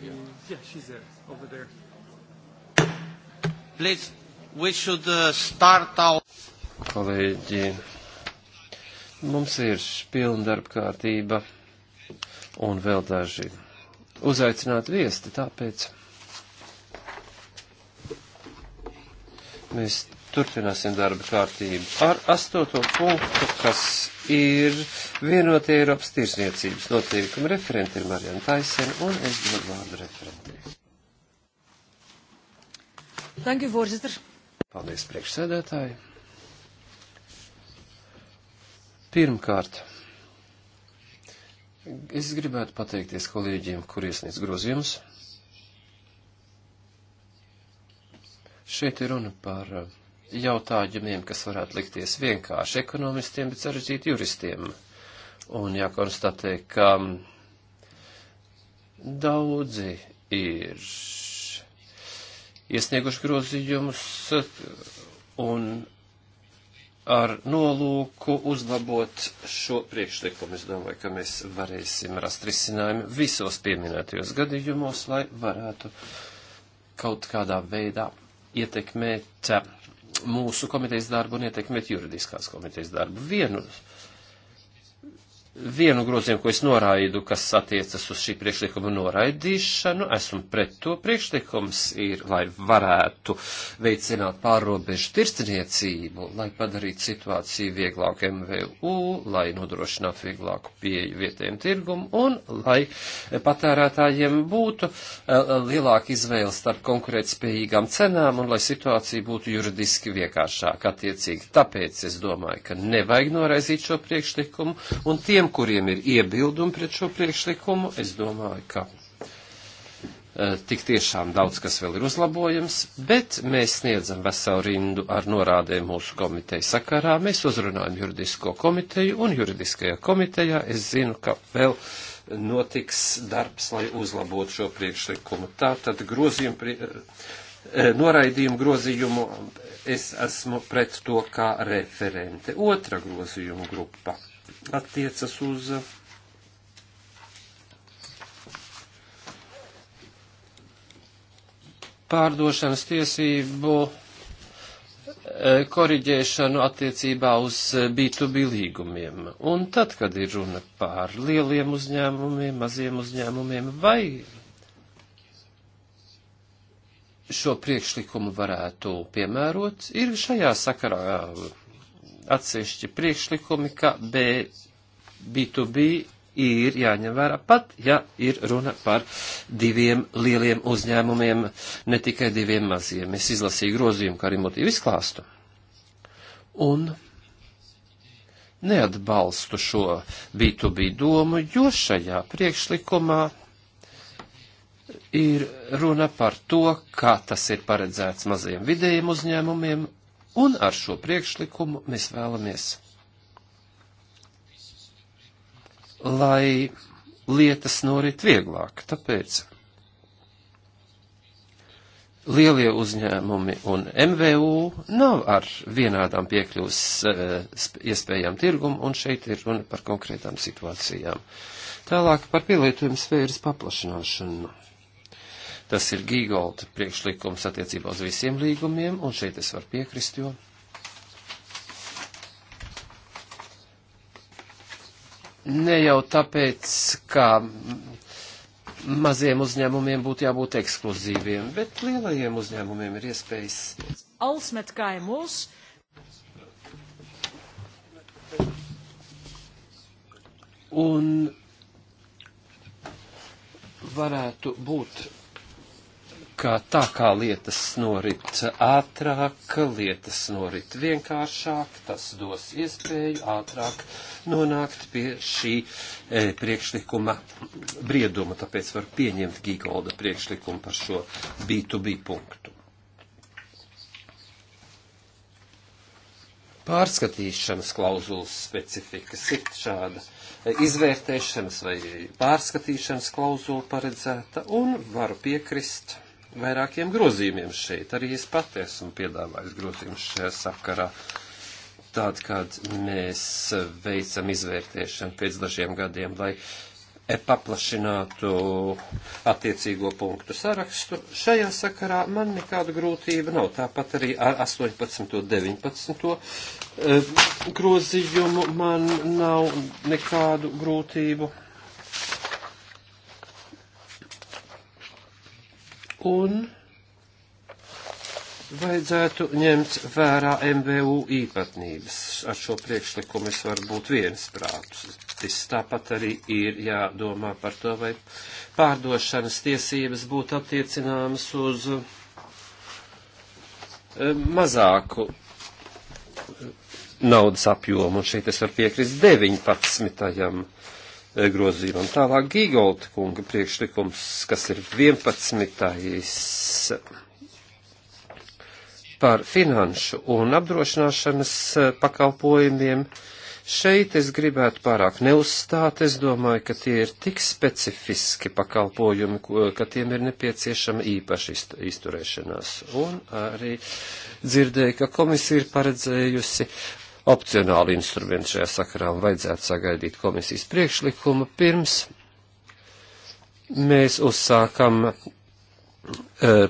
Yeah. yeah, she's there, over there. Please, we should uh, start out. Kolēģi, mums ir pilna darba kārtība un vēl daži uzaicināt viesti, tāpēc mēs turpināsim darba kārtību ar astoto punktu, kas ir vienotie Eiropas tirsniecības noteikumi. Referenti ir Marijana Taisena un es dodu vārdu referentiem. Thank you, Vorzitr. Paldies, priekšsēdētāji. Pirmkārt, es gribētu pateikties kolēģiem, kur iesniedz grozījumus. Šeit ir runa par uh, jautājumiem, kas varētu likties vienkārši ekonomistiem, bet sarežģīti juristiem. Un jākonstatē, ka daudzi ir iesnieguši grozījumus un ar nolūku uzlabot šo priekšlikumu. Es domāju, ka mēs varēsim rast risinājumu visos pieminētajos gadījumos, lai varētu kaut kādā veidā ietekmēt mūsu komitejas darbu un ietekmēt juridiskās komitejas darbu. Vienu vienu grozījumu, ko es noraidu, kas attiecas uz šī priekšlikuma noraidīšanu, esmu pret to. Priekšlikums ir, lai varētu veicināt pārrobežu tirdzniecību, lai padarītu situāciju vieglāku MVU, lai nodrošinātu vieglāku pieeju vietējiem tirgumu un lai patērētājiem būtu eh, lielāka izvēle starp konkurētspējīgām cenām un lai situācija būtu juridiski vienkāršāka attiecīgi. Tāpēc es domāju, ka nevajag noraizīt šo priekšlikumu un tiem, tiem, kuriem ir iebildumi pret šo priekšlikumu, es domāju, ka eh, tik tiešām daudz kas vēl ir uzlabojams, bet mēs sniedzam veselu rindu ar norādēm mūsu komiteju sakarā. Mēs uzrunājam juridisko komiteju un juridiskajā komitejā es zinu, ka vēl notiks darbs, lai uzlabotu šo priekšlikumu. Tā tad grozījumu, prie, eh, noraidījumu grozījumu es esmu pret to kā referente. Otra grozījumu grupa attiecas uz uh, pārdošanas tiesību uh, koriģēšanu attiecībā uz B2B uh, līgumiem. Un tad, kad ir runa par lieliem uzņēmumiem, maziem uzņēmumiem, vai šo priekšlikumu varētu piemērot, ir šajā sakarā atsevišķi priekšlikumi, ka B, B2B ir jāņem vērā pat, ja ir runa par diviem lieliem uzņēmumiem, ne tikai diviem maziem. Es izlasīju grozījumu, kā arī motīvu izklāstu. Un neatbalstu šo B2B domu, jo šajā priekšlikumā ir runa par to, kā tas ir paredzēts mazajiem vidējiem uzņēmumiem Un ar šo priekšlikumu mēs vēlamies, lai lietas norit vieglāk. Tāpēc lielie uzņēmumi un MVU nav ar vienādām piekļuvas eh, iespējām tirgumu, un šeit ir runa par konkrētām situācijām. Tālāk par pielietojumu sfēras paplašināšanu. Tas ir Gīgolda priekšlikums attiecībā uz visiem līgumiem, un šeit es varu piekrist, jo. Ne jau tāpēc, ka maziem uzņēmumiem būtu jābūt ekskluzīviem, bet lielajiem uzņēmumiem ir iespējas. Alsmet KMUs. Un varētu būt ka tā kā lietas norit ātrāk, lietas norit vienkāršāk, tas dos iespēju ātrāk nonākt pie šī e, priekšlikuma brieduma, tāpēc var pieņemt Gīgolda priekšlikumu par šo B2B punktu. Pārskatīšanas klauzulas specifikas ir šāda e, izvērtēšanas vai pārskatīšanas klauzula paredzēta, un varu piekrist vairākiem grozījumiem šeit. Arī es pati esmu piedāvājis grozījumus šajā sakarā. Tād, kad mēs veicam izvērtēšanu pēc dažiem gadiem, lai paplašinātu attiecīgo punktu sarakstu, šajā sakarā man nekāda grūtība nav. Tāpat arī ar 18. un 19. grozījumu man nav nekādu grūtību un vajadzētu ņemt vērā MVU īpatnības. Ar šo priekšlikumu es varu būt viensprātus. Tāpat arī ir jādomā par to, vai pārdošanas tiesības būtu attiecināmas uz eh, mazāku eh, naudas apjomu, un šeit es varu piekrist 19 grozījumam. Tālāk Gīgolta kunga priekšlikums, kas ir 11. par finanšu un apdrošināšanas pakalpojumiem. Šeit es gribētu pārāk neuzstāt, es domāju, ka tie ir tik specifiski pakalpojumi, ka tiem ir nepieciešama īpaša izturēšanās. Un arī dzirdēju, ka komisija ir paredzējusi opcionāli instrumenti šajā sakarā un vajadzētu sagaidīt komisijas priekšlikumu pirms mēs uzsākam uh,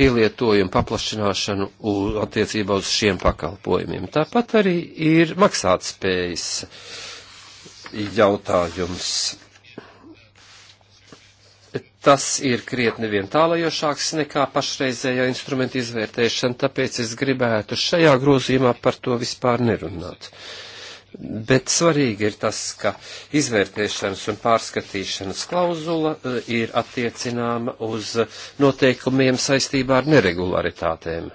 pielietojumu paplašināšanu uz, attiecībā uz šiem pakalpojumiem. Tāpat arī ir maksātspējas jautājums tas ir krietni vien tālajošāks nekā pašreizējo instrumentu izvērtēšana, tāpēc es gribētu šajā grozījumā par to vispār nerunāt. Bet svarīgi ir tas, ka izvērtēšanas un pārskatīšanas klauzula eh, ir attiecināma uz noteikumiem saistībā ar neregularitātēm.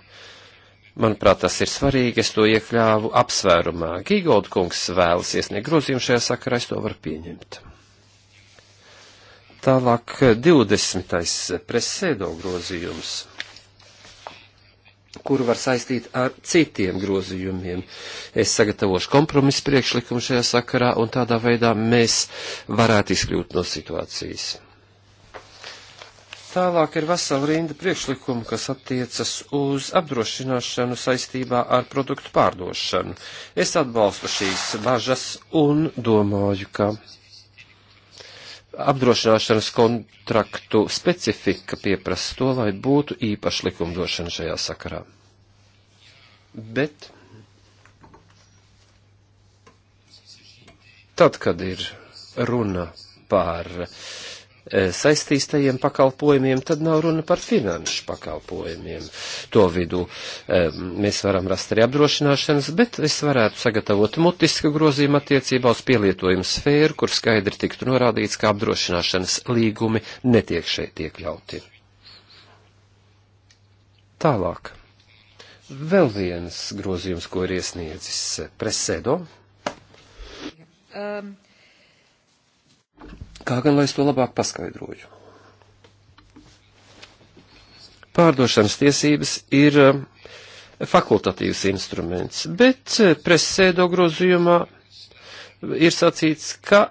Manuprāt, tas ir svarīgi, es to iekļāvu apsvērumā. Gīgolda kungs vēlas iesniegt grozījumu šajā sakarā, es to varu pieņemt. Tālāk 20. presēdo grozījums, kuru var saistīt ar citiem grozījumiem. Es sagatavošu kompromisu priekšlikumu šajā sakarā, un tādā veidā mēs varētu izkļūt no situācijas. Tālāk ir vesela rinda priekšlikumu, kas attiecas uz apdrošināšanu saistībā ar produktu pārdošanu. Es atbalstu šīs bažas un domāju, ka apdrošināšanas kontraktu specifika pieprasa to, lai būtu īpaša likumdošana šajā sakarā. Bet tad, kad ir runa par Eh, saistīstajiem pakalpojumiem, tad nav runa par finanšu pakalpojumiem. To vidu eh, mēs varam rast arī apdrošināšanas, bet es varētu sagatavot mutisku grozījumu attiecībā uz pielietojumu sfēru, kur skaidri tiktu norādīts, ka apdrošināšanas līgumi netiek šeit iekļauti. Tālāk. Vēl viens grozījums, ko ir iesniedzis Presedo. Um. Kā gan lai es to labāk paskaidroju? Pārdošanas tiesības ir eh, fakultatīvs instruments, bet eh, presēdo grozījumā ir sacīts, ka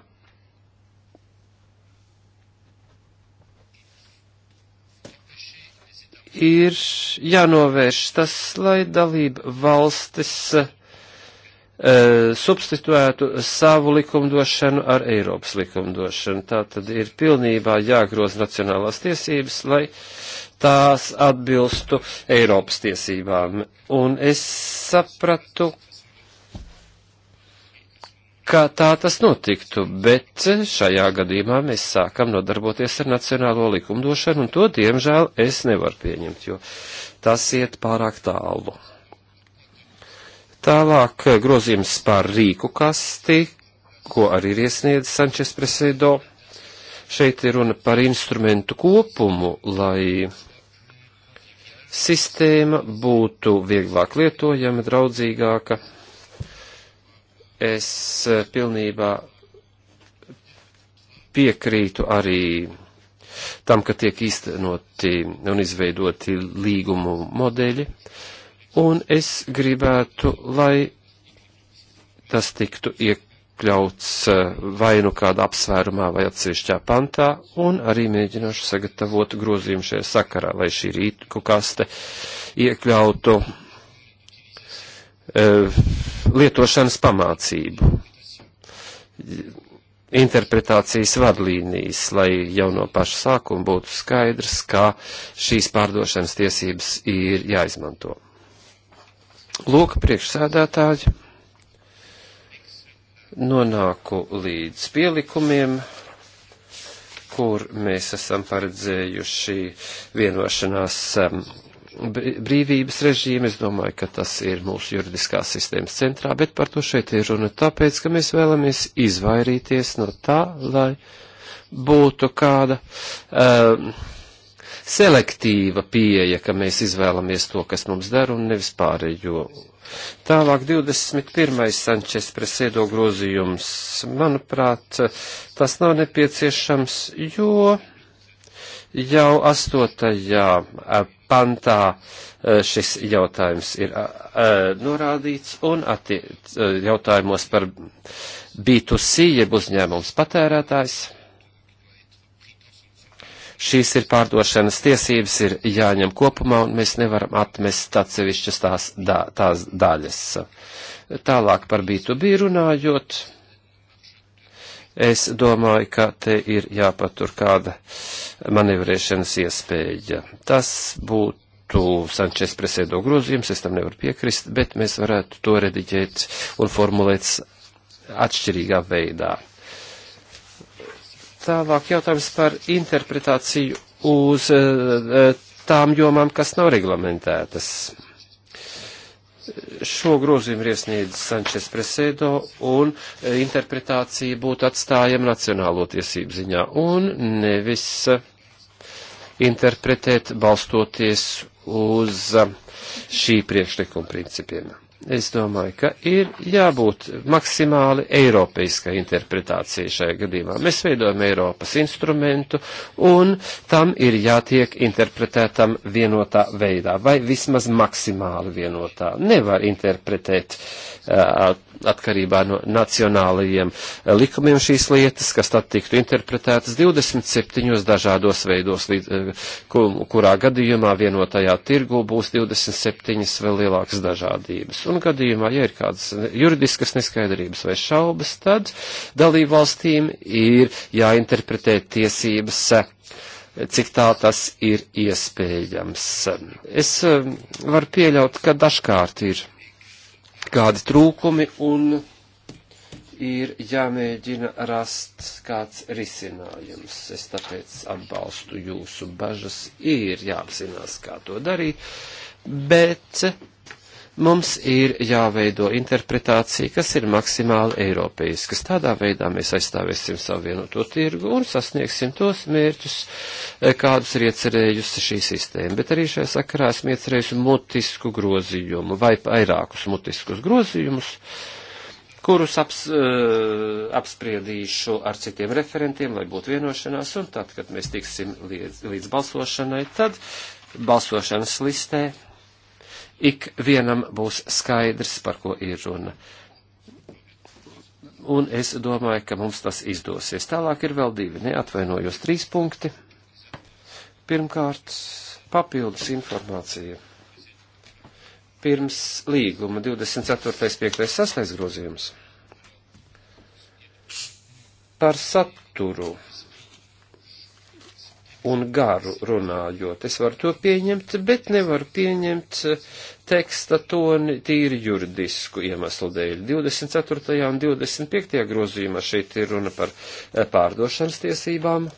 ir jānovērš tas, lai dalība valstis eh, E, substituētu savu likumdošanu ar Eiropas likumdošanu. Tā tad ir pilnībā jāgroz nacionālās tiesības, lai tās atbilstu Eiropas tiesībām. Un es sapratu, ka tā tas notiktu, bet šajā gadījumā mēs sākam nodarboties ar nacionālo likumdošanu, un to, diemžēl, es nevaru pieņemt, jo tas iet pārāk tālu. Tālāk eh, grozījums par rīku kasti, ko arī ir iesniedzis Sančes Presedo. Šeit ir runa par instrumentu kopumu, lai sistēma būtu vieglāk lietojama, draudzīgāka. Es eh, pilnībā piekrītu arī tam, ka tiek īstenoti un izveidoti līgumu modeļi. Uh, Un es gribētu, lai tas tiktu iekļauts eh, vai nu kādā apsvērumā vai atsevišķā pantā, un arī mēģināšu sagatavot grozījumu šajā sakarā, lai šī rītku kaste iekļautu uh, lietošanas pamācību interpretācijas vadlīnijas, lai jau no paša sākuma būtu skaidrs, kā šīs pārdošanas tiesības ir jāizmanto. Lūk, priekšsēdētāji, nonāku līdz pielikumiem, kur mēs esam paredzējuši vienošanās um, brīvības režīmu. Es domāju, ka tas ir mūsu juridiskās sistēmas centrā, bet par to šeit ir runa tāpēc, ka mēs vēlamies izvairīties no tā, lai būtu kāda. Uh, um, selektīva pieeja, ka mēs izvēlamies to, kas mums der un nevis pārējo. Tālāk 21. Sančes presēdo grozījums. Manuprāt, tas nav nepieciešams, jo jau 8. Eh, pantā eh, šis jautājums ir eh, norādīts un jautājumos par B2C, jeb uzņēmums patērētājs šīs ir pārdošanas tiesības, ir jāņem kopumā, un mēs nevaram atmest atsevišķas tās, dā, tās daļas. Tālāk par B2B runājot, es domāju, ka te ir jāpatur kāda manevrēšanas iespēja. Tas būtu tu Sančes presēdo grozījums, es tam nevaru piekrist, bet mēs varētu to rediģēt un formulēt atšķirīgā veidā. Tālāk jautājums par interpretāciju uz eh, eh, tām jomām, kas nav reglamentētas. Šo grozījumu ir iesniedzis Sančes Presēdo un eh, interpretācija būtu atstājama nacionālo tiesību ziņā un nevis interpretēt balstoties uz šī priekšlikuma principiem. Es domāju, ka ir jābūt maksimāli eiropeiskai interpretācijai šajā gadījumā. Mēs veidojam Eiropas instrumentu, un tam ir jātiek interpretētam vienotā veidā, vai vismaz maksimāli vienotā. Nevar interpretēt Uh, atkarībā no nacionālajiem likumiem šīs lietas, kas tad tiktu interpretētas 27 dažādos veidos, uh, kurā gadījumā vienotajā tirgu būs 27 vēl lielākas dažādības. Un gadījumā, ja ir kādas juridiskas neskaidrības vai šaubas, tad dalību valstīm ir jāinterpretē tiesības cik tā tas ir iespējams. Es um, varu pieļaut, ka dažkārt ir kādi trūkumi un ir jāmēģina rast kāds risinājums. Es tāpēc atbalstu jūsu bažas, ir jāapzinās, kā to darīt, bet mums ir jāveido interpretācija, kas ir maksimāli eiropeiska. Tādā veidā mēs aizstāvēsim savu vienoto tirgu un sasniegsim tos mērķus, eh, kādus ir iecerējusi šī sistēma. Bet arī šajā sakarā esmu iecerējusi mutisku grozījumu vai vairākus mutiskus grozījumus kurus aps, uh, apspriedīšu ar citiem referentiem, lai būtu vienošanās, un tad, kad mēs tiksim līdz, līdz balsošanai, tad balsošanas listē ik vienam būs skaidrs, par ko ir runa. Un es domāju, ka mums tas izdosies. Tālāk ir vēl divi, neatvainojos, trīs punkti. Pirmkārt, papildus informācija. Pirms līguma 24.5.6. grozījums. Par saturu un garu runājot. Es varu to pieņemt, bet nevaru pieņemt eh, teksta toni tīri juridisku iemeslu dēļ. 24. un 25. grozījumā šeit ir runa par eh, pārdošanas tiesībām,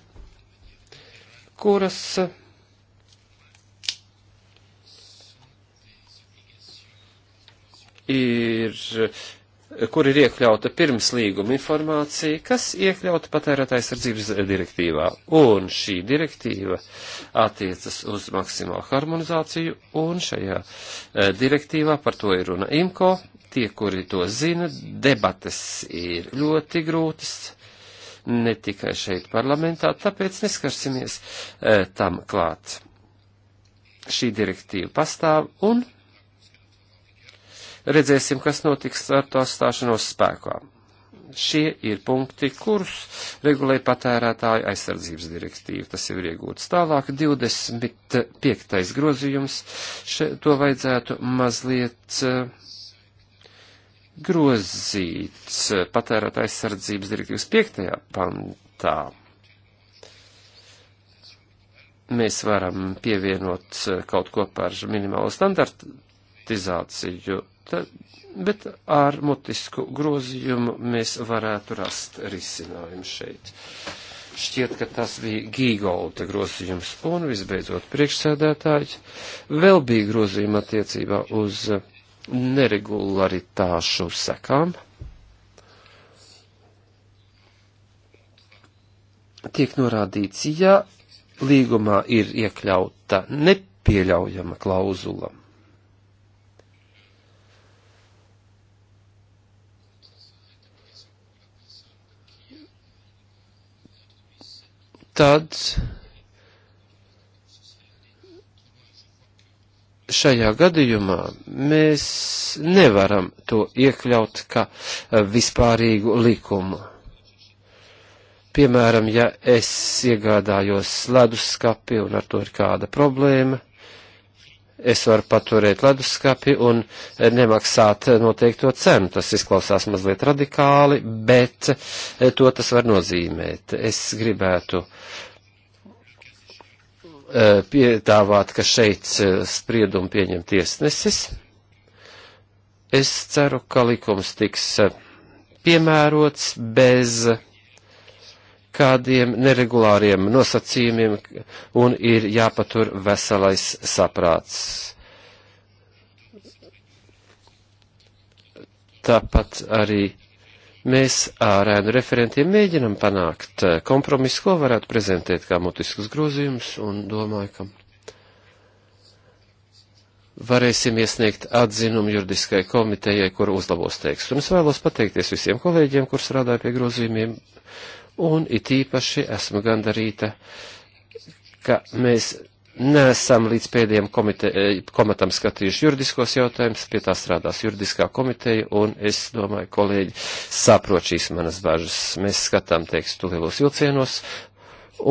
kuras eh, ir kur ir iekļauta pirms līguma informācija, kas iekļauta patērētājs sardzības direktīvā. Un šī direktīva attiecas uz maksimālu harmonizāciju, un šajā eh, direktīvā par to ir runa IMCO. Tie, kuri to zina, debates ir ļoti grūtas, ne tikai šeit parlamentā, tāpēc neskarsimies eh, tam klāt. Šī direktīva pastāv un Redzēsim, kas notiks ar to stāšanos spēkā. Šie ir punkti, kurus regulē patērētāju aizsardzības direktīva. Tas jau ir iegūts tālāk. 25. grozījums. Še, to vajadzētu mazliet eh, grozīts patērētāju aizsardzības direktīvas 5. pantā mēs varam pievienot eh, kaut ko par minimālo standartizāciju, tad, bet ar mutisku grozījumu mēs varētu rast risinājumu šeit. Šķiet, ka tas bija Gīgolda grozījums un visbeidzot priekšsēdētāji. Vēl bija grozījuma attiecībā uz neregularitāšu sekām. Tiek norādīts, ja līgumā ir iekļauta nepieļaujama klauzula tad šajā gadījumā mēs nevaram to iekļaut kā vispārīgu likumu. Piemēram, ja es iegādājos leduskapi un ar to ir kāda problēma, es varu paturēt leduskapi un nemaksāt noteikto cenu. Tas izklausās mazliet radikāli, bet eh, to tas var nozīmēt. Es gribētu eh, piedāvāt, ka šeit eh, spriedumu pieņem tiesnesis. Es ceru, ka likums tiks piemērots bez kādiem neregulāriem nosacījumiem un ir jāpatur veselais saprāts. Tāpat arī mēs ar ēnu referentiem mēģinam panākt eh, kompromisu, ko varētu prezentēt kā mutiskus grozījumus un domāju, ka varēsim iesniegt atzinumu juridiskai komitejai, kur uzlabos tekstu. Un es vēlos pateikties visiem kolēģiem, kur strādāja pie grozījumiem un it īpaši esmu gandarīta, ka mēs neesam līdz pēdējiem komite, eh, komatam skatījuši juridiskos jautājumus, pie tā strādās juridiskā komiteja, un es domāju, kolēģi saprot šīs manas bažas. Mēs skatām tekstu lielos vilcienos,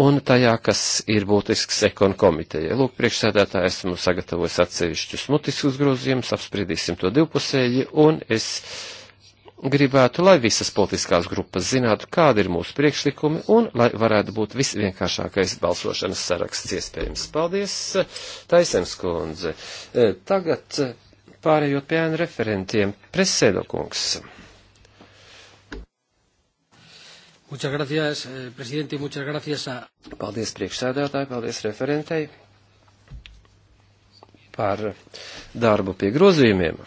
un tajā, kas ir būtisks ekon komiteja. Lūk, priekšsēdētā esmu sagatavojis atsevišķus mutiskus grozījumus, apspriedīsim to divpusēji, un es gribētu, lai visas politiskās grupas zinātu, kāda ir mūsu priekšlikumi un lai varētu būt visvienkāršākais balsošanas saraksts iespējams. Paldies, Taisens kundze. E, tagad e, pārējot pie ēnu referentiem, Presēdo kungs. Muchas gracias, eh, presidente, muchas gracias a... Paldies priekšsēdētāji, paldies referentei par darbu pie grozījumiem.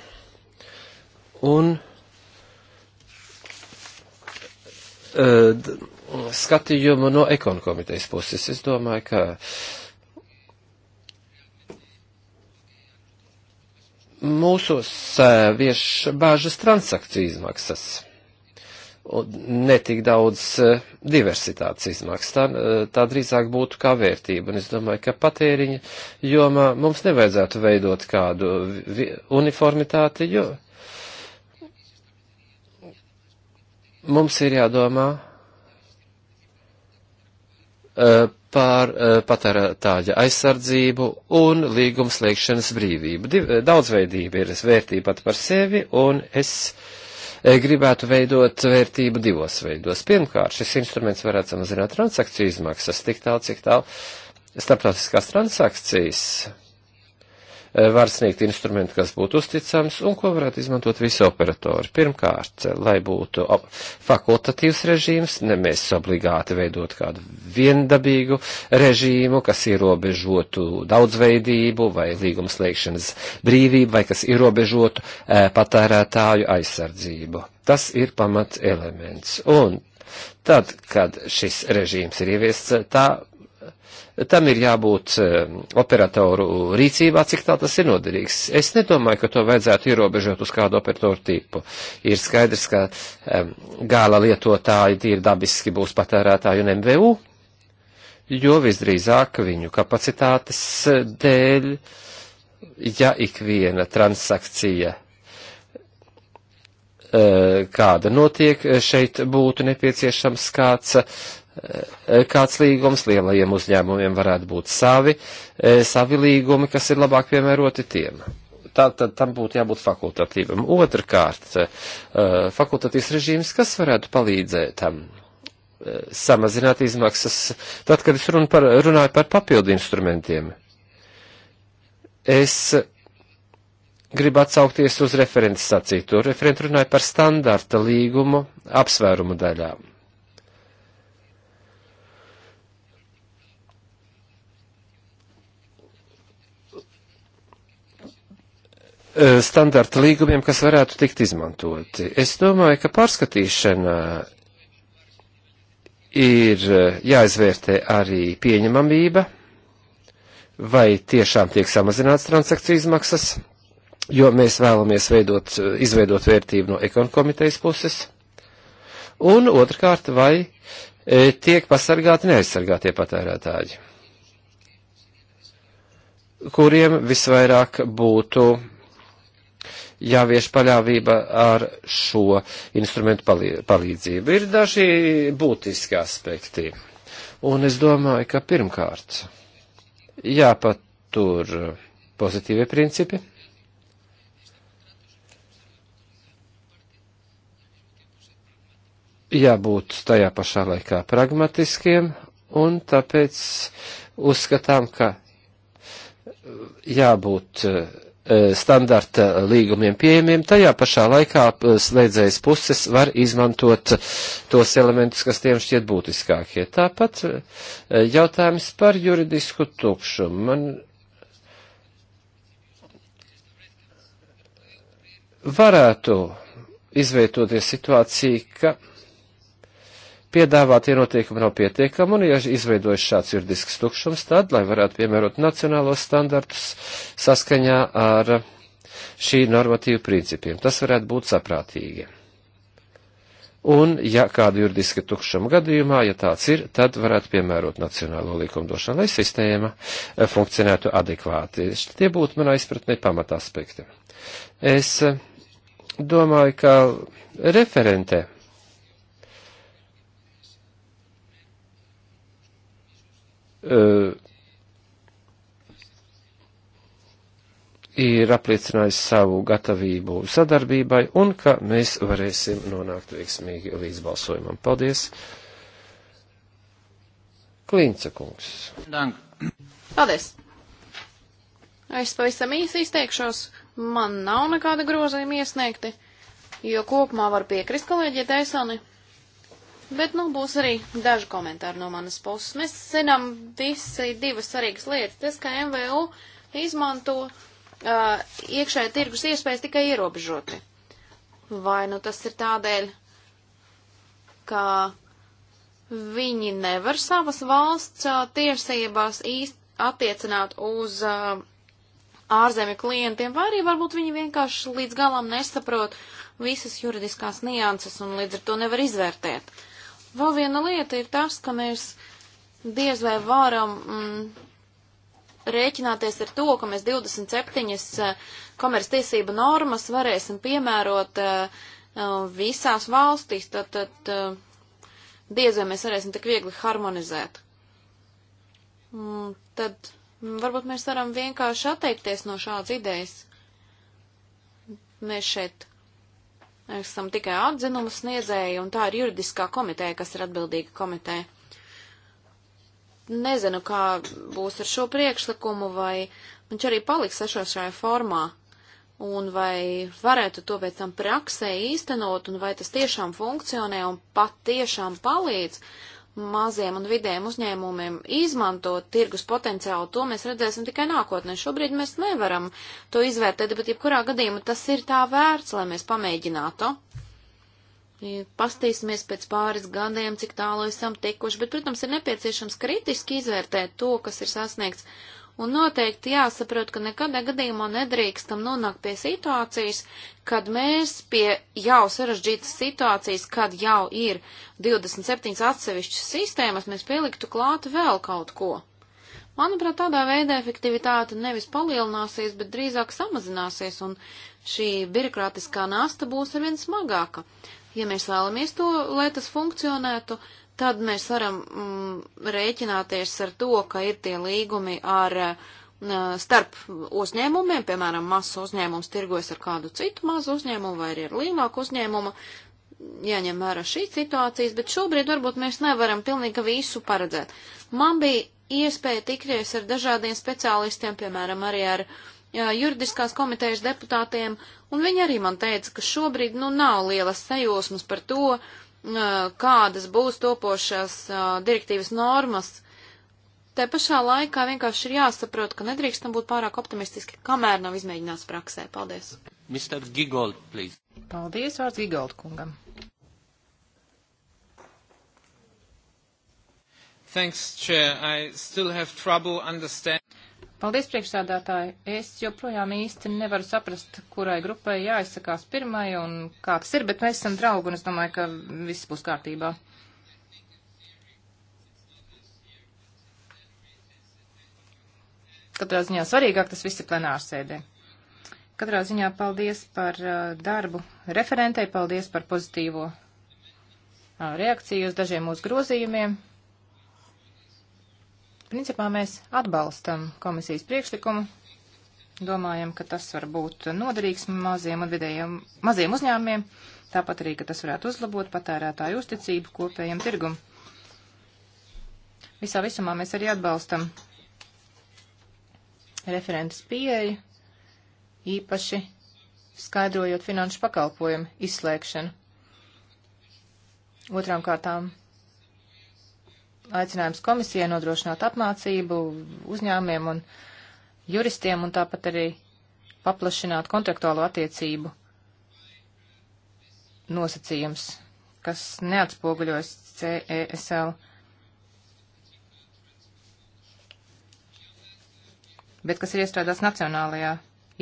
Un skatījumu no ekonkomitejas puses. Es domāju, ka mūsos vieš bāžas transakciju izmaksas. Un netik daudz diversitātes izmaksas. Tā, tā drīzāk būtu kā vērtība. Un es domāju, ka patēriņa jomā mums nevajadzētu veidot kādu uniformitāti, jo Mums ir jādomā eh, pār eh, patērētāja aizsardzību un līgumslēgšanas brīvību. Eh, daudzveidība ir vērtība pat par sevi, un es gribētu veidot vērtību divos veidos. Pirmkārt, šis instruments varētu samazināt transakciju izmaksas tik tālu, cik tālu starptautiskās transakcijas Eh, var sniegt instrumentu, kas būtu uzticams un ko varētu izmantot visi operatori. Pirmkārt, eh, lai būtu fakultatīvs režīms, ne mēs obligāti veidot kādu viendabīgu režīmu, kas ierobežotu daudzveidību vai līguma slēgšanas brīvību vai kas ierobežotu e, patērētāju aizsardzību. Tas ir pamats elements. Un tad, kad šis režīms ir ieviests, tā tam ir jābūt e, operatoru rīcībā, cik tā tas ir noderīgs. Es nedomāju, ka to vajadzētu ierobežot uz kādu operatoru tipu. Ir skaidrs, ka um, e, gāla lietotāji tīri dabiski būs patērētāji un MVU, jo visdrīzāk viņu kapacitātes dēļ, ja ikviena transakcija e, kāda notiek, šeit būtu nepieciešams kāds Eh, eh, kāds līgums, lielajiem uzņēmumiem varētu būt savi, eh, savi līgumi, kas ir labāk piemēroti tiem. Tā, tā, tam būtu jābūt fakultatīvam. Otrakārt, fakultatīvs režīms, kas varētu palīdzēt tam samazināt izmaksas, tad, kad es runu par, runāju par papildu instrumentiem. Es gribu atsaukties uz referents sacīto. Referenti runāja par standarta līgumu apsvērumu daļām Eh, standarta līgumiem, kas varētu tikt izmantoti. Es domāju, ka pārskatīšana ir eh, jāizvērtē arī pieņemamība, vai tiešām tiek samazināts transakciju izmaksas, jo mēs vēlamies veidot, eh, izveidot vērtību no ekonkomitejas puses, un otrkārt, vai tiek pasargāti neaizsargātie patērētāji, kuriem visvairāk būtu jāvieš paļāvība ar šo instrumentu palīdzību. Ir daži būtiski aspekti. Un es domāju, ka pirmkārt jāpatur pozitīvie principi. Jābūt tajā pašā laikā pragmatiskiem, un tāpēc uzskatām, ka jābūt Eh, standarta līgumiem pieejamiem, tajā pašā laikā eh, slēdzējas puses var izmantot tos elementus, kas tiem šķiet būtiskākie. Tāpat eh, jautājums par juridisku tukšumu. Man varētu izveidoties situācija, ka piedāvātie noteikumi nav pietiekami, un ja izveidojas šāds juridisks tukšums, tad, lai varētu piemērot nacionālos standartus saskaņā ar šī normatīva principiem, tas varētu būt saprātīgi. Un, ja kāda juridiska tukšuma gadījumā, ja tāds ir, tad varētu piemērot nacionālo likumdošanu, lai sistēma eh, funkcionētu adekvāti. Tie būtu manā izpratnē pamata aspekti. Es eh, domāju, ka referente uh, ir apliecinājis savu gatavību sadarbībai un ka mēs varēsim nonākt veiksmīgi līdz balsojumam. Paldies! Klinca kungs. Dank. Paldies! Es pavisam īsi izteikšos. Man nav nekāda grozījuma iesniegti, jo kopumā var piekrist kolēģi Tēsani Bet, nu, būs arī daži komentāri no manas puses. Mēs zinām visi divas svarīgas lietas. Tas, ka MVU izmanto uh, iekšēja tirgus iespējas tikai ierobežoti. Vai nu tas ir tādēļ, ka viņi nevar savas valsts uh, tiesībās īsti attiecināt uz uh, ārzemju klientiem, vai arī varbūt viņi vienkārši līdz galam nesaprot visas juridiskās nianses un līdz ar to nevar izvērtēt. Uh, Vēl viena lieta ir tas, ka mēs diez vai varam mm, rēķināties ar to, ka mēs 27 eh, komerctiesību normas varēsim piemērot eh, eh, visās valstīs, tad, tad diez vai mēs varēsim tik viegli harmonizēt. Mm, tad mm, varbūt mēs varam vienkārši atteikties no šādas idejas. Mēs šeit esam tikai atzinumu sniedzēji, un tā ir juridiskā komiteja, kas ir atbildīga komiteja. Nezinu, kā būs ar šo priekšlikumu, vai viņš arī paliks sešošajā formā, un vai varētu to pēc tam praksē īstenot, un vai tas tiešām funkcionē un pat tiešām palīdz maziem un vidējiem uzņēmumiem izmantot tirgus potenciālu, to mēs redzēsim tikai nākotnē. Šobrīd mēs nevaram to izvērtēt, bet jebkurā gadījumā tas ir tā vērts, lai mēs pamēģinātu. Pastīsimies pēc pāris gadiem, cik tālu esam tikuši, bet, protams, ir nepieciešams kritiski izvērtēt to, kas ir sasniegts, un noteikti jāsaprot, ka nekadā gadījumā nedrīkstam nonākt pie situācijas, kad mēs pie jau sarežģītas situācijas, kad jau ir 27 atsevišķas sistēmas, mēs pieliktu klāt vēl kaut ko. Manuprāt, tādā veidā efektivitāte nevis palielināsies, bet drīzāk samazināsies, un šī birokrātiskā nasta būs arvien smagāka. Ja mēs vēlamies to, lai tas funkcionētu, tad mēs varam mm, rēķināties ar to, ka ir tie līgumi ar mm, starp uzņēmumiem, piemēram, mazs uzņēmums tirgojas ar kādu citu mazu uzņēmumu vai ir lielāku uzņēmumu, jāņem vērā šīs situācijas, bet šobrīd varbūt mēs nevaram pilnīgi visu paredzēt. Man bija iespēja tikties ar dažādiem speciālistiem, piemēram, arī ar jā, juridiskās komitejas deputātiem, un viņi arī man teica, ka šobrīd, nu, nav lielas sajūsmas par to, uh, kādas būs topošās direktīvas normas. Te pašā laikā vienkārši ir jāsaprot, ka nedrīkstam būt pārāk optimistiski, kamēr nav izmēģināts praksē. Paldies. Mr. Gigold, please. Paldies, vārds Gigold kungam. Thanks, Chair. I still have trouble understanding. Paldies, priekšsādātāji. Es joprojām īsti nevaru saprast, kurai grupai jāizsakās pirmai un kā tas ir, bet mēs esam draugi un es domāju, ka viss būs kārtībā. Katrā ziņā svarīgāk tas viss ir plenārsēdē. Katrā ziņā paldies par uh, darbu referentei, paldies par pozitīvo uh, reakciju uz dažiem mūsu grozījumiem. Principā mēs atbalstam komisijas priekšlikumu, domājam, ka tas var būt noderīgs maziem un vidējiem maziem uzņēmumiem, tāpat arī, ka tas varētu uzlabot patērētāju uzticību kopējiem tirgum. Visā visumā mēs arī atbalstam referentes pieeju, īpaši skaidrojot finanšu pakalpojumu izslēgšanu. Otrām kārtām aicinājums komisijai nodrošināt apmācību uzņēmiem un juristiem un tāpat arī paplašināt kontraktuālo attiecību nosacījums, kas neatspoguļojas CESL. bet kas ir iestrādāts nacionālajā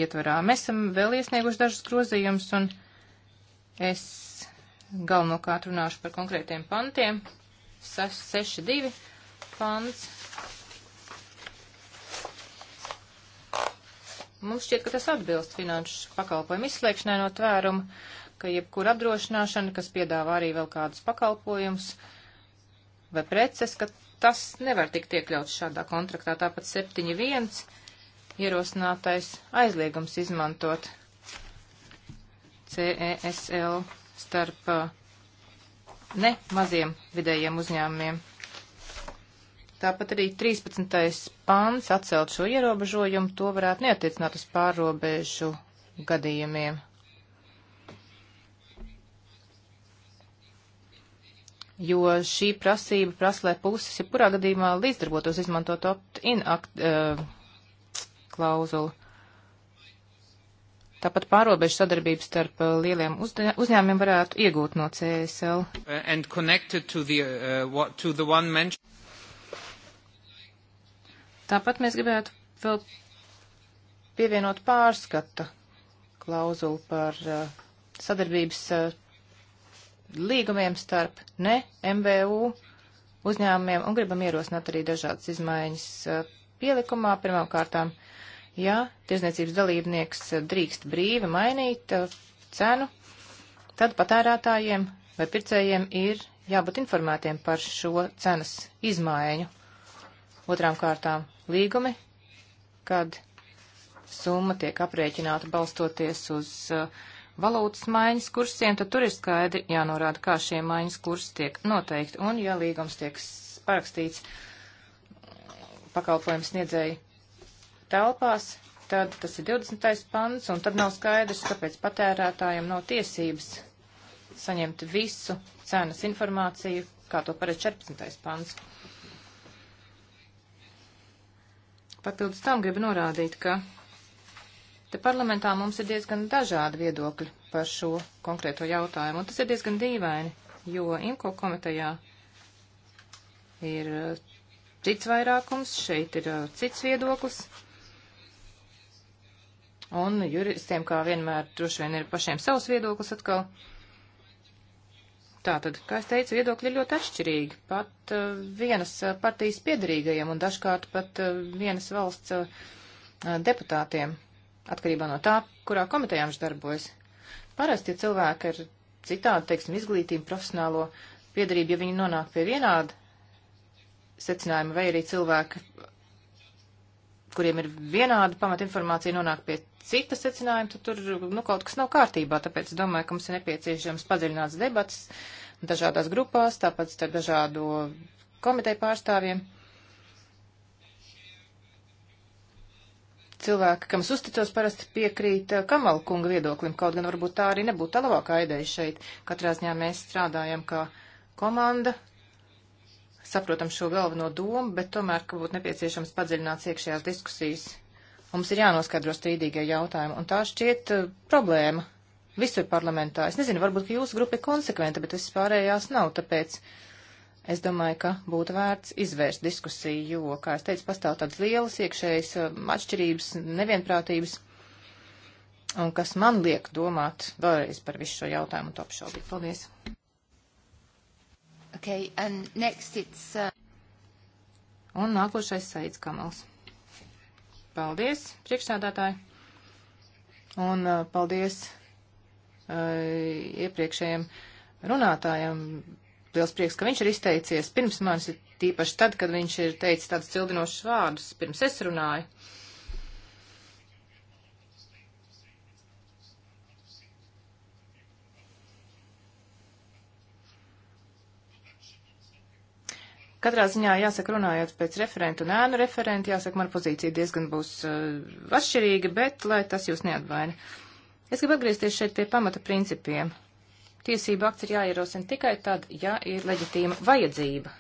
ietvarā. Mēs esam vēl iesnieguši dažus grozījumus, un es galvenokārt runāšu par konkrētiem pantiem. 6.2 pants. Mums šķiet, ka tas atbilst finanšu pakalpojumu izslēgšanai no tvēruma, ka jebkura apdrošināšana, kas piedāvā arī vēl kādus pakalpojumus vai preces, ka tas nevar tikt iekļauts šādā kontraktā. Tāpat 7.1 ierosinātais aizliegums izmantot CESL starp uh, ne maziem vidējiem uzņēmumiem. Tāpat arī 13. pāns atcelt šo ierobežojumu, to varētu neatiecināt uz pārrobežu gadījumiem. Jo šī prasība prasa, lai puses, ja kurā gadījumā līdzdarbotos izmantot opt-in uh, klauzulu. Tāpat pārobežu sadarbības starp uh, lieliem uzņēmumiem varētu iegūt no CSL. Uh, the, uh, one... Tāpat mēs gribētu vēl pievienot pārskata klauzulu par uh, sadarbības uh, līgumiem starp ne MBU uzņēmumiem un gribam ierosināt arī dažādas izmaiņas uh, pielikumā. Pirmkārtām Ja tirzniecības dalībnieks drīkst brīvi mainīt uh, cenu, tad patērētājiem vai pircējiem ir jābūt informētiem par šo cenas izmaiņu. Otrām kārtām līgumi, kad summa tiek aprēķināta balstoties uz uh, valūtas maiņas kursiem, tad tur ir skaidri jānorāda, kā šie maiņas kursi tiek noteikti, un ja līgums tiek parakstīts pakalpojums sniedzēju telpās, tad tas ir 20. pants, un tad nav skaidrs, kāpēc patērētājiem nav tiesības saņemt visu cenas informāciju, kā to paredz 14. pants. Papildus tam gribu norādīt, ka te parlamentā mums ir diezgan dažādi viedokļi par šo konkrēto jautājumu, un tas ir diezgan dīvaini, jo IMCO komitejā ir uh, cits vairākums, šeit ir uh, cits viedoklis. Un juristiem, kā vienmēr, droši vien ir pašiem savs viedoklis atkal. Tātad, kā es teicu, viedokļi ir ļoti atšķirīgi. Pat uh, vienas uh, partijas piedarīgajiem un dažkārt pat uh, vienas valsts uh, deputātiem, atkarībā no tā, kurā komitejā viņš darbojas. Parasti, ja cilvēki ar citādu, teiksim, izglītību, profesionālo piedarību, ja viņi nonāk pie vienāda secinājuma, vai arī cilvēki kuriem ir vienāda pamatinformācija, nonāk pie cita secinājuma, tad tur nu, kaut kas nav kārtībā. Tāpēc domāju, ka mums ir nepieciešams padziļināts debats dažādās grupās, tāpat starp dažādo komiteju pārstāvjiem. Cilvēki, kam es uzticos, parasti piekrīt uh, Kamala kunga viedoklim, kaut gan varbūt tā arī nebūtu tā labākā ideja šeit. Katrā ziņā mēs strādājam kā komanda, saprotam šo galveno domu, bet tomēr, ka būtu nepieciešams padziļināts iekšējās diskusijas. Mums ir jānoskaidro strīdīgie jautājumi, un tā šķiet uh, problēma visur parlamentā. Es nezinu, varbūt, ka jūsu grupa ir konsekventa, bet viss pārējās nav, tāpēc es domāju, ka būtu vērts izvērst diskusiju, jo, kā es teicu, pastāv tādas lielas iekšējas uh, atšķirības, nevienprātības, un kas man liek domāt vēlreiz par visu šo jautājumu un to apšaubīt. Paldies! Okay, and next it's... Uh... Un nākošais Saids Kamals. Paldies, priekšstādātāji. Un uh, paldies uh, iepriekšējiem runātājiem. Liels prieks, ka viņš ir izteicies pirms manis, tīpaši tad, kad viņš ir teicis tādus cildinošus vārdus, pirms es runāju. Uh, Katrā ziņā jāsaka, runājot pēc referentu un ēnu referentu, jāsaka, man pozīcija diezgan būs uh, atšķirīga, bet lai tas jūs neatvaina. Es gribu atgriezties šeit pie pamata principiem. Tiesība akts ir jāierosina tikai tad, ja ir leģitīma vajadzība.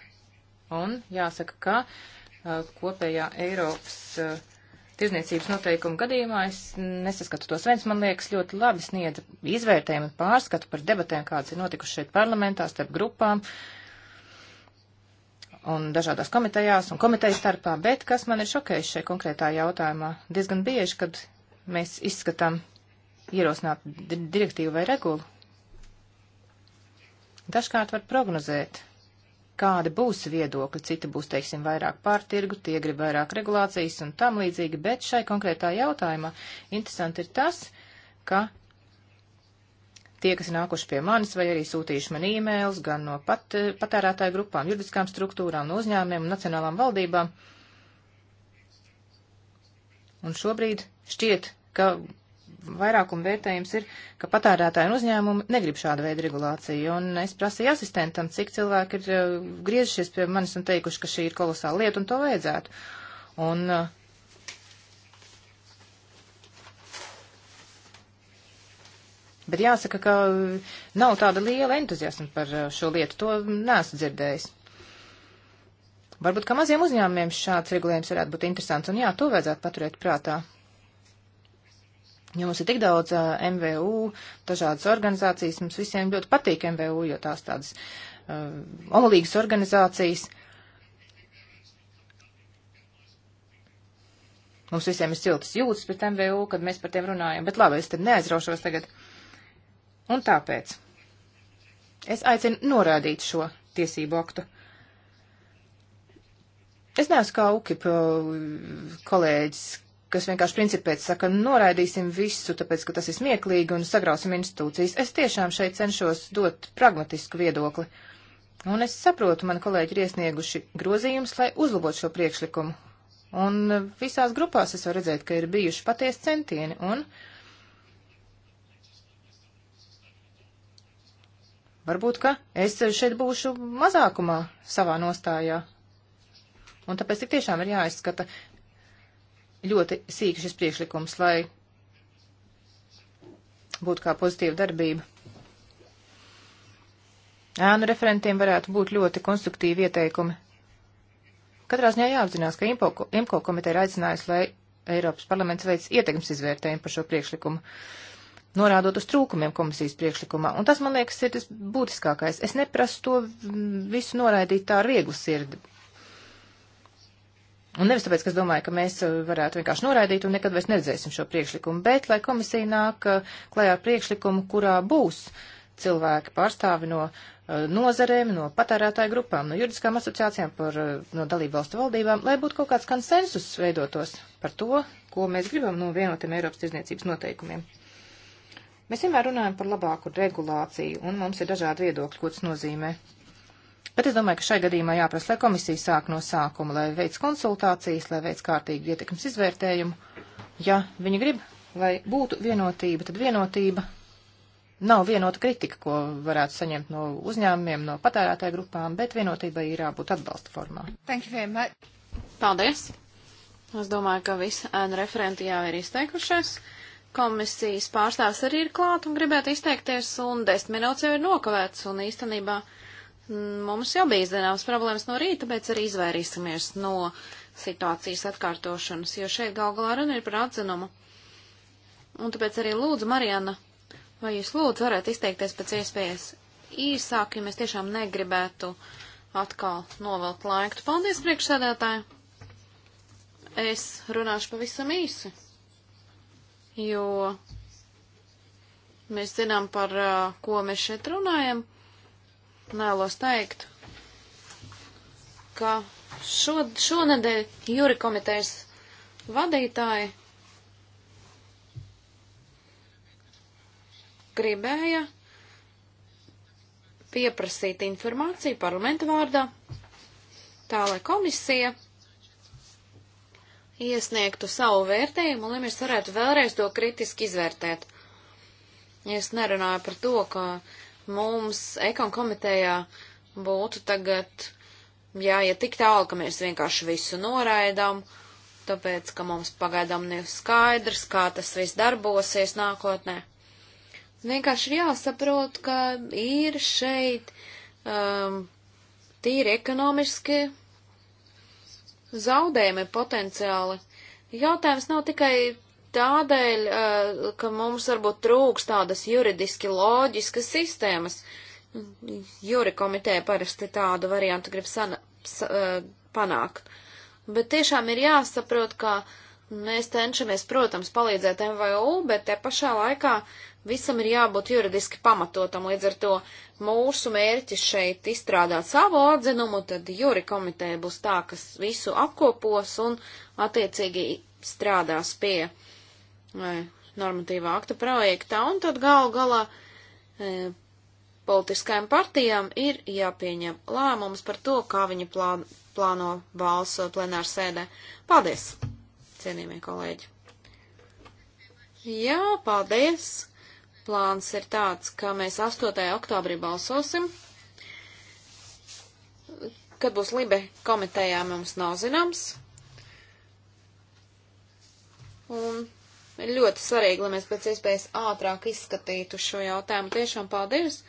Un jāsaka, ka uh, kopējā Eiropas uh, tirzniecības noteikumu gadījumā es nesaskatu tos. Viens, man liekas, ļoti labi sniedz izvērtējumu un pārskatu par debatēm, kādas ir notikušas šeit parlamentā starp grupām. Uh, un dažādās komitejās un komiteju starpā, bet kas man ir šokējis šajā konkrētā jautājumā diezgan bieži, kad mēs izskatām ierosināt di direktīvu vai regulu. Dažkārt var prognozēt, kādi būs viedokļi, citi būs, teiksim, vairāk pārtirgu, tie grib vairāk regulācijas un tam līdzīgi, bet šai konkrētā jautājumā interesanti ir tas, ka tie, kas ir nākuši pie manis, vai arī sūtījuši man e-mails gan no pat, eh, patērētāju grupām, juridiskām struktūrām, no uzņēmumiem un nacionālām valdībām. Un šobrīd šķiet, ka vairākuma vērtējums ir, ka patērētāji un uzņēmumi negrib šādu veidu regulāciju. Un es prasīju asistentam, cik cilvēki ir eh, griežušies pie manis un teikuši, ka šī ir kolosāla lieta un to vajadzētu. Un uh, Bet jāsaka, ka nav tāda liela entuziasma par uh, šo lietu. To neesmu dzirdējis. Varbūt, ka maziem uzņēmumiem šāds regulējums varētu būt interesants, un jā, to vajadzētu paturēt prātā. Jo mums ir tik daudz uh, MVU, dažādas organizācijas, mums visiem ļoti patīk MVU, jo tās tādas uh, omulīgas organizācijas. Mums visiem ir siltas jūtas pret MVU, kad mēs par tiem runājam, bet labi, es tad neaizraušos tagad. Uh, Un tāpēc es aicinu norādīt šo tiesību aktu. Es neesmu kā UKIP uh, kolēģis, kas vienkārši principēc saka, noraidīsim visu, tāpēc, ka tas ir smieklīgi un sagrausim institūcijas. Es tiešām šeit cenšos dot pragmatisku viedokli. Un es saprotu, mani kolēģi ir iesnieguši grozījumus, lai uzlabotu šo priekšlikumu. Un uh, visās grupās es varu redzēt, ka ir bijuši patiesi centieni, un Varbūt, ka es šeit būšu mazākumā savā nostājā. Un tāpēc tik tiešām ir jāizskata ļoti sīki šis priekšlikums, lai būtu kā pozitīva darbība. Ēnu referentiem varētu būt ļoti konstruktīvi ieteikumi. Katrā ziņā jāapzinās, ka IMCO komiteja ir aicinājusi, lai Eiropas parlaments veids ietekmes izvērtējumu par šo priekšlikumu. Uh, norādot uz trūkumiem komisijas priekšlikumā. Un tas, man liekas, ir tas būtiskākais. Es neprasu to visu noraidīt tā viegli sirdi. Un nevis tāpēc, ka es domāju, ka mēs uh, varētu vienkārši noraidīt un nekad vairs neredzēsim šo priekšlikumu, bet lai komisija nāk uh, klajā ar priekšlikumu, kurā būs cilvēki pārstāvi no uh, nozarēm, no patērētāju grupām, no juridiskām asociācijām, par, no dalību valstu valdībām, lai būtu kaut kāds konsensus veidotos par to, ko mēs gribam no vienotiem Eiropas tirzniecības noteikumiem. Mēs vienmēr runājam par labāku regulāciju, un mums ir dažādi viedokļi, ko tas nozīmē. Bet es domāju, ka šai gadījumā jāprasa, lai komisija sāk no sākuma, lai veic konsultācijas, lai veic kārtīgu ietekmes izvērtējumu. Ja viņi grib, lai būtu vienotība, tad vienotība nav vienota kritika, ko varētu saņemt no uzņēmumiem, no patērētāju grupām, bet vienotībai ir jābūt atbalsta formā. Paldies! Es domāju, ka visi ēnu referenti jau ir izteikušies komisijas pārstāvs arī ir klāt un gribētu izteikties, un desmit minūtes jau ir nokavēts, un īstenībā mm, mums jau bija zināmas problēmas no rīta, tāpēc arī izvairīsimies no situācijas atkārtošanas, jo šeit gal galā runa ir par atzinumu. Un tāpēc arī lūdzu, Marijana, vai jūs lūdzu varētu izteikties pēc iespējas īsāk, jo mēs tiešām negribētu atkal novelkt laiku. Paldies, priekšsēdētāji! Es runāšu pavisam īsi jo mēs zinām, par ko mēs šeit runājam. Nēlos teikt, ka šo, šonadēļ jūri komitejas vadītāji gribēja pieprasīt informāciju parlamenta vārdā, tā lai komisija iesniegtu savu vērtējumu, un Limers varētu vēlreiz to kritiski izvērtēt. Es nerunāju par to, ka mums ekon komitejā būtu tagad jāiet tik tālu, ka mēs vienkārši visu noraidām, tāpēc, ka mums pagaidām nav skaidrs, kā tas viss darbosies nākotnē. Vienkārši ir jāsaprot, ka ir šeit um, tīri ekonomiski zaudējumi potenciāli. Jautājums nav tikai tādēļ, ka mums varbūt trūks tādas juridiski loģiskas sistēmas. Juri komiteja parasti tādu variantu grib sana, sa, panākt. Bet tiešām ir jāsaprot, ka mēs cenšamies, protams, palīdzēt MVU, bet te pašā laikā Visam ir jābūt juridiski pamatotam, līdz ar to mūsu mērķis šeit izstrādāt savu atzinumu, tad juri komiteja būs tā, kas visu apkopos un attiecīgi strādās pie e, normatīvā akta projektā, un tad galu galā e, politiskajām partijām ir jāpieņem lēmums par to, kā viņi plāno, plāno balsu plenāru sēdē. Paldies, cienījamie kolēģi! Jā, paldies! plāns ir tāds, ka mēs 8. oktobrī balsosim. Kad būs Libe komitejā, mums nav zināms. Un ir ļoti svarīgi, lai mēs pēc iespējas ātrāk izskatītu šo jautājumu. Tiešām paldies,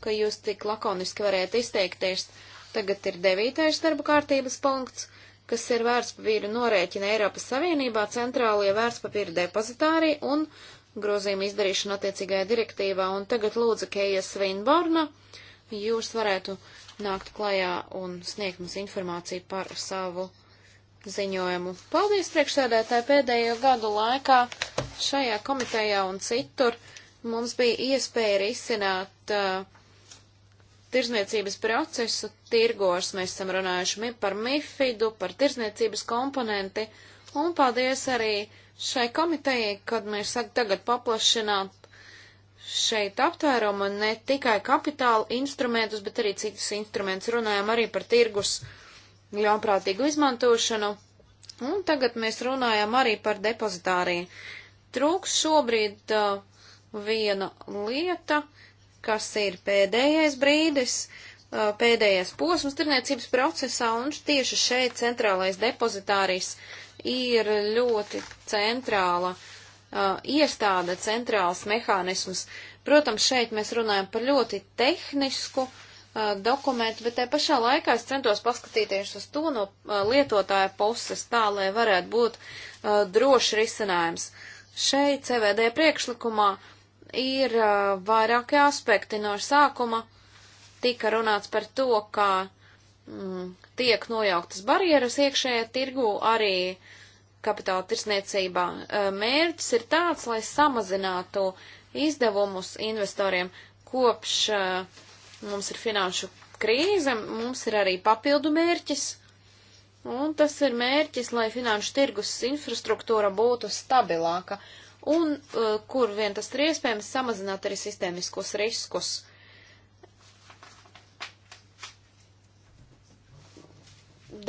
ka jūs tik lakoniski varētu izteikties. Tagad ir devītais darba kārtības punkts, kas ir vērtspapīru norēķina Eiropas Savienībā centrālajie vērtspapīru depozitāri un grozījumu izdarīšanu attiecīgajā direktīvā. Un tagad lūdzu, Keija Svinborna, jūs varētu nākt klajā un sniegt mums informāciju par savu ziņojumu. Paldies priekšsēdētāji pēdējo gadu laikā šajā komitejā un citur. Mums bija iespēja risināt uh, tirzniecības procesu tirgos. Mēs esam runājuši par MIFIDu, par tirzniecības komponenti. Un paldies arī uh, Šai komitejai, kad mēs sākam tagad paplašināt šeit aptvērumu ne tikai kapitāla instrumentus, bet arī citus instrumentus, runājam arī par tirgus ļaunprātīgu izmantošanu, un tagad mēs runājam arī par depozitāriju. Trūks šobrīd uh, viena lieta, kas ir pēdējais brīdis, uh, Uh, pēdējais posms tirniecības procesā, un tieši šeit centrālais depozitāris ir ļoti centrāla uh, iestāde, centrāls mehānisms. Protams, šeit mēs runājam par ļoti tehnisku uh, dokumentu, bet te pašā laikā es centos paskatīties uz to no uh, lietotāja puses tā, lai varētu būt uh, drošs risinājums. Šeit CVD priekšlikumā ir uh, vairāki aspekti no sākuma. Uh, tika runāts par to, kā mm, tiek nojauktas barjeras iekšējā tirgu arī kapitāla tirsniecībā. Mērķis ir tāds, lai samazinātu izdevumus investoriem kopš uh, mums ir finanšu krīze, mums ir arī papildu mērķis, un tas ir mērķis, lai finanšu tirgus infrastruktūra būtu stabilāka, un uh, kur vien tas ir iespējams, samazināt arī sistēmiskos riskus.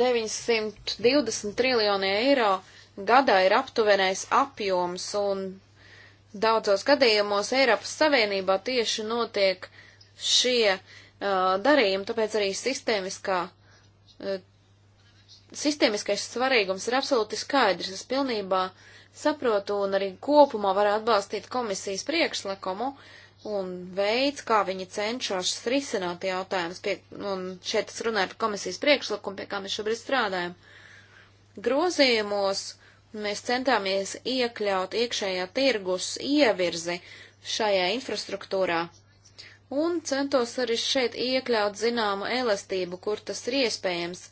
920 triljoni eiro gadā ir aptuvenais apjoms, un daudzos gadījumos Eiropas Savienībā tieši notiek šie uh, darījumi, tāpēc arī sistēmiskā, uh, sistēmiskais svarīgums ir absolūti skaidrs. Es pilnībā saprotu un arī kopumā varu atbalstīt komisijas priekšlikumu, uh, un veids, kā viņi cenšas risināt jautājumus, pie, un šeit es runāju par komisijas priekšlikumu, pie kā mēs šobrīd strādājam. Grozījumos mēs centāmies iekļaut iekšējā tirgus ievirzi šajā infrastruktūrā, un centos arī šeit iekļaut zināmu elastību, kur tas ir iespējams.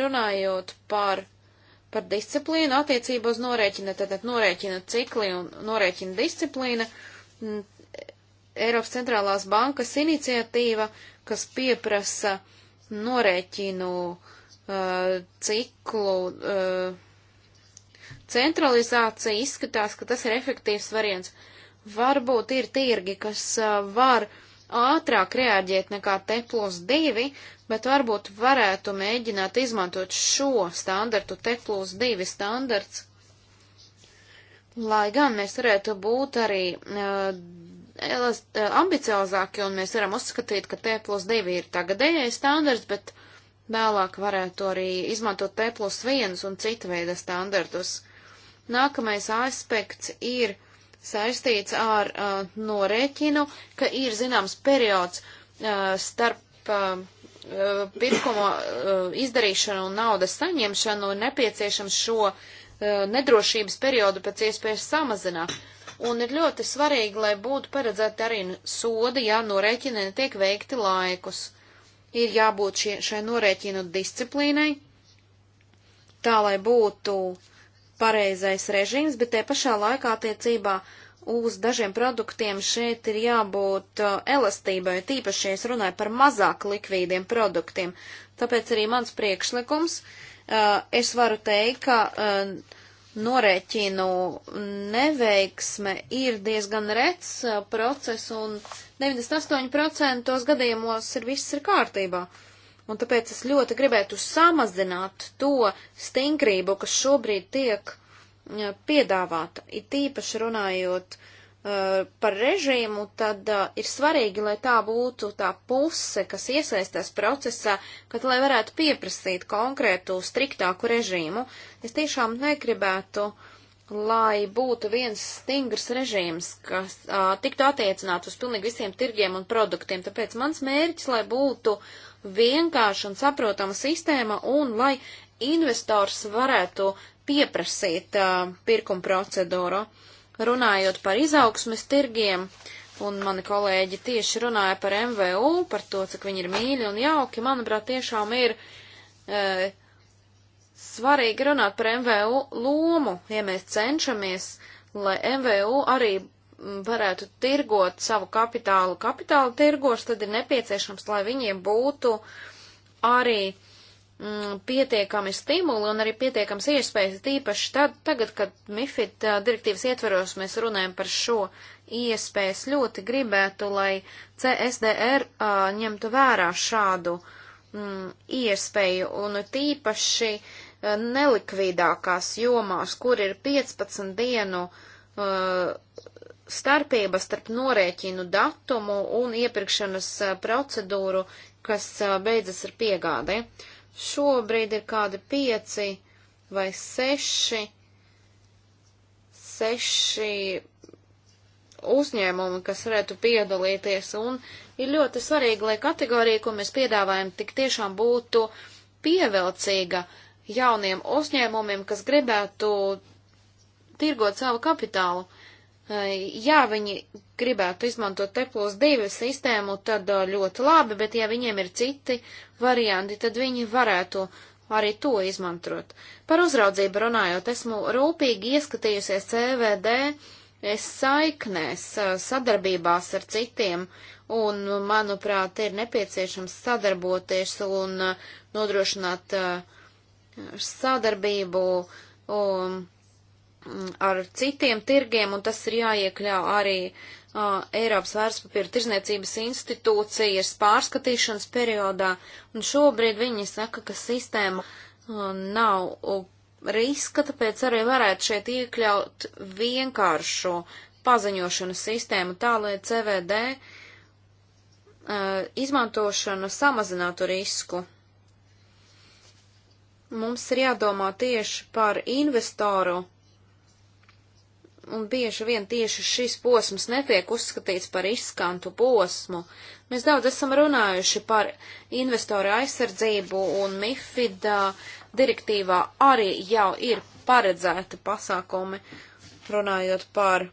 Runājot par par disciplīnu attiecībā uz norēķina, tātad norēķina cikli un norēķina disciplīna. Mm, Eiropas centrālās bankas iniciatīva, kas pieprasa norēķinu uh, ciklu uh, centralizāciju, izskatās, ka tas ir efektīvs variants. Varbūt ir tirgi, kas uh, var uh, ātrāk reaģēt nekā T plus 2, bet varbūt varētu mēģināt izmantot šo standartu T plus 2 standarts, lai gan mēs varētu būt arī uh, eh, elast, uh, eh, ambiciozāki un mēs varam uzskatīt, ka T plus 2 ir tagadējais standarts, bet vēlāk varētu arī izmantot T plus 1 un cita veida standartus. Nākamais aspekts ir uh, saistīts ar uh, norēķinu, ka ir zināms periods uh, starp uh, uh pirkuma uh, izdarīšanu un naudas saņemšanu un nepieciešams šo uh, nedrošības periodu pēc iespējas samazināt. Un ir ļoti svarīgi, lai būtu paredzēti arī sodi, ja norēķini netiek veikti laikus. Ir jābūt šie, šai norēķinu disciplīnai, tā lai būtu uh, pareizais režīms, bet te pašā laikā attiecībā uz dažiem produktiem šeit ir jābūt uh, elastībai, tīpaši, ja es runāju par mazāk likvīdiem produktiem. Tāpēc arī mans priekšlikums, uh, es varu teikt, ka uh, norēķinu neveiksme ir diezgan rets process un 98% gadījumos ir viss ir kārtībā. Uh, Un tāpēc es ļoti gribētu samazināt to stingrību, kas šobrīd tiek piedāvāta. It īpaši runājot uh, par režīmu, tad uh, ir svarīgi, lai tā būtu tā puse, kas iesaistās procesā, kad lai varētu pieprasīt konkrētu striktāku režīmu. Es tiešām negribētu uh, lai būtu viens stingrs režīms, kas uh, tiktu attiecināts uz pilnīgi visiem tirgiem un produktiem. Tāpēc mans mērķis, lai būtu vienkārša un saprotama sistēma un lai investors varētu pieprasīt uh, pirkuma procedūru. Runājot par izaugsmes tirgiem, un mani kolēģi tieši runāja par MVU, par to, cik viņi ir mīļi un jauki, manuprāt, tiešām ir uh, svarīgi runāt par MVU lomu, ja mēs cenšamies, lai MVU arī mm, varētu tirgot savu kapitālu kapitāla tirgos, tad ir nepieciešams, lai viņiem būtu arī mm, pietiekami stimuli un arī pietiekams iespējas, tīpaši tad, tagad, kad MIFID direktīvas ietveros mēs runājam par šo iespējas, ļoti gribētu, lai CSDR a, ņemtu vērā šādu mm, iespēju un tīpaši uh, nelikvīdākās jomās, kur ir 15 dienu uh, starpība starp norēķinu datumu un iepirkšanas uh, procedūru, kas uh, beidzas ar piegādi. Šobrīd ir kādi pieci vai seši, seši uzņēmumi, kas varētu piedalīties, un ir ļoti svarīgi, lai kategorija, ko mēs piedāvājam, tik tiešām būtu pievilcīga uh, jauniem uzņēmumiem, kas gribētu tirgot savu kapitālu. Ja viņi gribētu izmantot T plus 2 sistēmu, tad ļoti labi, bet ja viņiem ir citi varianti, tad viņi varētu arī to izmantot. Par uzraudzību runājot, esmu rūpīgi ieskatījusies CVD saiknēs, sadarbībās ar citiem, un, manuprāt, ir nepieciešams sadarboties un nodrošināt uh, sadarbību um, ar citiem tirgiem, un tas ir jāiekļau arī uh, Eiropas vērtspapīra tirzniecības institūcijas pārskatīšanas periodā, un šobrīd viņi saka, ka sistēma uh, nav uh, riska, tāpēc arī varētu šeit iekļaut vienkāršu paziņošanas sistēmu tā, lai CVD uh, izmantošana samazinātu risku mums ir jādomā tieši par investoru, un bieži vien tieši šis posms netiek uzskatīts par izskantu posmu. Mēs daudz esam runājuši par investoru aizsardzību, un MIFID direktīvā arī jau ir paredzēti pasākumi, runājot par,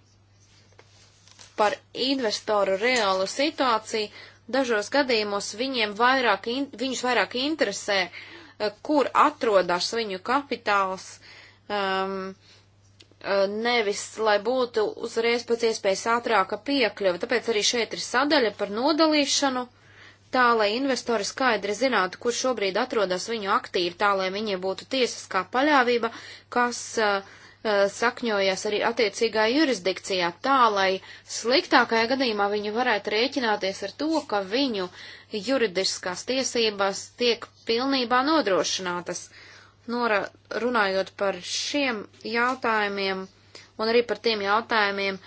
par investoru reālu situāciju. Dažos gadījumos viņiem vairāk, in, viņus vairāk interesē uh, Eh, kur atrodas viņu kapitāls, um, eh, nevis, lai būtu uzreiz pēc iespējas ātrāka piekļuva. Tāpēc arī šeit ir sadaļa par nodalīšanu, tā lai investori skaidri zinātu, kur šobrīd atrodas viņu aktīvi, tā lai viņiem būtu tiesiskā paļāvība, kas uh, Uh, sakņojas arī attiecīgā jurisdikcijā, tā lai sliktākajā gadījumā viņi varētu rēķināties ar to, ka viņu juridiskās tiesības tiek pilnībā nodrošinātas. Nora, runājot par šiem jautājumiem un arī par tiem jautājumiem,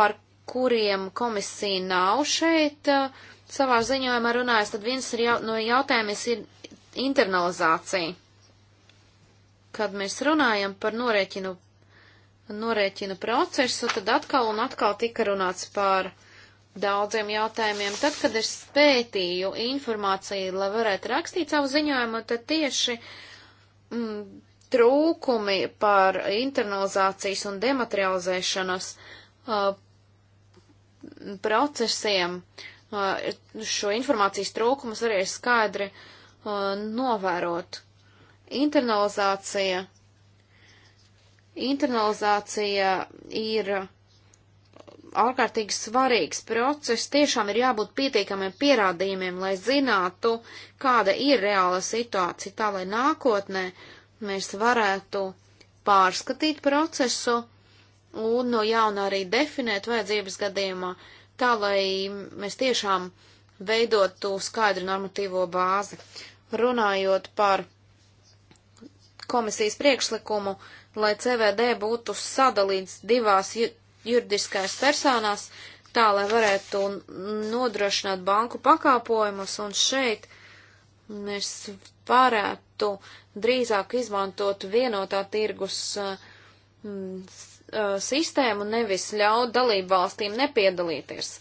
par kuriem komisija nav šeit uh, savā ziņojumā runājas, tad viens jau, no jautājumiem ir internalizācija. Kad mēs runājam par norēķinu norēķina procesu, tad atkal un atkal tika runāts par daudziem jautājumiem. Tad, kad es pētīju informāciju, lai varētu rakstīt savu ziņojumu, tad tieši mm, trūkumi par internalizācijas un dematerializēšanas uh, procesiem, uh, šo informācijas trūkumus arī ir skaidri uh, novērot. Internalizācija internalizācija ir ārkārtīgi svarīgs process. Tiešām ir jābūt pietiekamiem pierādījumiem, lai zinātu, kāda ir reāla situācija, tā lai nākotnē mēs varētu pārskatīt procesu un no jauna arī definēt vajadzības gadījumā, tā lai mēs tiešām veidotu skaidru normatīvo bāzi. Runājot par komisijas priekšlikumu, uh, lai CVD būtu sadalīts divās juridiskās personās, tā lai varētu nodrošināt banku pakāpojumus, un šeit mēs varētu drīzāk izmantot vienotā tirgus uh, mm, uh, sistēmu, nevis ļaut dalību valstīm nepiedalīties.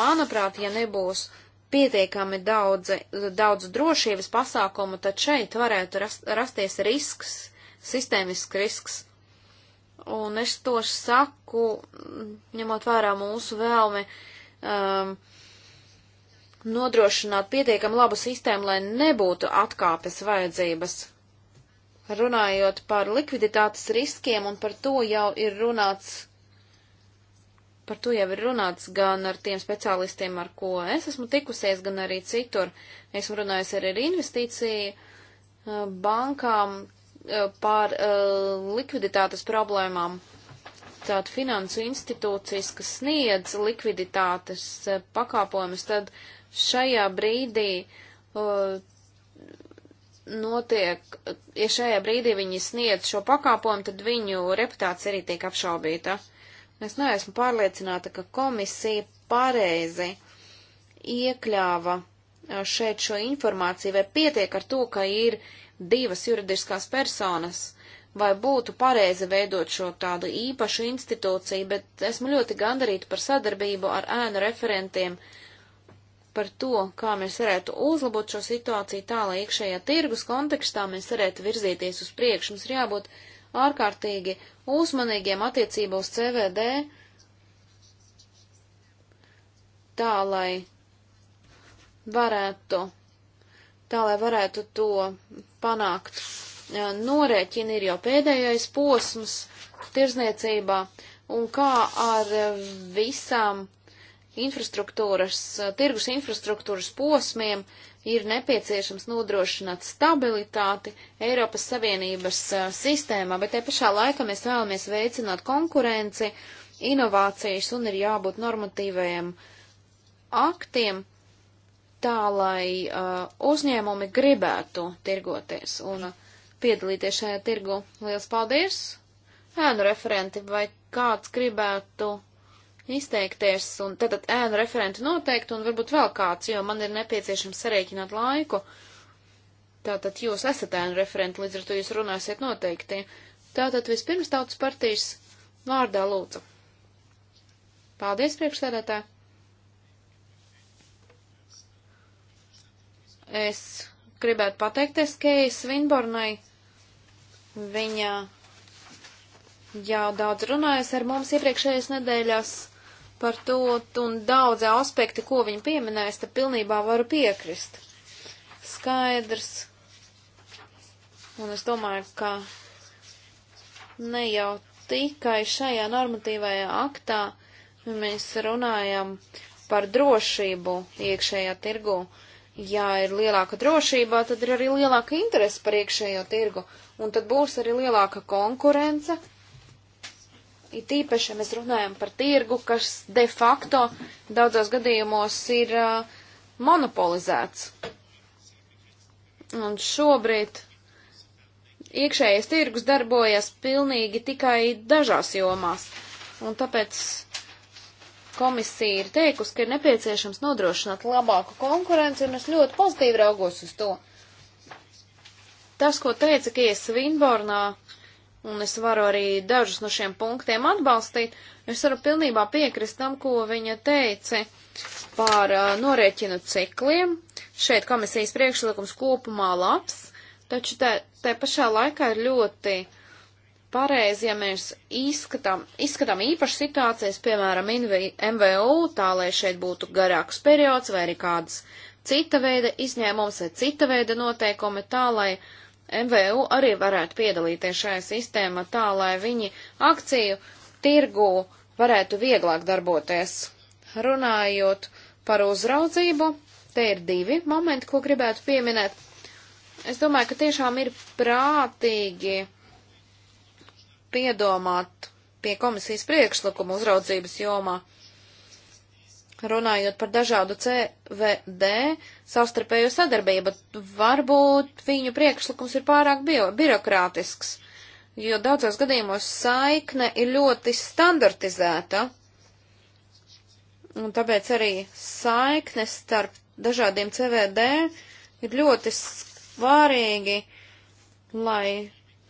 Manuprāt, ja nebūs pietiekami daudz, daudz drošības pasākumu, tad šeit varētu rast, rasties risks sistēmisks risks. Un es to saku, ņemot vērā mūsu vēlmi um, nodrošināt pietiekam labu sistēmu, lai nebūtu atkāpes vajadzības. Runājot par likviditātes riskiem, un par to jau ir runāts, par to jau ir runāts gan ar tiem speciālistiem, ar ko es esmu tikusies, gan arī citur. Esmu runājusi arī ar investīciju uh, bankām, Eh, par uh, likviditātes problēmām. Tātad finansu institūcijas, kas sniedz likviditātes uh, pakāpojumus, tad šajā brīdī uh, notiek, ja šajā brīdī viņi sniedz šo pakāpojumu, tad viņu reputācija arī tiek apšaubīta. Es neesmu pārliecināta, ka komisija pareizi iekļāva šeit šo informāciju, vai pietiek ar to, ka ir uh, divas juridiskās personas, vai būtu pareizi veidot šo tādu īpašu institūciju, bet esmu ļoti gandarīta par sadarbību ar ēnu referentiem, par to, kā mēs varētu uzlabot šo situāciju tā, lai iekšējā tirgus kontekstā mēs varētu virzīties uz priekšu. Mums ir jābūt ārkārtīgi uzmanīgiem attiecībā uz CVD, tā, lai varētu, tā, lai varētu to panākt. Norēķini ir jau pēdējais posms tirzniecībā, un kā ar visām infrastruktūras, tirgus infrastruktūras posmiem ir nepieciešams nodrošināt stabilitāti Eiropas Savienības sistēmā, bet te pašā laikā mēs vēlamies veicināt konkurenci, inovācijas un ir jābūt normatīvajiem aktiem, tā, lai uh, uzņēmumi gribētu tirgoties un uh, piedalīties šajā tirgu. Lielas paldies! Ēnu referenti, vai kāds gribētu izteikties, un tad ēnu referenti noteikti, un varbūt vēl kāds, jo man ir nepieciešams sarēķināt laiku. Tātad jūs esat ēnu referenti, līdz ar to jūs runāsiet noteikti. Tātad vispirms tautas partijas vārdā lūdzu. Paldies, priekšsēdētāji! es gribētu pateikties Kejai Svinbornai. Viņa jau daudz runājas ar mums iepriekšējās nedēļās par to, un daudzi aspekti, ko viņa pieminēja, te pilnībā varu piekrist. Skaidrs. Un es domāju, ka ne jau tikai šajā normatīvajā aktā mēs runājam par drošību iekšējā tirgu. Uh, Ja ir lielāka drošība, tad ir arī lielāka interese par iekšējo tirgu, un tad būs arī lielāka konkurence. It īpaši, ja mēs runājam par tirgu, kas de facto daudzos gadījumos ir uh, monopolizēts. Un šobrīd iekšējais tirgus darbojas pilnīgi tikai dažās jomās, un tāpēc komisija ir teikusi, ka ir nepieciešams nodrošināt labāku konkurenci, un es ļoti pozitīvi raugos uz to. Tas, ko teica Kies Vinbornā, un es varu arī dažus no šiem punktiem atbalstīt, es varu pilnībā piekrist tam, ko viņa teica par uh, norēķinu cikliem. Šeit komisijas priekšlikums kopumā labs, taču te, te pašā laikā ir ļoti uh, pareizi, ja mēs izskatām, izskatām īpaši situācijas, piemēram, MVU, tā lai šeit būtu garāks periods vai arī kādas cita veida izņēmums vai cita veida noteikumi, tā lai MVU arī varētu piedalīties šajā sistēmā, tā lai viņi akciju tirgu varētu vieglāk darboties. Runājot par uzraudzību, te ir divi momenti, ko gribētu pieminēt. Es domāju, ka tiešām ir prātīgi piedomāt pie komisijas priekšlikuma uzraudzības jomā. Runājot par dažādu CVD savstarpējo sadarbību, varbūt viņu priekšlikums ir pārāk bio, birokrātisks, jo daudzos gadījumos saikne ir ļoti standartizēta, un tāpēc arī saikne starp dažādiem CVD ir ļoti svarīgi, lai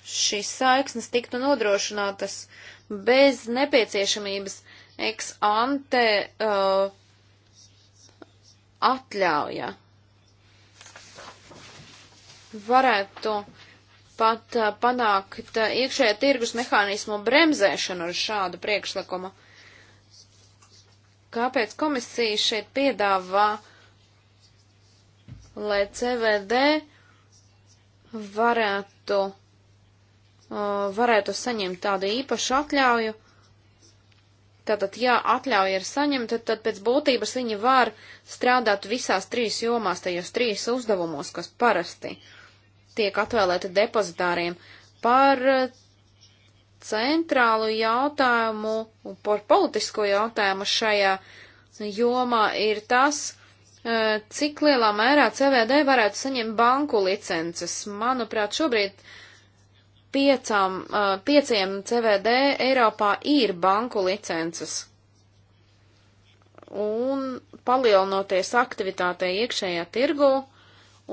šīs saiknes tiktu nodrošinātas bez nepieciešamības ex ante uh, atļauja. Varētu pat uh, panākt uh, iekšējā tirgus mehānismu bremzēšanu ar šādu priekšlikumu. Kāpēc komisija šeit piedāvā, lai CVD varētu Uh, varētu saņemt tādu īpašu atļauju. Tātad, ja atļauja ir saņemta, tad, tad pēc būtības viņi var strādāt visās trīs jomās, tajos trīs uzdevumos, kas parasti tiek atvēlēti depozitāriem. Par uh, centrālu jautājumu un par politisko jautājumu šajā jomā ir tas, uh, cik lielā mērā CVD varētu saņemt banku licences. Manuprāt, šobrīd uh, piecām, eh, pieciem CVD Eiropā ir banku licences. Un palielinoties aktivitātei iekšējā tirgu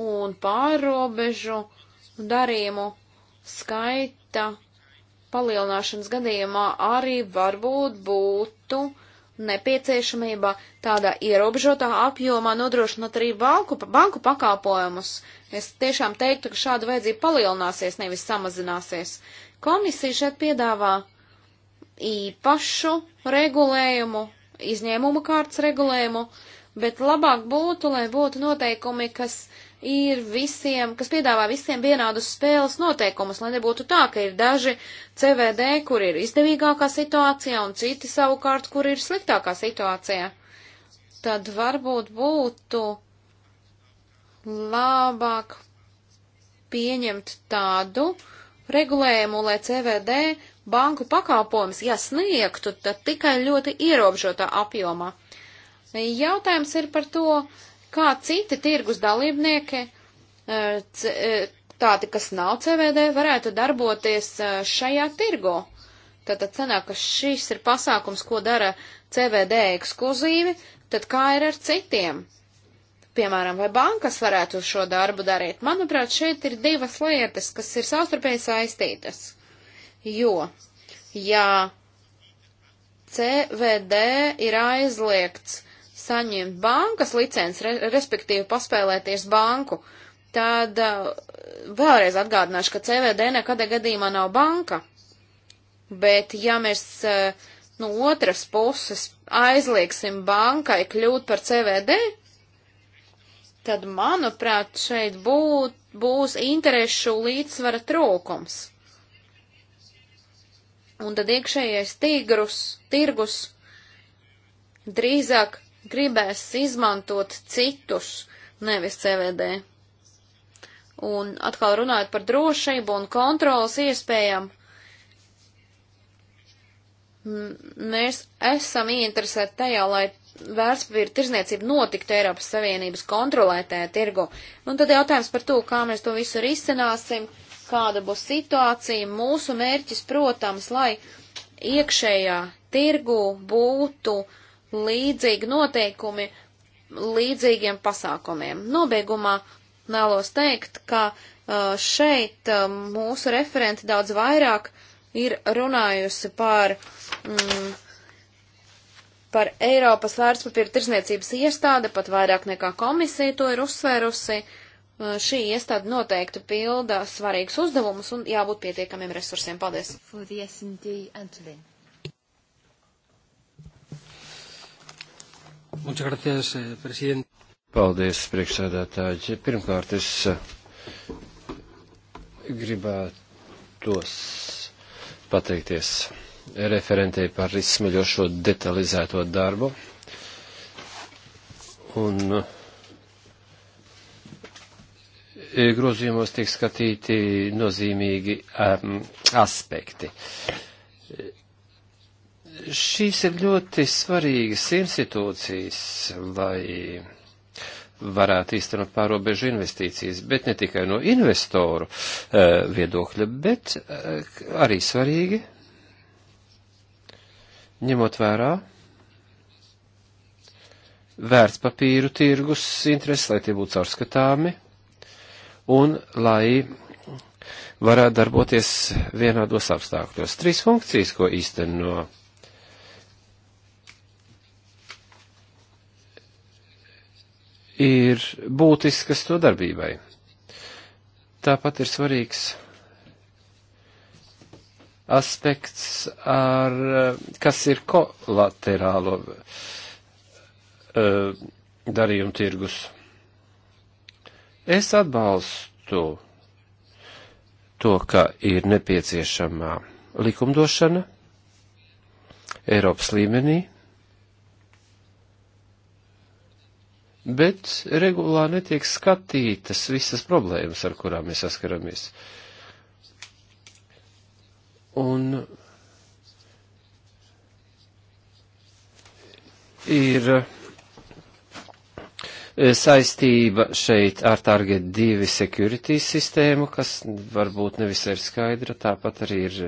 un pārrobežu darījumu skaita palielināšanas gadījumā arī varbūt būtu nepieciešamība tādā ierobežotā apjomā nodrošināt arī banku, banku pakalpojumus uh, Es tiešām teiktu, ka šāda vajadzība palielināsies, nevis samazināsies. Komisija šeit piedāvā īpašu regulējumu, izņēmuma kārtas regulējumu, bet labāk būtu, lai būtu noteikumi, kas ir visiem, kas piedāvā visiem vienādus spēles noteikumus, lai nebūtu tā, ka ir daži CVD, kur ir izdevīgākā situācija, un citi savukārt, kur ir sliktākā situācija. Tad varbūt būtu labāk pieņemt tādu regulējumu, lai CVD banku pakalpojums, ja sniegtu, tad tikai ļoti ierobežotā apjomā. Jautājums ir par to, kā citi tirgus dalībnieki, eh, eh, tādi, kas nav CVD, varētu darboties eh, šajā tirgo. Tātad cenāk, ka šis ir pasākums, ko dara CVD ekskluzīvi, tad kā ir ar citiem? piemēram, vai bankas varētu šo darbu darīt. Manuprāt, šeit ir divas lietas, kas ir savstarpēji saistītas. Jo, ja CVD ir aizliegts saņemt bankas licenci, re, respektīvi paspēlēties banku, tad uh, vēlreiz atgādināšu, ka CVD nekadā gadījumā nav banka. Bet, ja mēs uh, no nu, otras puses aizliegsim bankai kļūt par CVD, tad, manuprāt, šeit būt, būs interešu līdzsvara trūkums. Un tad iekšējais tīgrus, tirgus drīzāk gribēs izmantot citus, nevis CVD. Un atkal runājot par drošību un kontrolas iespējām, mēs esam ieinteresēti tajā, lai vērtspapīra tirzniecība notiktu Eiropas Savienības kontrolētajā tirgu. Un tad jautājums par to, kā mēs to visu risināsim, kāda būs situācija. Mūsu mērķis, protams, lai iekšējā tirgu būtu līdzīgi noteikumi līdzīgiem pasākumiem. Nobeigumā vēlos teikt, ka uh, šeit um, mūsu referenti daudz vairāk ir runājusi par mm, par Eiropas vērtspapīra tirzniecības iestāde, pat vairāk nekā komisija to ir uzsvērusi. Uh, šī iestāde noteikti pilda svarīgus uzdevumus un jābūt pietiekamiem resursiem. Paldies! Gracias, eh, Paldies, priekšsēdētāji. Pirmkārt, es eh, gribētos pateikties referentei par izsmeļošo detalizēto darbu. Un e, grozījumos tiek skatīti nozīmīgi um, aspekti. Šīs ir ļoti svarīgas institūcijas, lai varētu īstenot pārobežu investīcijas, bet ne tikai no investoru uh, viedokļa, bet uh, arī svarīgi ņemot vērā vērtspapīru tirgus interesi, lai tie būtu caurskatāmi un lai varētu darboties vienādos apstākļos. Trīs funkcijas, ko īsteno ir būtiskas to darbībai. Tāpat ir svarīgs aspekts, ar, kas ir kolaterālo e, darījumu tirgus. Es atbalstu to, ka ir nepieciešama likumdošana Eiropas līmenī, bet regulā netiek skatītas visas problēmas, ar kurām mēs saskaramies. Uh, Un ir eh, saistība šeit ar Target 2 security sistēmu, kas varbūt nevisai ir skaidra, tāpat arī ir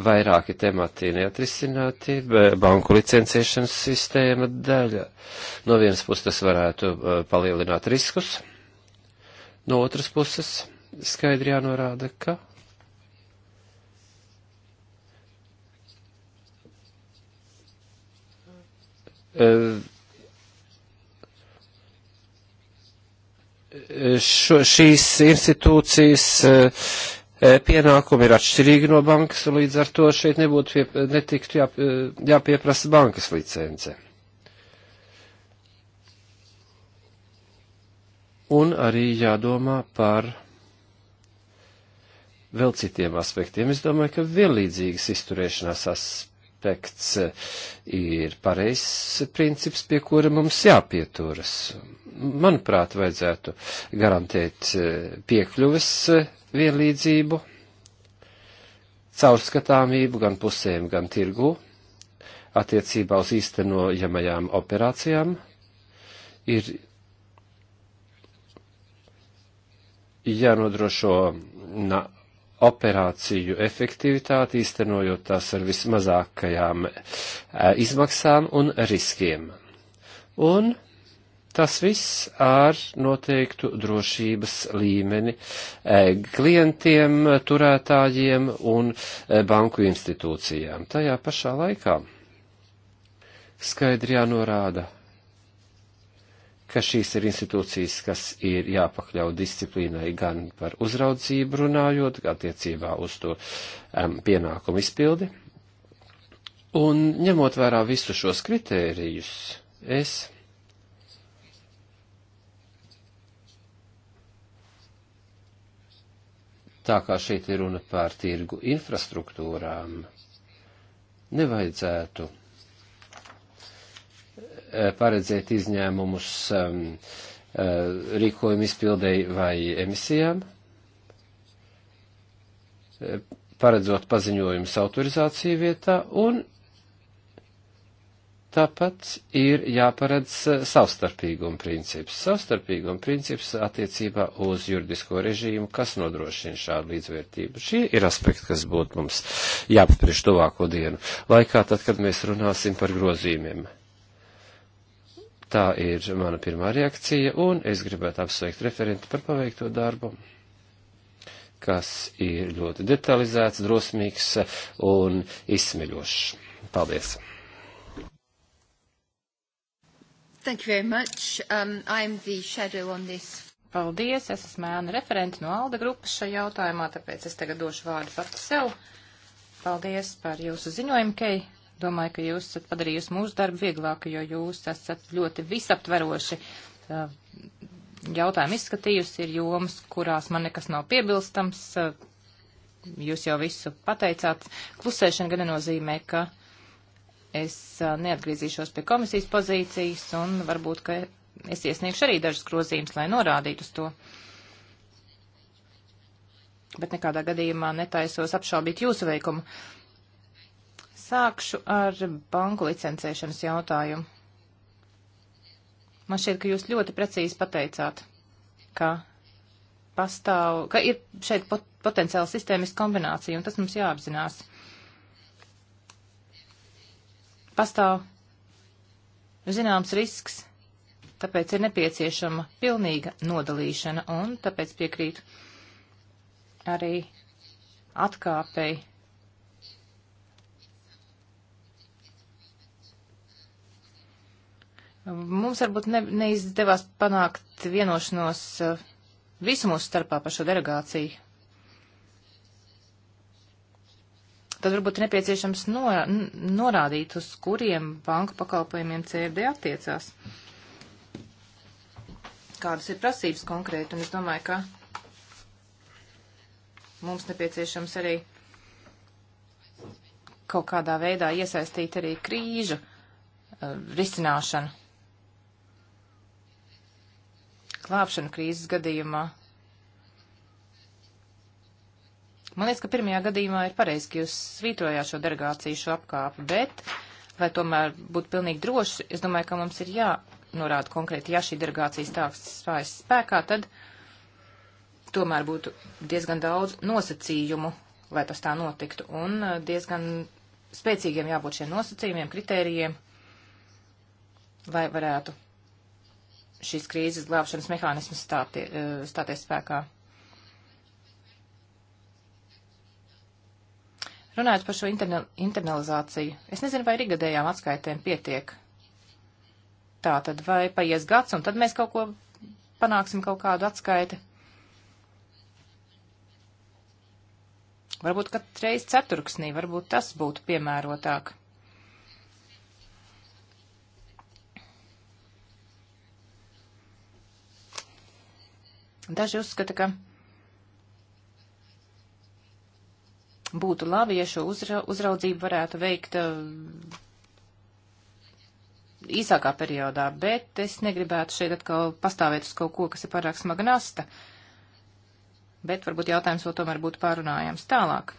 vairāki temati neatrisināti, banku licencēšanas sistēma daļa. No vienas puses tas varētu eh, palielināt riskus, no otras puses skaidri jānorāda, ka Eh, šo, šīs institūcijas eh, eh, pienākumi ir atšķirīgi no bankas, un līdz ar to šeit nebūtu pie, netiktu jā, jāpieprasa bankas licence. Un arī jādomā par vēl citiem aspektiem. Es domāju, ka vienlīdzīgas izturēšanās as, aspekts eh, ir pareizs princips, pie kura mums jāpieturas. Manuprāt, vajadzētu garantēt eh, piekļuves eh, vienlīdzību, caurskatāmību gan pusēm, gan tirgū attiecībā uz īstenojamajām operācijām ir jānodrošo na, operāciju efektivitāti, īstenojot tās ar vismazākajām eh, izmaksām un riskiem. Un tas viss ar noteiktu drošības līmeni eh, klientiem, turētājiem un eh, banku institūcijām. Tajā pašā laikā skaidri jānorāda ka šīs ir institūcijas, kas ir jāpakļaut disciplīnai gan par uzraudzību runājot, gan attiecībā uz to um, pienākumu izpildi. Un ņemot vērā visu šos kritērijus, es tā kā šeit ir runa par tirgu infrastruktūrām, nevajadzētu Eh, paredzēt izņēmumus eh, rīkojumu izpildēji vai emisijām, eh, paredzot paziņojumus autorizāciju vietā, un tāpat ir jāparedz savstarpīguma princips. Savstarpīguma princips attiecībā uz juridisko režīmu, kas nodrošina šādu līdzvērtību. Šie ir aspekti, kas būtu mums jāpapriež tuvāko dienu laikā, tad, kad mēs runāsim par grozījumiem. Tā ir mana pirmā reakcija, un es gribētu apsveikt referenti par paveikto darbu, kas ir ļoti detalizēts, drosmīgs un izsmeļošs. Paldies! Thank you very much. Um, I'm the shadow on this Paldies, es esmu ēna referenti no Alda grupas šajā jautājumā, tāpēc es tagad došu vārdu pati sev. Paldies par jūsu ziņojumu, Kei. Domāju, ka jūs esat padarījusi mūsu darbu vieglāku, jo jūs esat ļoti visaptveroši uh, jautājumu izskatījusi, ir jomas, kurās man nekas nav piebilstams. Uh, jūs jau visu pateicāt. Klusēšana gan nenozīmē, ka es uh, neatgriezīšos pie komisijas pozīcijas un varbūt, ka es iesniegšu arī dažas grozījumus, lai norādītu uz to. Bet nekādā gadījumā netaisos apšaubīt jūsu veikumu. Uh, Sākšu ar banku licencēšanas jautājumu. Man šķiet, ka jūs ļoti precīzi pateicāt, ka pastāv, ka ir šeit pot, potenciāla sistēmiska kombinācija, un tas mums jāapzinās. Pastāv zināms risks, tāpēc ir nepieciešama pilnīga nodalīšana, un tāpēc piekrītu arī atkāpei Mums varbūt ne, neizdevās panākt vienošanos eh, visu mūsu starpā par šo delegāciju. Tad varbūt ir nepieciešams norā, norādīt, uz kuriem banku pakalpojumiem CRD attiecās. Kādas ir prasības konkrēti, un es domāju, ka mums nepieciešams arī kaut kādā veidā iesaistīt arī krīžu uh, risināšanu. glābšanu krīzes gadījumā. Man liekas, ka pirmajā gadījumā ir pareizi, ka jūs svītrojāt šo derogāciju, šo apkāpi, bet, lai tomēr būtu pilnīgi droši, es domāju, ka mums ir jānorāda konkrēti, ja šī derogācijas tāks stājas spēkā, tad tomēr būtu diezgan daudz nosacījumu, lai tas tā notiktu, un eh, diezgan spēcīgiem jābūt šiem nosacījumiem, kritērijiem, lai varētu šīs krīzes glābšanas mehānismas stāti, e, stāties spēkā. Runājot par šo internalizāciju, es nezinu, vai ar ikgadējām atskaitēm pietiek. Tā tad vai paies gads, un tad mēs kaut ko panāksim, kaut kādu atskaiti. Varbūt katreiz ceturksnī, varbūt tas būtu piemērotāk. Daži uzskata, ka būtu labi, ja šo uzra, uzraudzību varētu veikt uh, īsākā periodā, bet es negribētu šeit atkal pastāvēt uz kaut ko, kas ir pārāk smaga nasta. Bet varbūt jautājums vēl tomēr būtu pārunājams tālāk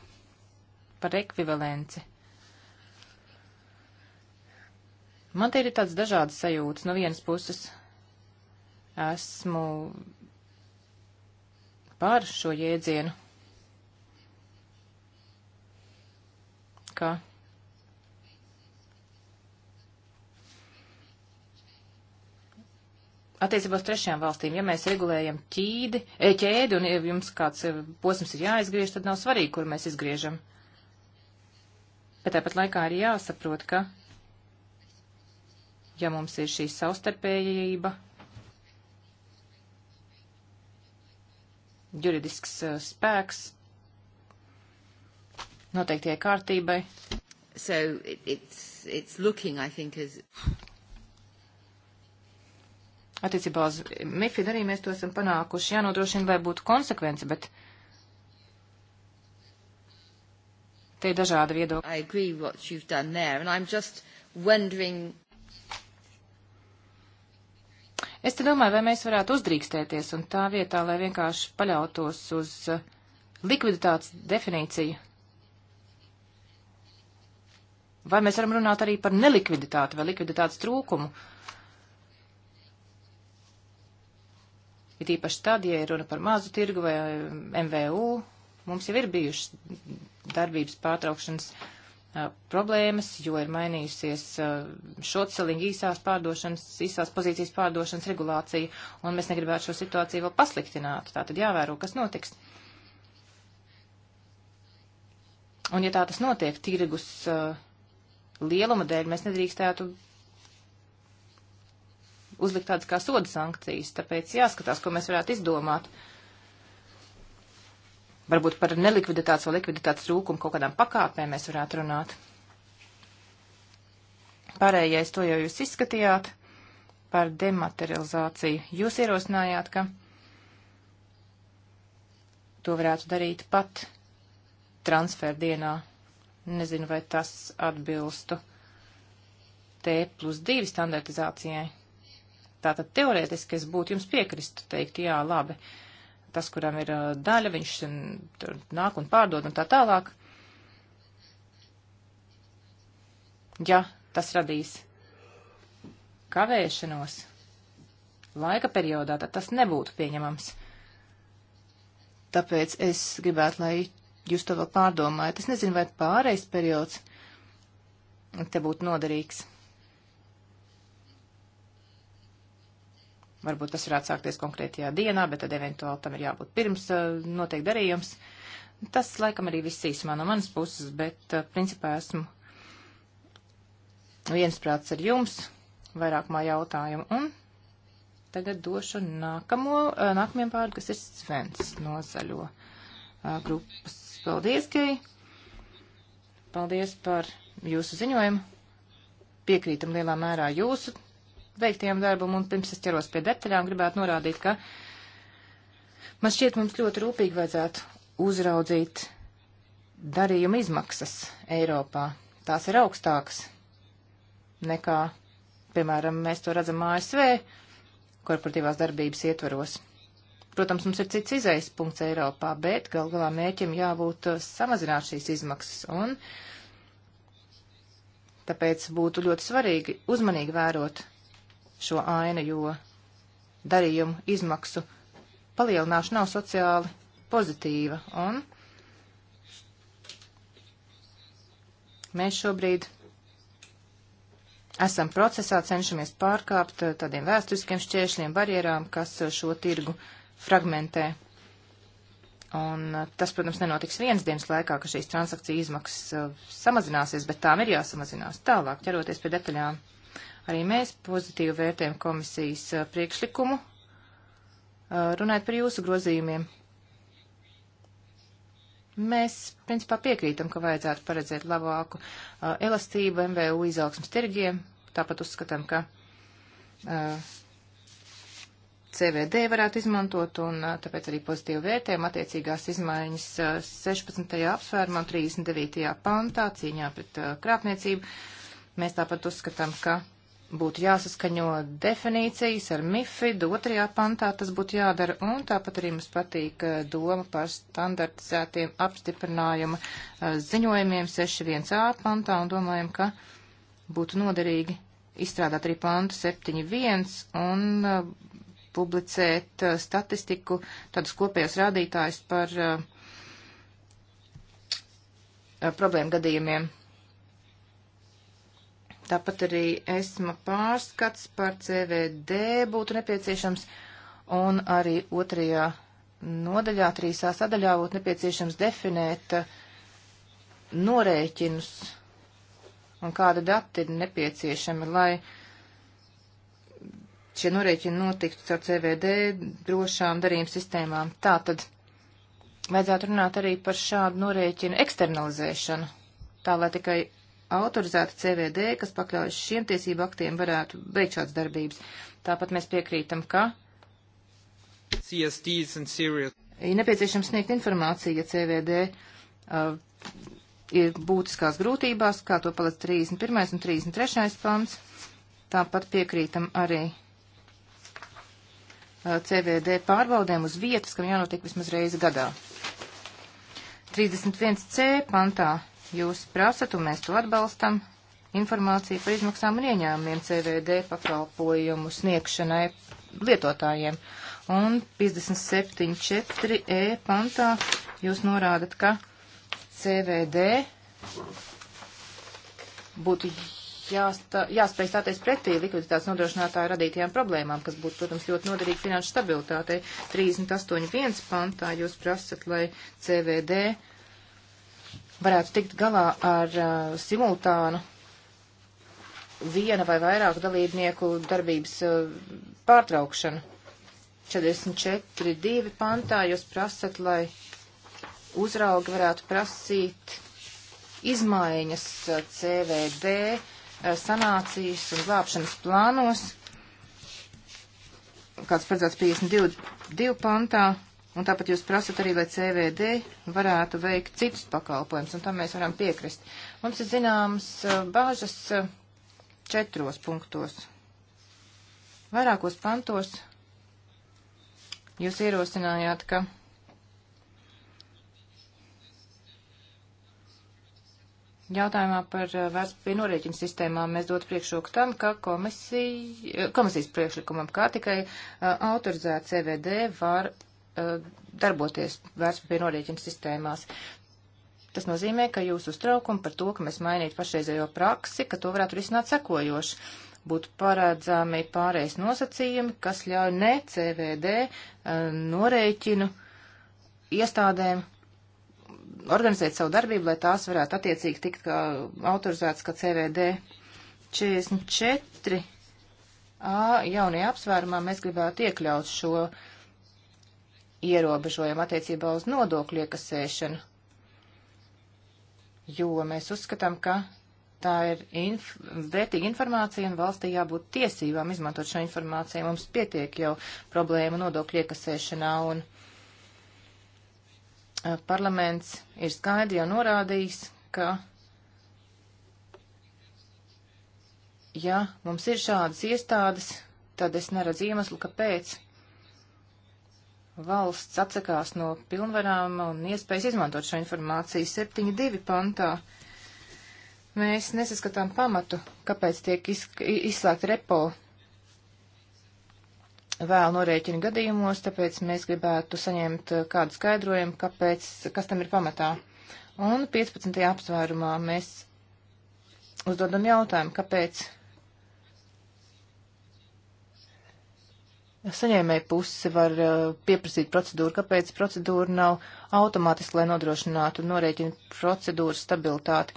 par ekvivalenci. Man te ir tāds dažādas sajūtas. No vienas puses esmu par šo jēdzienu, ka Attiecībā uz trešajām valstīm, ja mēs regulējam ķīdi, e, ķēdi un ja jums kāds e, posms ir jāizgriež, tad nav svarīgi, kur mēs izgriežam. Bet tāpat laikā arī jāsaprot, ka, ja mums ir šī savstarpējība, juridisks eh, spēks noteiktie kārtībai. So it, it's, it's looking, I think, as... Attiecībā uz MIFID arī mēs to esam panākuši. Jānodrošina, lai būtu konsekvence, bet te ir dažādi viedokļi. Es te domāju, vai mēs varētu uzdrīkstēties un tā vietā, lai vienkārši paļautos uz eh, likviditātes definīciju. Vai mēs varam runāt arī par nelikviditāti vai likviditātes trūkumu? It īpaši tad, ja runa par mazu tirgu vai eh, MVU, mums jau ir bijušas darbības pārtraukšanas uh, problēmas, jo ir mainījusies šotselinga īsās pārdošanas, īsās pozīcijas pārdošanas regulācija, un mēs negribētu šo situāciju vēl pasliktināt. Tā tad jāvēro, kas notiks. Un ja tā tas notiek, tirgus uh, lieluma dēļ mēs nedrīkstētu uzlikt tādas kā soda sankcijas, tāpēc jāskatās, ko mēs varētu izdomāt. Uh, varbūt par nelikviditātes vai likviditātes trūkumu kaut kādām pakāpēm mēs varētu runāt. Pārējais to jau jūs izskatījāt par dematerializāciju. Jūs ierosinājāt, ka to varētu darīt pat transferdienā. Nezinu, vai tas atbilstu T plus 2 standartizācijai. Tātad teorētiski es būtu jums piekristu, teikt, jā, labi. Uh, tas, kuram ir uh, daļa, viņš um, nāk un pārdod un tā tālāk. Ja tas radīs kavēšanos laika periodā, tad tas nebūtu pieņemams. Tāpēc es gribētu, lai jūs to vēl pārdomājat. Es nezinu, vai pārejas periods te būtu noderīgs. Varbūt tas varētu sākties konkrētajā dienā, bet tad eventuāli tam ir jābūt pirms eh, noteikti darījums. Tas laikam arī viss īsumā no manas puses, bet eh, principā esmu viensprāts ar jums vairākumā jautājumu. Un tagad došu nākamo, eh, nākamajam vārdu, kas ir Svens no zaļo grupas. Paldies, Kei! Paldies par jūsu ziņojumu. Piekrītam lielā mērā jūsu veiktajam darbam, un pirms es ķeros pie detaļām, gribētu norādīt, ka man šķiet mums ļoti rūpīgi vajadzētu uzraudzīt darījuma izmaksas Eiropā. Tās ir augstākas nekā, piemēram, mēs to redzam ASV korporatīvās darbības ietvaros. Protams, mums ir cits izējas punkts Eiropā, bet gal galā mēķim jābūt uh, samazināt šīs izmaksas. Un tāpēc būtu ļoti svarīgi uzmanīgi vērot šo ainu, jo darījumu izmaksu palielināšana nav sociāli pozitīva. Un mēs šobrīd esam procesā, cenšamies pārkāpt eh, tādiem vēsturiskiem šķēršļiem, barjerām, kas eh, šo tirgu fragmentē. Un eh, tas, protams, nenotiks vienas dienas laikā, ka šīs transakcijas izmaksas samazināsies, bet tām ir jāsamazinās tālāk, ķeroties pie detaļām. Uh, Arī mēs pozitīvi vērtējam komisijas uh, priekšlikumu. Uh, runājot par jūsu grozījumiem, mēs principā piekrītam, ka vajadzētu paredzēt labāku uh, elastību MVU izaugsmas tirgiem. Tāpat uzskatām, ka CVD varētu izmantot, un tāpēc arī pozitīvi vērtējam attiecīgās izmaiņas 16. apsvērumā un 39. pantā cīņā pret krāpniecību. Mēs tāpat uzskatām, ka būtu jāsaskaņo definīcijas ar MIFID, otrajā pantā tas būtu jādara, un tāpat arī mums patīk uh, doma par standartizētiem apstiprinājuma uh, ziņojumiem 6.1a pantā, un domājam, ka būtu noderīgi izstrādāt arī pantu 7.1 un uh, publicēt statistiku, tādus kopējos rādītājus par problēmu gadījumiem Tāpat arī esma pārskats par CVD būtu nepieciešams, un arī otrajā nodaļā, trīsā sadaļā būtu nepieciešams definēt uh, norēķinus un kāda dati ir nepieciešami, lai šie norēķini notiktu caur CVD drošām darījuma sistēmām. Tā tad vajadzētu runāt arī par šādu norēķinu eksternalizēšanu, tā lai tikai autorizēta CVD, kas pakļaujas šiem tiesību aktiem, varētu veikt šādas darbības. Tāpat mēs piekrītam, ka ir nepieciešams sniegt informāciju, ja CVD uh, ir būtiskās grūtībās, kā to palīdz 31. un 33. pants. Tāpat piekrītam arī uh, CVD pārbaudēm uz vietas, kam jānotiek vismaz reizi gadā. 31c pantā Jūs prasat, un mēs to atbalstam, informāciju par izmaksām un ieņēmumiem CVD pakalpojumu sniegšanai lietotājiem. Un 57.4e pantā jūs norādat, ka CVD būtu jāsta, jāspēj stāties pretī likviditātes nodrošinātāju radītajām problēmām, kas būtu, protams, ļoti noderīgi finanšu stabilitātei. 38.1 pantā jūs prasat, lai CVD varētu tikt galā ar uh, simultānu viena vai vairāku dalībnieku darbības uh, pārtraukšanu. 44.2. pantā jūs prasat, lai uzraugi varētu prasīt izmaiņas uh, CVD uh, sanācijas un glābšanas plānos, kāds paredzēts 52. pantā, Un tāpat jūs prasat arī, lai CVD varētu veikt citus pakalpojumus, un tam mēs varam piekrist. Mums ir zināmas eh, bāžas eh, četros punktos. Vairākos pantos jūs ierosinājāt, ka jautājumā par eh, vērts pie norēķinu sistēmām mēs dotu priekšroku tam, ka komisija, komisijas priekšlikumam kā tikai autorizēta CVD var Uh, darboties vērtspapīra norēķina sistēmās. Tas nozīmē, ka jūs uztraukumi par to, ka mēs mainītu pašreizējo praksi, ka to varētu risināt sekojoši. Būtu paredzami pārējais nosacījumi, kas ļauj ne CVD uh, norēķinu iestādēm organizēt savu darbību, lai tās varētu attiecīgi tikt kā uh, autorizētas kā CVD 44. A jaunajā apsvērumā mēs gribētu iekļaut šo uh, ierobežojumu attiecībā uz nodokļu iekasēšanu, jo mēs uzskatām, ka tā ir inf vērtīga informācija un valstī jābūt tiesībām izmantot šo informāciju. Mums pietiek jau problēma nodokļu iekasēšanā un eh, parlaments ir skaidri jau norādījis, ka ja mums ir šādas iestādes, tad es neredzu iemeslu, kāpēc valsts atsakās no pilnvarām un iespējas izmantot šo informāciju 7.2 pantā. Mēs nesaskatām pamatu, kāpēc tiek izslēgta repo vēl norēķina gadījumos, tāpēc mēs gribētu saņemt eh, kādu skaidrojumu, kāpēc, kas tam ir pamatā. Un 15. apsvērumā mēs uzdodam jautājumu, kāpēc saņēmēja puse var uh, pieprasīt procedūru, kāpēc procedūra nav automātiski, lai nodrošinātu norēķinu procedūru stabilitāti.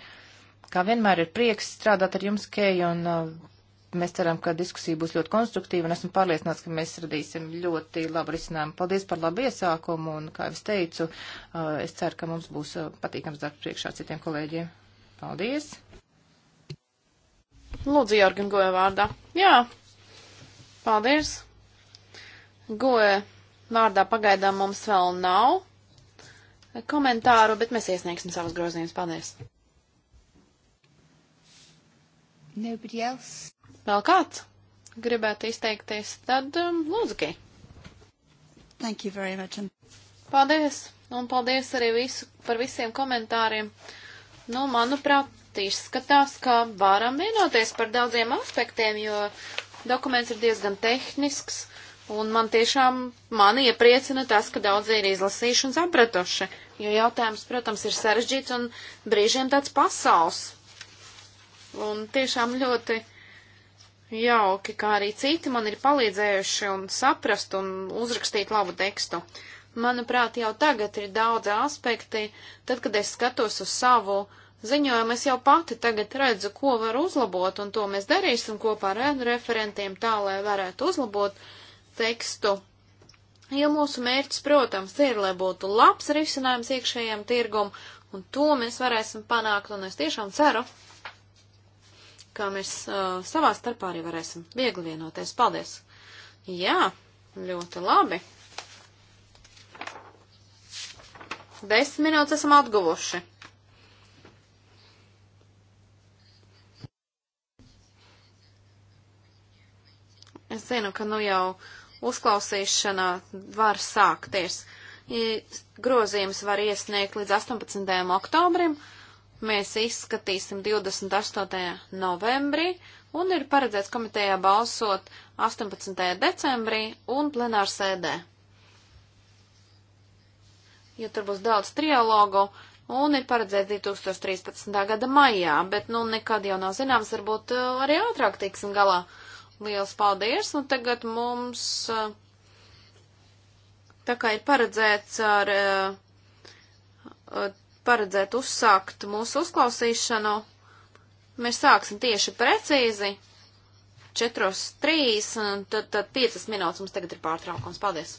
Kā vienmēr ir prieks strādāt ar jums, Kei, un uh, mēs ceram, ka diskusija būs ļoti konstruktīva, un esmu pārliecināts, ka mēs radīsim ļoti labu risinājumu. Paldies par labu iesākumu, un, kā jau es teicu, uh, es ceru, ka mums būs patīkams darbs priekšā citiem kolēģiem. Paldies! Lūdzu, Jorgen Goja vārdā. Jā, paldies! Goe vārdā pagaidām mums vēl nav komentāru, bet mēs iesniegsim savus grozījumus. Paldies! Nobody else? Vēl kāds? Gribētu izteikties, tad um, lūdzu, Kei. Thank you very much. And... Paldies, un paldies arī visu, par visiem komentāriem. Nu, manuprāt, izskatās, ka varam vienoties par daudziem aspektiem, jo dokuments ir diezgan tehnisks Un man tiešām mani iepriecina tas, ka daudzi ir izlasījuši un sapratuši, jo jautājums, protams, ir sarežģīts un brīžiem tāds pasaules. Un tiešām ļoti jauki, kā arī citi man ir palīdzējuši un saprast un uzrakstīt labu tekstu. Manuprāt, jau tagad ir daudz aspekti, tad, kad es skatos uz savu ziņojumu, es jau pati tagad redzu, ko var uzlabot, un to mēs darīsim kopā ar referentiem tā, lai varētu uzlabot tekstu. Jo mūsu mērķis, protams, ir, lai būtu labs risinājums iekšējiem tirgum, un to mēs varēsim panākt, un es tiešām ceru, ka mēs uh, savā starpā arī varēsim viegli vienoties. Paldies! Jā, ļoti labi! Desmit minūtes esam atguvuši. Es zinu, ka nu jau uzklausīšana var sākties. Grozījums var iesniegt līdz 18. oktobrim, mēs izskatīsim 28. novembrī un ir paredzēts komitejā balsot 18. decembrī un plenārsēdē. Jo tur būs daudz trialogu, un ir paredzēts 2013. gada maijā, bet nu nekad jau nav zināms, varbūt eh, arī ātrāk tiksim galā. Liels paldies! Un tagad mums eh, tā kā ir paredzēts eh, ar paredzēt uzsākt mūsu uzklausīšanu. Mēs sāksim tieši precīzi 4.3 un tad, tad 5 minūtes mums tagad ir pārtraukums. Paldies!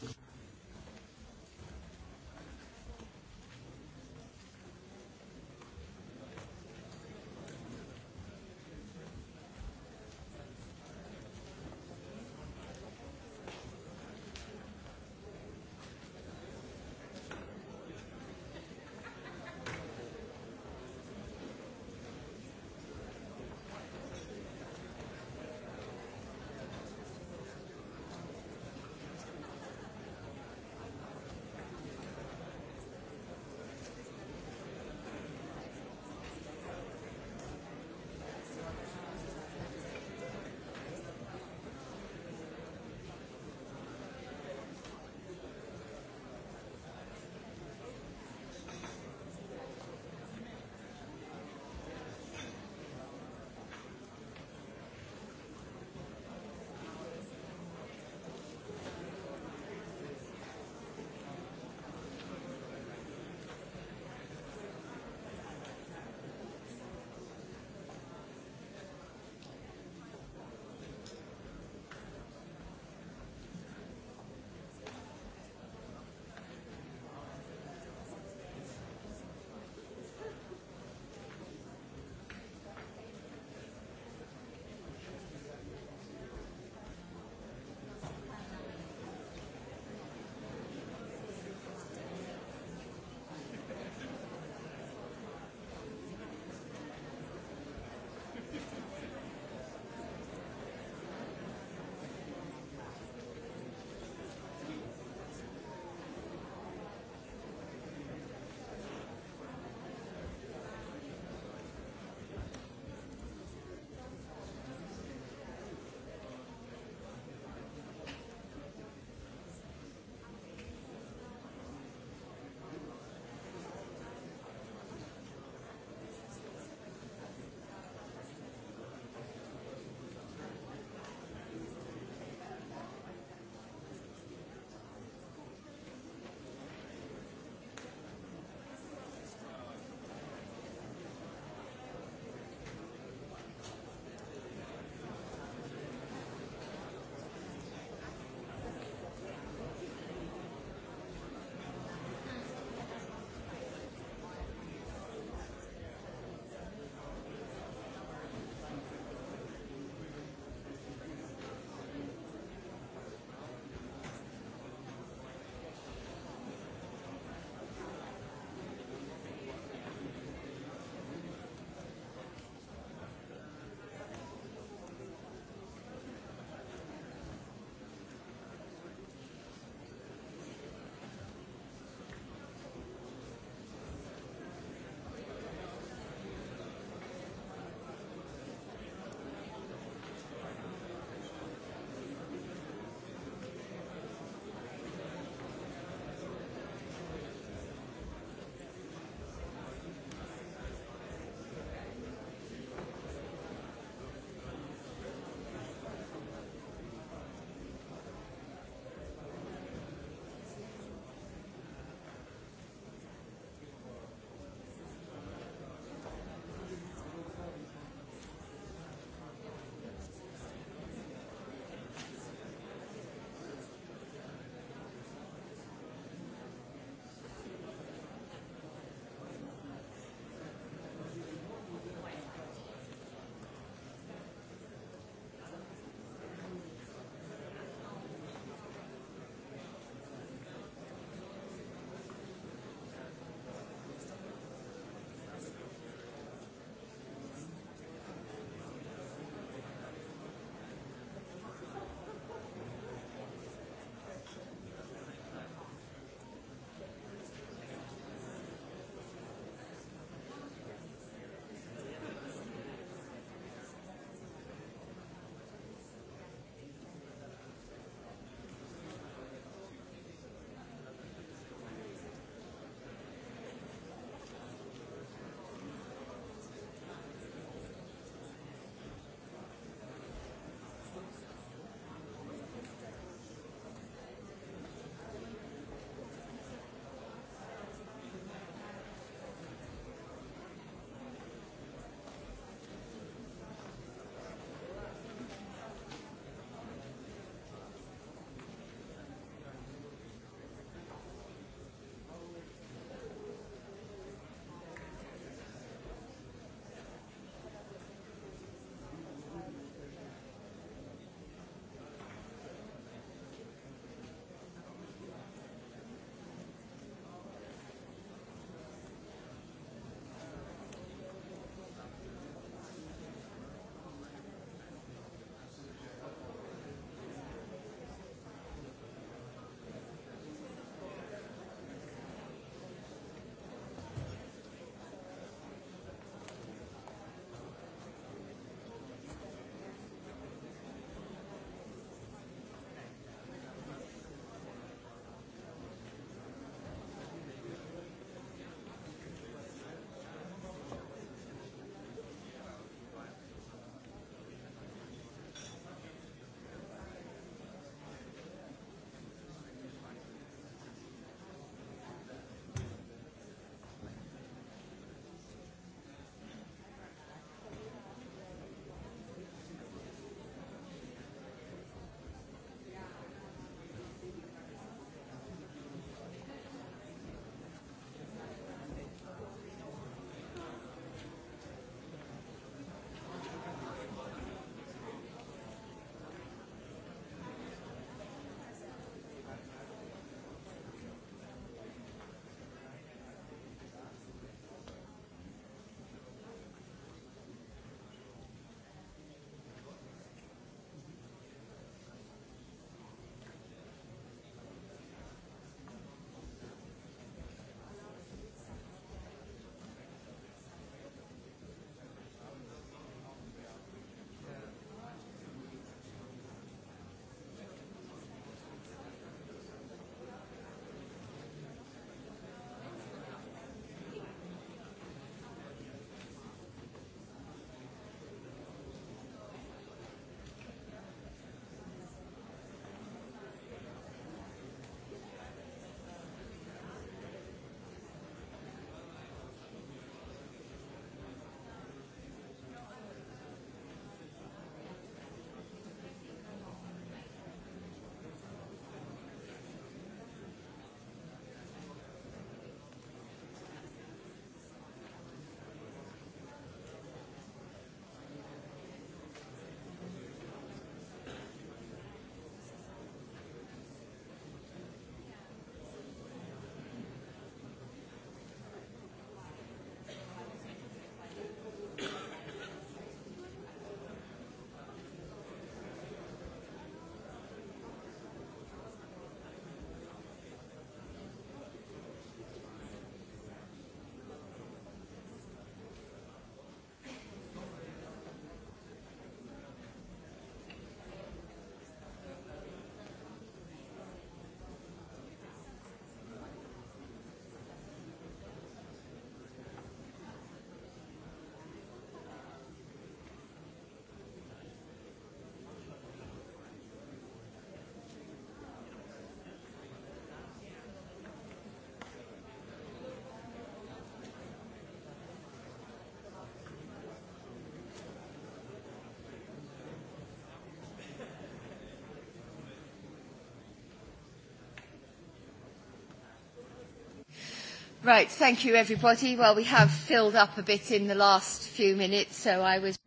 Right, thank you everybody. Well, we have filled up a bit in the last few minutes, so I was...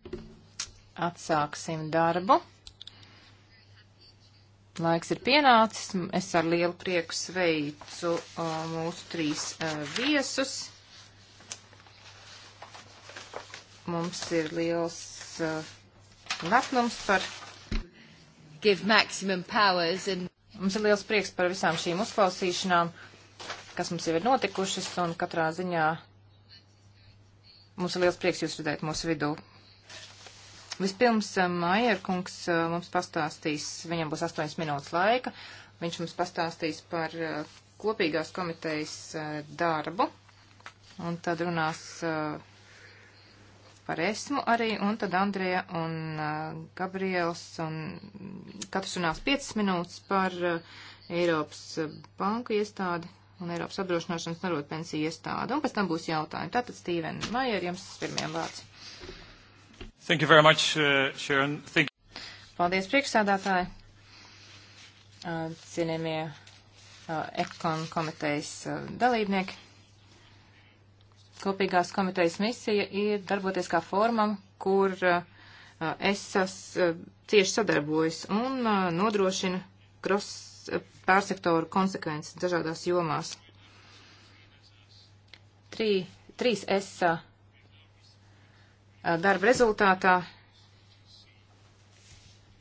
Atsāksim darbu. Laiks ir pienācis. Es ar lielu prieku sveicu o, uh, mūsu trīs o, uh, viesus. Mums ir liels o, uh, lepnums par. Give maximum powers and. Mums ir liels prieks par visām šīm uzklausīšanām kas mums jau ir notikušas, un katrā ziņā mums ir liels prieks jūs redzēt mūsu vidū. Vispirms eh, Maierkungs eh, mums pastāstīs, viņam būs 8 minūtes laika, viņš mums pastāstīs par eh, kopīgās komitejas darbu, un tad runās par esmu arī, un tad Andrija un Gabriels, un katrs runās 5 minūtes par Eiropas banku iestādi un Eiropas apdrošināšanas narodpensija iestāde. Un pēc tam būs jautājumi. Tātad, Stīven, Maier, jums pirmiem vārds. Thank you very much, uh, Sharon. Thank you. Paldies, priekšsādātāji. Uh, cienījamie uh, ekon komitejas uh, dalībnieki. Kopīgās komitejas misija ir darboties kā formam, kur uh, uh, es uh, cieši sadarbojos un uh, nodrošinu cross uh, pārsektoru konsekvences dažādās jomās. 3, 3S darba rezultātā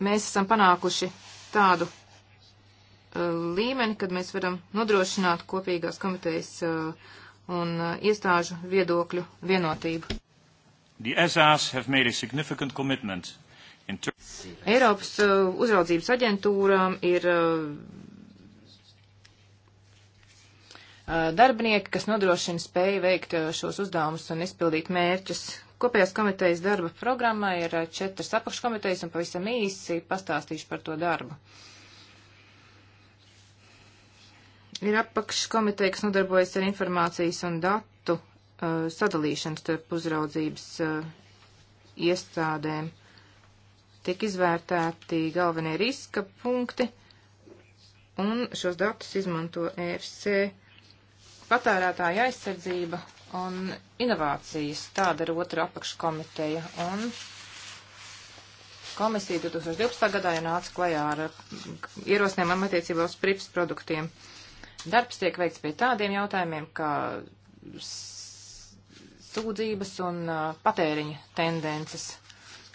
mēs esam panākuši tādu līmeni, kad mēs varam nodrošināt kopīgās komitejas un iestāžu viedokļu vienotību. Eiropas uzraudzības aģentūrām ir Eh, darbinieki, kas nodrošina spēju veikt eh, šos uzdevumus un izpildīt mērķus. Kopējās komitejas darba programmā ir eh, četras apakškomitejas un pavisam īsi pastāstīšu par to darbu. Ir apakškomiteja, kas nodarbojas ar informācijas un datu uh, sadalīšanu starp uzraudzības uh, iestādēm. Tiek izvērtēti galvenie riska punkti, un šos datus izmanto EFC patērētāja aizsardzība un inovācijas. Tāda ir otra apakškomiteja. Un komisija 2012. gadā jau nāca klajā ar ierosinājumiem attiecībā uz prips produktiem. Darbs tiek veikts pie tādiem jautājumiem, kā sūdzības un uh, patēriņa tendences.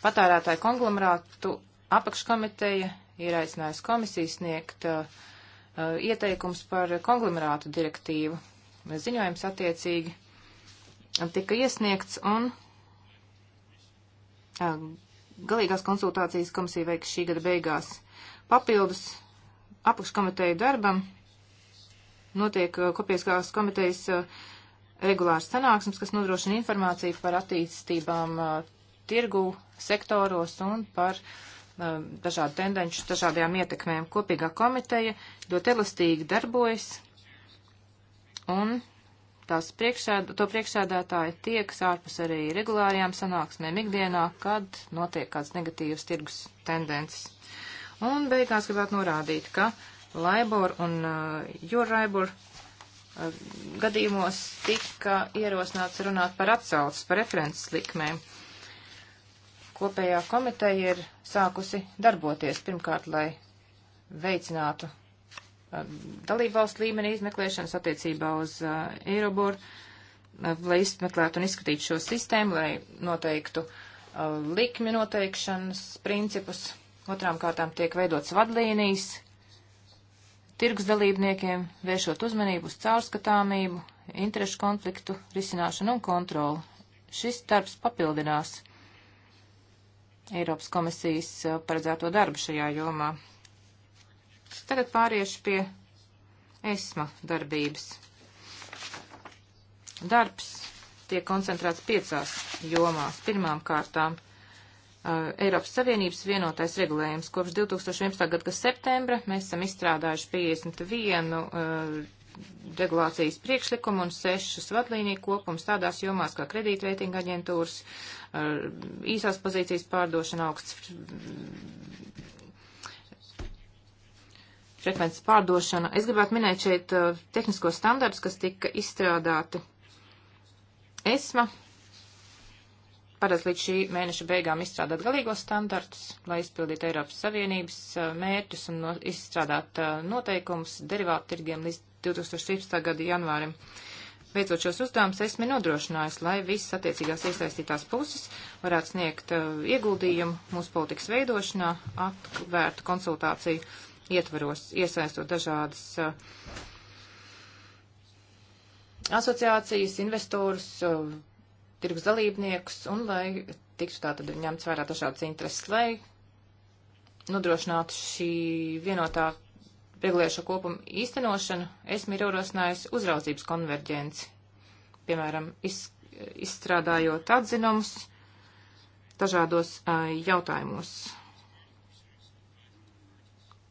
Patērētāju konglomerātu apakškomiteja ir aicinājusi komisiju sniegt uh, ieteikums par konglomerātu direktīvu ziņojums attiecīgi tika iesniegts un galīgās konsultācijas komisija veiks šī gada beigās. Papildus apakškomiteju darbam notiek kopieskās komitejas regulārs sanāksmes, kas nodrošina informāciju par attīstībām tirgu sektoros un par dažādu tendenču, dažādajām ietekmēm. Kopīgā komiteja ļoti elastīgi darbojas un tās priekšsēd, to priekšsēdētāji tieks ārpus arī regulārajām sanāksmēm ikdienā, kad notiek kāds negatīvs tirgus tendences. Un beigās gribētu norādīt, ka Laibor un uh, Juraibor uh, gadījumos tika ierosināts runāt par atsaucas, par references likmēm. Kopējā komiteja ir sākusi darboties pirmkārt, lai veicinātu dalībvalstu līmenī izmeklēšanas attiecībā uz Eiroboru, lai izmeklētu un izskatītu šo sistēmu, lai noteiktu likmi noteikšanas principus. Otrām kārtām tiek veidots vadlīnijas tirgus dalībniekiem, vēršot uzmanību uz caurskatāmību, interešu konfliktu risināšanu un kontroli. Šis darbs papildinās Eiropas komisijas paredzēto darbu šajā jomā. Tagad pāriešu pie esma darbības. Darbs tiek koncentrēts piecās jomās. Pirmām kārtām Uh, Eiropas Savienības vienotais regulējums. Kopš 2011. gada septembra mēs esam izstrādājuši 51 uh, regulācijas priekšlikumu un sešus vadlīniju kopums tādās jomās kā kredītreitinga aģentūras, uh, īsās pozīcijas pārdošana, augsts frekvences pārdošana. Es gribētu minēt šeit uh, tehniskos standartus, kas tika izstrādāti ESMA. Parasti līdz šī mēneša beigām izstrādāt galīgos standartus, lai izpildītu Eiropas Savienības uh, mērķus un no, izstrādāt uh, noteikumus derivātu tirgiem līdz 2017. gada janvārim. Veicot šos uzdevumus, esmu nodrošinājusi, lai visas attiecīgās iesaistītās puses varētu sniegt uh, ieguldījumu mūsu politikas veidošanā, atvērtu konsultāciju uh, ietvaros, iesaistot dažādas uh, asociācijas, investorus, uh, tirgus dalībniekus, un lai tiktu tātad ņemts vērā dažādas intereses, lai nodrošinātu šī vienotā regulējušo kopumu īstenošanu, esmu ir ierosinājusi uzraudzības konverģenci, piemēram, iz, izstrādājot atzinumus dažādos uh, jautājumos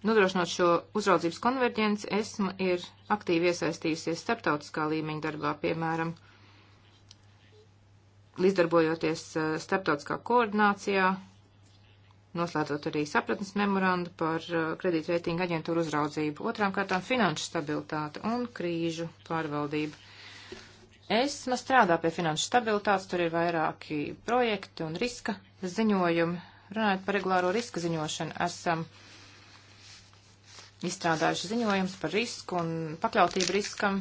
Nodrošinot šo uzraudzības konverģenci, esmu ir aktīvi iesaistījusies starptautiskā līmeņa darbā, piemēram, līdzdarbojoties starptautiskā koordinācijā, noslēdzot arī sapratnes memorandu par kredītveitinga aģentūru uzraudzību, otrām kārtām finanšu stabilitāte un krīžu pārvaldību. ESMA strādā pie finanšu stabilitātes, tur ir vairāki projekti un riska ziņojumi. Runājot par regulāro riska ziņošanu, esam uh, izstrādājuši ziņojums par risku un pakļautību riskam.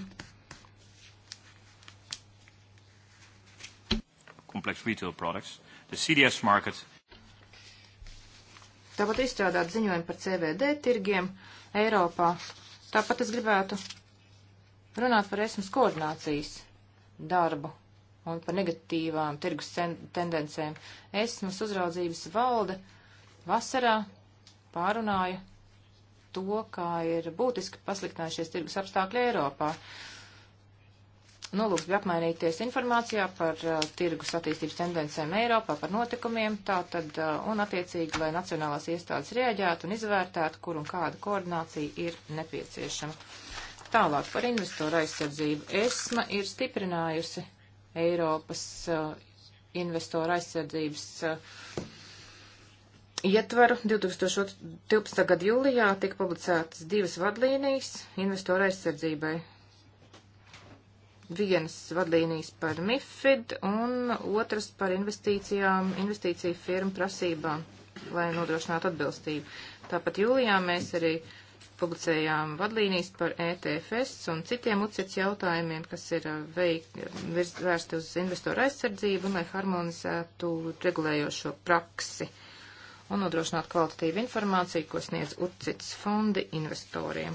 Complex retail products, the CDS market. Tāpat izstrādāt ziņojumu par CVD tirgiem Eiropā. Tāpat es gribētu runāt par esmas koordinācijas darbu un par negatīvām tirgus tendencēm. Esmas uzraudzības valde vasarā pārunāja to, kā ir būtiski pasliktinājušies tirgus apstākļi Eiropā. Nolūks nu, bija apmainīties informācijā par uh, tirgus attīstības tendencēm Eiropā, par notikumiem, tā tad uh, un attiecīgi, lai nacionālās iestādes rēģētu un izvērtētu, kur un kāda koordinācija ir nepieciešama. Tālāk par investoru aizsardzību. ESMA ir stiprinājusi Eiropas uh, investoru aizsardzības uh, ietvaru 2012. gada jūlijā tika publicētas divas vadlīnijas investoru aizsardzībai. Vienas vadlīnijas par MIFID un otras par investīcijām, investīciju firmu prasībām, lai nodrošinātu atbilstību. Tāpat jūlijā mēs arī publicējām vadlīnijas par ETFS un citiem UCITS jautājumiem, kas ir uh, veik, vērsti uz investoru aizsardzību un lai harmonizētu regulējošo praksi. Uh, un nodrošināt kvalitatīvu informāciju, ko sniedz UCITS fondi investoriem.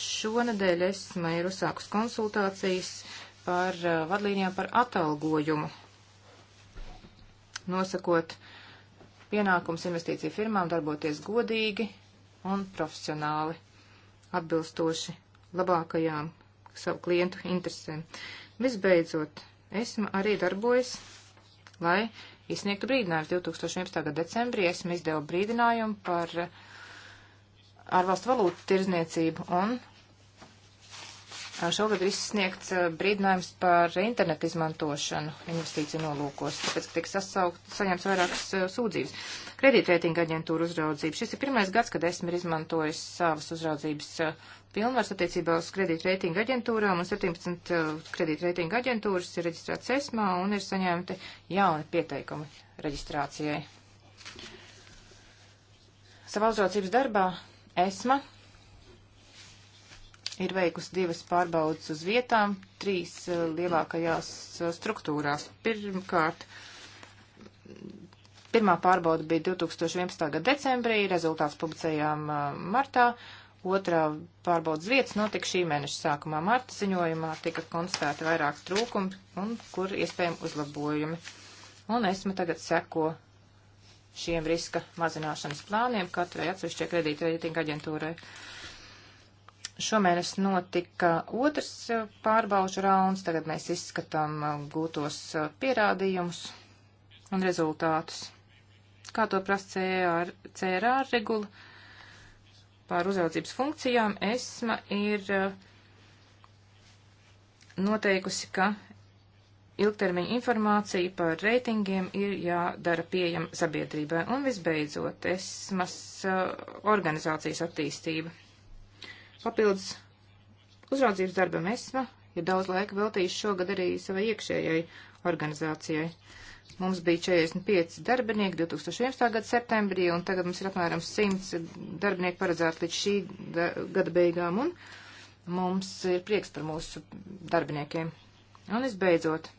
Šonadēļ esmu ir uzsākus konsultācijas par uh, vadlīnijām par atalgojumu, nosakot pienākums investīciju firmām darboties godīgi un profesionāli, atbilstoši labākajām savu klientu interesēm. Visbeidzot, esmu arī darbojas, lai izsniegtu brīdinājumus. 2011. gada decembrī esmu izdeva brīdinājumu par ārvalstu valūtu tirzniecību un Šogad ir izsniegts brīdinājums par internetu izmantošanu investīciju nolūkos, tāpēc tiek sasaukt, saņemts vairākas sūdzības. Kredītreitinga aģentūra uzraudzība. Šis ir pirmais gads, kad esmu izmantojis savas uzraudzības pilnvars attiecībā uz kredītreitinga aģentūrām, un 17 kredītreitinga aģentūras ir reģistrēts ESMā un ir saņemti jauni pieteikumi reģistrācijai. Savā uzraudzības darbā ESMA ir veikusi divas pārbaudas uz vietām, trīs eh, lielākajās eh, struktūrās. Pirmkārt, pirmā pārbauda bija 2011. gada decembrī, rezultāts publicējām eh, martā, otrā pārbaudas vietas notika šī mēneša sākumā marta ziņojumā, tika konstatēti vairāk trūkumi un kur iespējami uzlabojumi. Un esmu tagad seko šiem riska mazināšanas plāniem katrai atsevišķai kredīta reitinga aģentūrai. Uh, Šomēnes notika otrs eh, pārbaužu rauns, tagad mēs izskatām eh, gūtos eh, pierādījumus un rezultātus. Kā to prasa CR, CRR regula pār uzraudzības funkcijām, ESMA ir noteikusi, ka ilgtermiņa informācija par reitingiem ir jādara pieejama sabiedrībai. Un visbeidzot, esmas uh, organizācijas attīstība. Papildus uzraudzības darbam esma ir ja daudz laika veltījis šogad arī savai iekšējai organizācijai. Mums bija 45 darbinieki 2011. gada septembrī, un tagad mums ir apmēram 100 darbinieki paredzēti līdz šī gada beigām, un mums ir prieks par mūsu darbiniekiem. Un visbeidzot,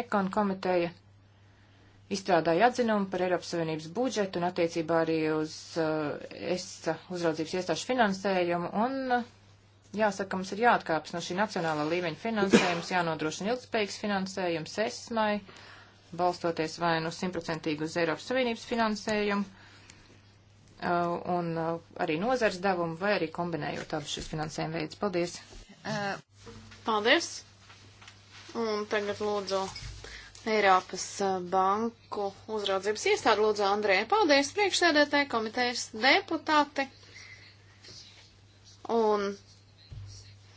Ekon komiteja izstrādāja atzinumu par Eiropas Savienības budžetu un attiecībā arī uz uh, ESA uh, uzraudzības iestāžu finansējumu. Un, uh, jāsaka, mums ir jāatkāpjas no šī nacionālā līmeņa finansējums, jānodrošina ilgspējīgs finansējums ESMAI, balstoties vai nu no simtprocentīgi uz Eiropas Savienības finansējumu uh, un uh, arī nozars devumu, vai arī kombinējot abus šos finansējuma veidus. Paldies! Uh, paldies! Un tagad lūdzu Eiropas eh, Banku uzraudzības iestādi lūdzu Andrē. Paldies priekšsēdētāji, komitejas deputāti. Un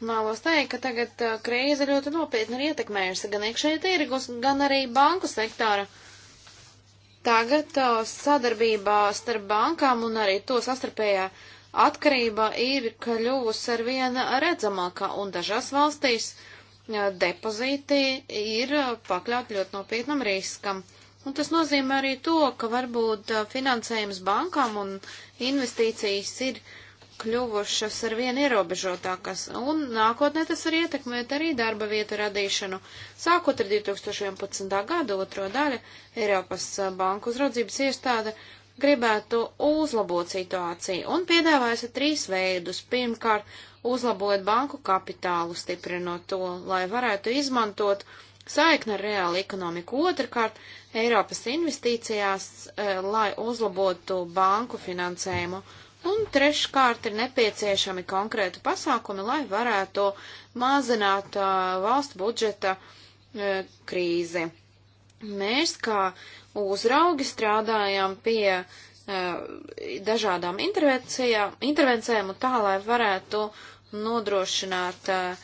Vēlos teikt, ka tagad eh, krīze ļoti nopietni ir ietekmējusi gan iekšēju tirgus, gan arī banku sektoru. Tagad eh, sadarbībā starp bankām un arī to sastarpējā atkarība ir kļuvusi ar viena redzamākā, un dažās valstīs depozīti ir pakļauti ļoti nopietnam riskam. Un tas nozīmē arī to, ka varbūt uh, finansējums bankām un investīcijas ir kļuvušas ar vien ierobežotākas, un nākotnē tas var ietekmēt arī darba vietu radīšanu. Sākot ar 2011. gada otro daļu, Eiropas uh, Banku uzraudzības iestāde gribētu uzlabot situāciju un piedāvājusi trīs veidus. Pirmkārt, uzlabojot banku kapitālu, stiprinot to, lai varētu izmantot saikni ar reālu ekonomiku. Otrakārt, Eiropas investīcijās, e, lai uzlabotu banku finansējumu. Un treškārt ir nepieciešami konkrēti pasākumi, lai varētu mazināt uh, valstu budžeta uh, krīzi. Mēs kā uzraugi strādājam pie uh, dažādām intervencijām, intervencijām un tā, lai varētu uh, nodrošināt eh,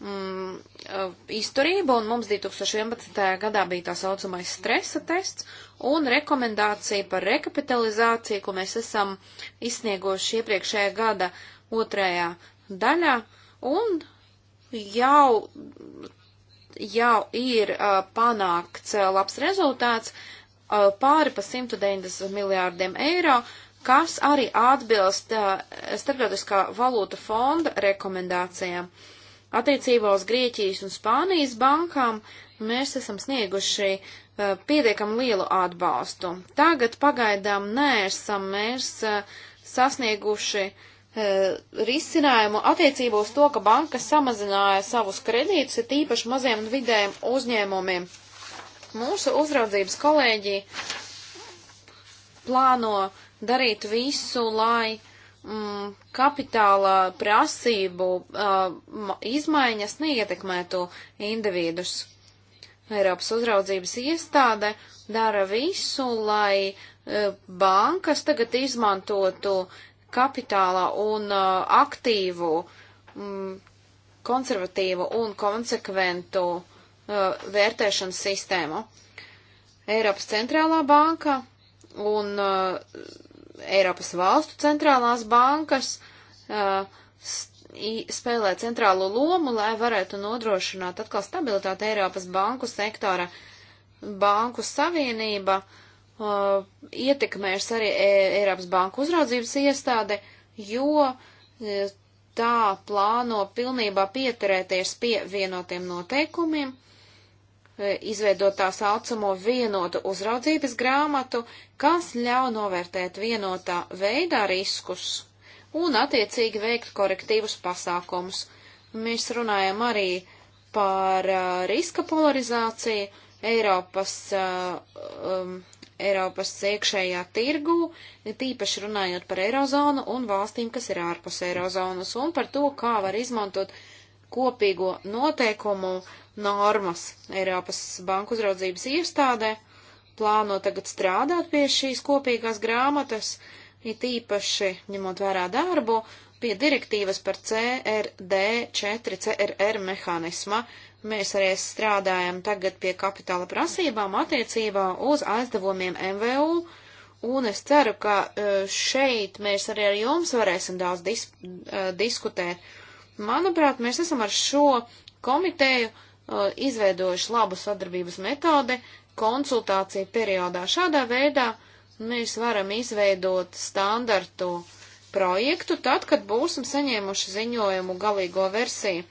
mm, eh, izturību, un mums 2011. gadā bija tā saucamais stresa tests un rekomendācija par rekapitalizāciju, ko mēs esam izsnieguši iepriekšējā gada otrajā daļā, un jau, jau ir uh, panākts uh, labs rezultāts, uh, pāri pa 190 miljārdiem eiro, uh, kas arī atbilst uh, Starptautiskā valūta fonda rekomendācijām. Attiecībā uz Grieķijas un Spānijas bankām mēs esam snieguši uh, pietiekam lielu atbalstu. Tagad pagaidām neesam mēs uh, sasnieguši risinājumu attiecībā uz to, ka banka samazināja savus kredītus, ir tīpaši maziem un vidējiem uzņēmumiem. Mūsu uzraudzības kolēģi plāno uh, darīt visu, lai mm, kapitāla prasību uh, izmaiņas neietekmētu individus. Eiropas uzraudzības iestāde dara visu, lai uh, bankas tagad izmantotu kapitāla un uh, aktīvu, mm, konservatīvu un konsekventu uh, vērtēšanas sistēmu. Eiropas centrālā banka un uh, Eiropas valstu centrālās bankas uh, spēlē centrālo lomu, lai varētu nodrošināt atkal stabilitāti Eiropas banku sektora. Banku savienība uh, ietekmēs arī e Eiropas banku uzraudzības iestāde, jo uh, tā plāno pilnībā pieturēties pie vienotiem noteikumiem. Uh, E, izveidot tā saucamo vienotu uzraudzības grāmatu, kas ļauj novērtēt vienotā veidā riskus un attiecīgi veikt korektīvus pasākumus. Mēs runājam arī par uh, riska polarizāciju Eiropas, uh, um, Eiropas iekšējā tirgū, tīpaši runājot par Eirozonu un valstīm, kas ir ārpus Eirozonas, un par to, kā var izmantot uh, kopīgo noteikumu normas Eiropas Banku uzraudzības iestādē, plāno tagad strādāt pie šīs kopīgās grāmatas, it īpaši ņemot vērā darbu pie direktīvas par CRD4 CRR mehānisma. Mēs arī strādājam tagad pie kapitāla prasībām attiecībā uz aizdevumiem MVU. Un es ceru, ka eh, šeit mēs arī ar jums varēsim daudz dis eh, diskutēt Manuprāt, mēs esam ar šo komiteju uh, izveidojuši labu sadarbības metodi konsultāciju periodā. Šādā veidā mēs varam izveidot standartu projektu tad, kad būsim saņēmuši ziņojumu galīgo versiju.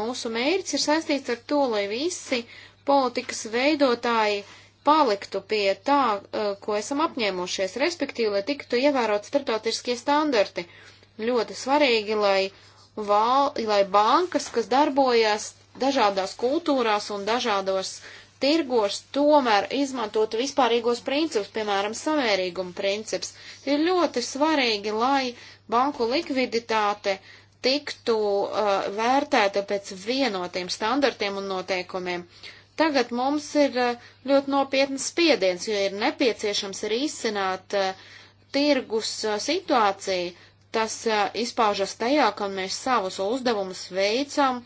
Mūsu mērķis ir saistīts ar to, lai visi politikas veidotāji paliktu pie tā, uh, ko esam apņēmušies, respektīvi, lai tiktu ievērot startautiskie standarti. Ļoti svarīgi, lai val, lai bankas, kas darbojas dažādās kultūrās un dažādos tirgos, tomēr izmantotu vispārīgos principus, piemēram, samērīguma princips. Ir ļoti svarīgi, lai banku likviditāte tiktu uh, vērtēta pēc vienotiem standartiem un noteikumiem. Tagad mums ir uh, ļoti nopietnas spiediens, jo ir nepieciešams risināt uh, tirgus uh, situāciju, uh, Tas izpaužas tajā, ka mēs savus uzdevumus veicam,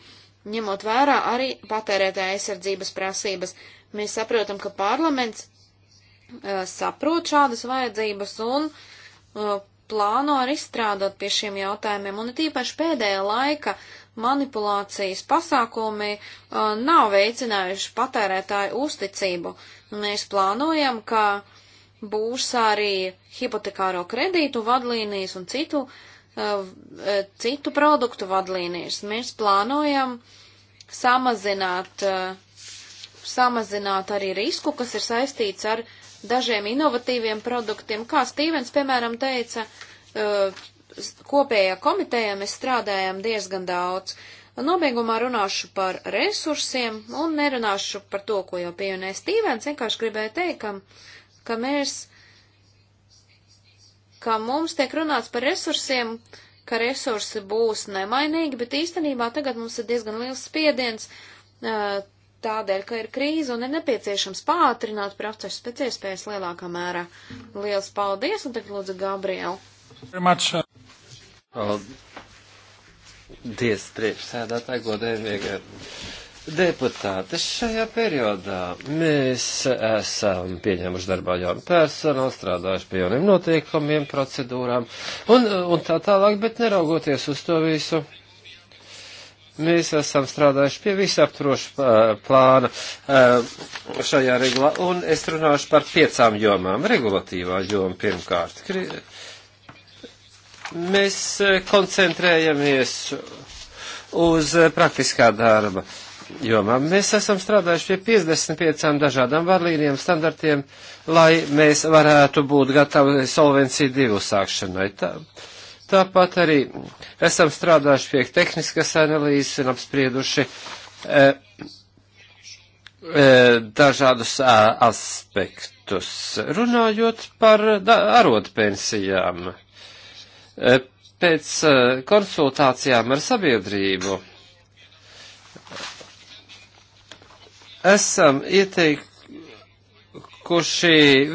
ņemot vērā arī patērētāja aizsardzības prasības. Mēs saprotam, ka parlaments saprot šādas vajadzības un plāno arī strādāt pie šiem jautājumiem, un tīpaši pēdējā laika manipulācijas pasākumi nav veicinājuši patērētāju uzticību. Mēs plānojam, ka uh, būs arī hipotekāro kredītu vadlīnijas un citu, uh, uh, citu produktu vadlīnijas. Mēs plānojam samazināt, uh, samazināt arī risku, kas ir saistīts ar dažiem inovatīviem produktiem. Kā Stīvens, piemēram, teica, kopējā komitejā mēs strādājam diezgan daudz. Nobeigumā runāšu par resursiem un nerunāšu par to, ko jau pieminēja Stīvens, vienkārši gribēju teikt, ka ka mēs, ka mums tiek runāts par resursiem, ka resursi būs nemainīgi, bet īstenībā tagad mums ir diezgan liels spiediens tādēļ, ka ir krīze un ir nepieciešams pātrināt procesus pēc iespējas lielākā mērā. Liels paldies, un tagad lūdzu Gabrielu. Uh, paldies, priekšsēdētāji, godējumie deputāti, šajā periodā mēs esam pieņēmuši darbā jaunu personu, strādājuši pie jauniem noteikumiem, procedūrām un, un tā tālāk, bet neraugoties uz to visu. Mēs esam strādājuši pie visaptroša eh, plāna eh, šajā regulā, un es runāšu par piecām jomām. Regulatīvā joma pirmkārt. Mēs eh, koncentrējamies uz praktiskā darba uh, jomām. Mēs esam strādājuši pie 55 dažādām vadlīnijām, standartiem, lai mēs varētu būt gatavi solvenciju divu sākšanai. Tā, tāpat arī esam strādājuši pie tehniskas analīzes un apsprieduši e, e, dažādus a, aspektus. Runājot par da, arotpensijām, e, pēc e, konsultācijām ar sabiedrību esam ieteikuši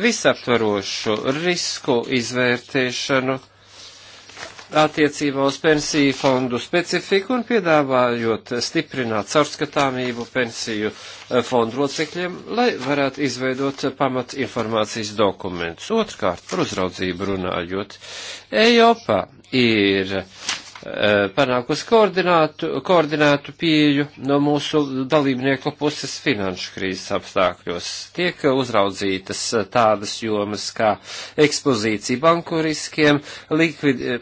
visaptvarošu risku izvērtēšanu attiecībā uz pensiju fondu specifiku un piedāvājot stiprināt caurskatāmību pensiju eh, fondu locekļiem, lai varētu izveidot pamat informācijas dokumentus. Otrkārt, par uzraudzību runājot, Eiropā ir Eh, panākusi koordinātu, koordinātu pieju no mūsu dalībnieku puses finanšu krīzes apstākļos. Tiek uzraudzītas tādas jomas kā ekspozīcija banku riskiem, likvid, eh,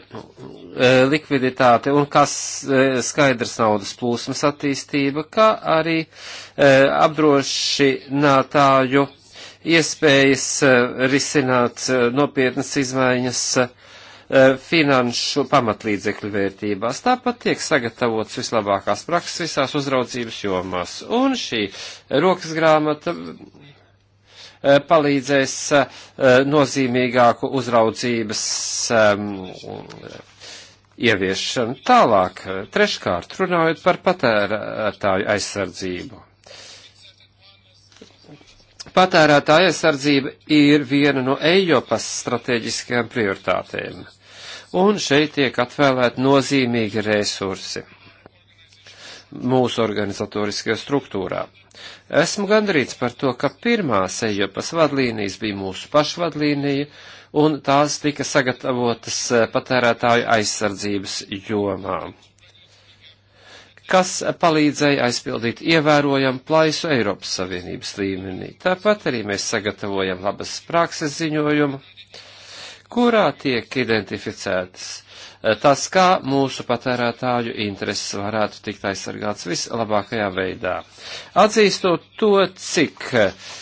likviditāte un kas eh, skaidrs naudas plūsmas attīstība, kā arī apdrošinātāju iespējas risināt nopietnas izmaiņas E, finanšu pamatlīdzekļu vērtībās. Tāpat tiek sagatavots vislabākās prakses visās uzraudzības jomās. Un šī rokas grāmata e, palīdzēs e, nozīmīgāku uzraudzības ieviešanu. Tālāk, treškārt, runājot par patērētāju aizsardzību patērētāja aizsardzība ir viena no Eiropas strateģiskajām prioritātēm un šeit tiek atvēlēt nozīmīgi resursi mūsu organizatoriskajā struktūrā. Esmu gandrīz par to, ka pirmā sejopas vadlīnijas bija mūsu pašvadlīnija, un tās tika sagatavotas eh, patērētāju aizsardzības jomā, kas palīdzēja aizpildīt ievērojamu plaisu Eiropas Savienības līmenī. Tāpat arī mēs sagatavojam labas prakses ziņojumu, uh, kurā tiek identificētas eh, tas, kā mūsu patērētāju intereses varētu tikt aizsargāts vislabākajā veidā. Atzīstot to, cik uh,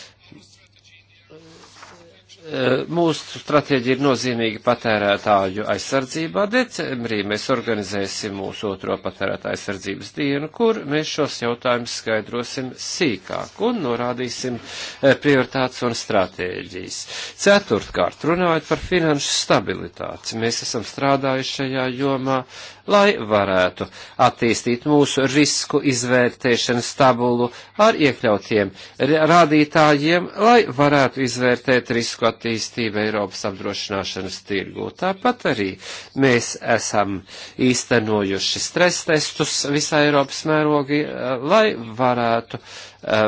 Mūsu stratēģija ir nozīmīga patērētāju aizsardzībā. Decembrī mēs organizēsim mūsu otro patērētāju aizsardzības dienu, kur mēs šos jautājumus skaidrosim sīkāk un norādīsim eh, prioritātes un stratēģijas. Ceturtkārt, runājot par finanšu stabilitāti, mēs esam strādājuši šajā jomā, lai varētu attīstīt mūsu risku izvērtēšanas tabulu ar iekļautiem rādītājiem, lai varētu izvērtēt risku attīstību attīstību Eiropas apdrošināšanas tirgu. Tāpat arī mēs esam īstenojuši stres testus visā Eiropas mērogi, eh, lai varētu eh,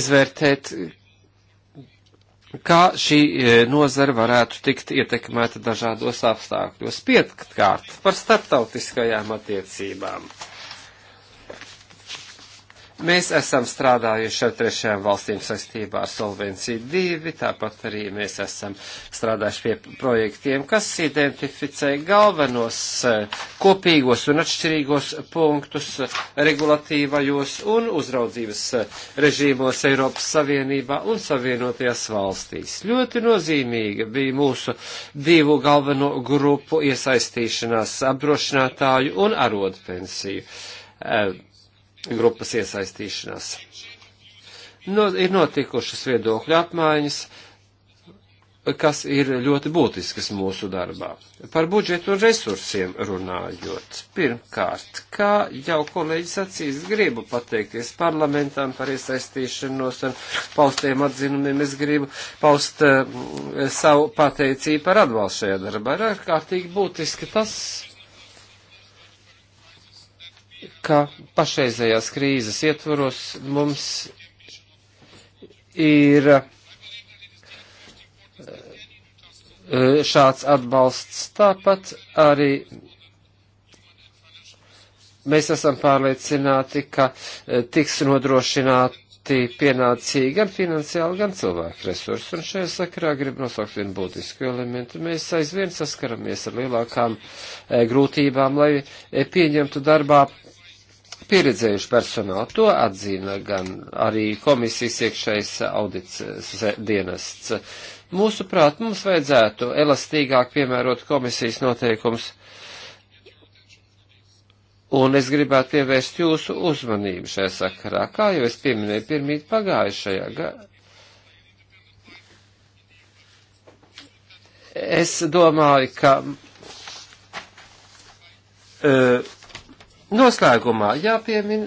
izvērtēt, kā šī eh, nozara varētu tikt ietekmēta dažādos apstākļos. Piektkārt par starptautiskajām attiecībām. Mēs esam strādājuši ar trešajām valstīm saistībā ar Solvenciju 2, tāpat arī mēs esam strādājuši pie projektiem, kas identificē galvenos eh, kopīgos un atšķirīgos punktus regulatīvajos un uzraudzības eh, režīmos Eiropas Savienībā un Savienotajās valstīs. Ļoti nozīmīga bija mūsu divu galveno grupu iesaistīšanās apdrošinātāju un arodpensiju eh, grupas iesaistīšanās. No, ir notikušas viedokļu apmaiņas, kas ir ļoti būtiskas mūsu darbā. Par budžetu un resursiem runājot. Pirmkārt, kā jau kolēģis acīs, gribu pateikties parlamentam par iesaistīšanos un paustiem atzinumiem. Es gribu paust uh, savu pateicību par atbalstu šajā darbā. Ir ārkārtīgi būtiski tas, ka pašreizējās krīzes ietvaros mums ir eh, šāds atbalsts. Tāpat arī mēs esam pārliecināti, ka eh, tiks nodrošināt ļoti pienācīgi gan finansiāli, gan cilvēku resursi. Un šajā sakarā gribu nosaukt vienu būtisku elementu. Mēs aizvien saskaramies ar lielākām e, grūtībām, lai e, pieņemtu darbā pieredzējuši personālu. To atzina gan arī komisijas iekšējais audits dienests. Mūsuprāt, mums vajadzētu elastīgāk piemērot komisijas noteikums. Un es gribētu pievērst jūsu uzmanību šajā sakarā, kā jau es pieminēju pirmīt pagājušajā gadā. Es domāju, ka uh, Noslēgumā jāpiemin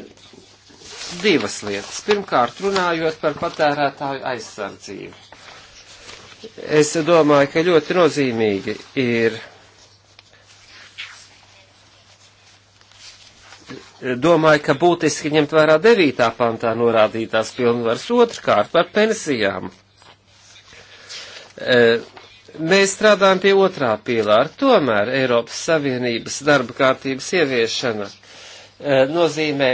divas lietas. Pirmkārt, runājot par patērētāju aizsardzību. Es domāju, ka ļoti nozīmīgi ir domāju, ka būtiski ņemt vērā 9. pantā norādītās pilnvaras otrkārt par pensijām. E, mēs strādājam pie otrā pīlāra, tomēr Eiropas Savienības darba kārtības ieviešana Eh, nozīmē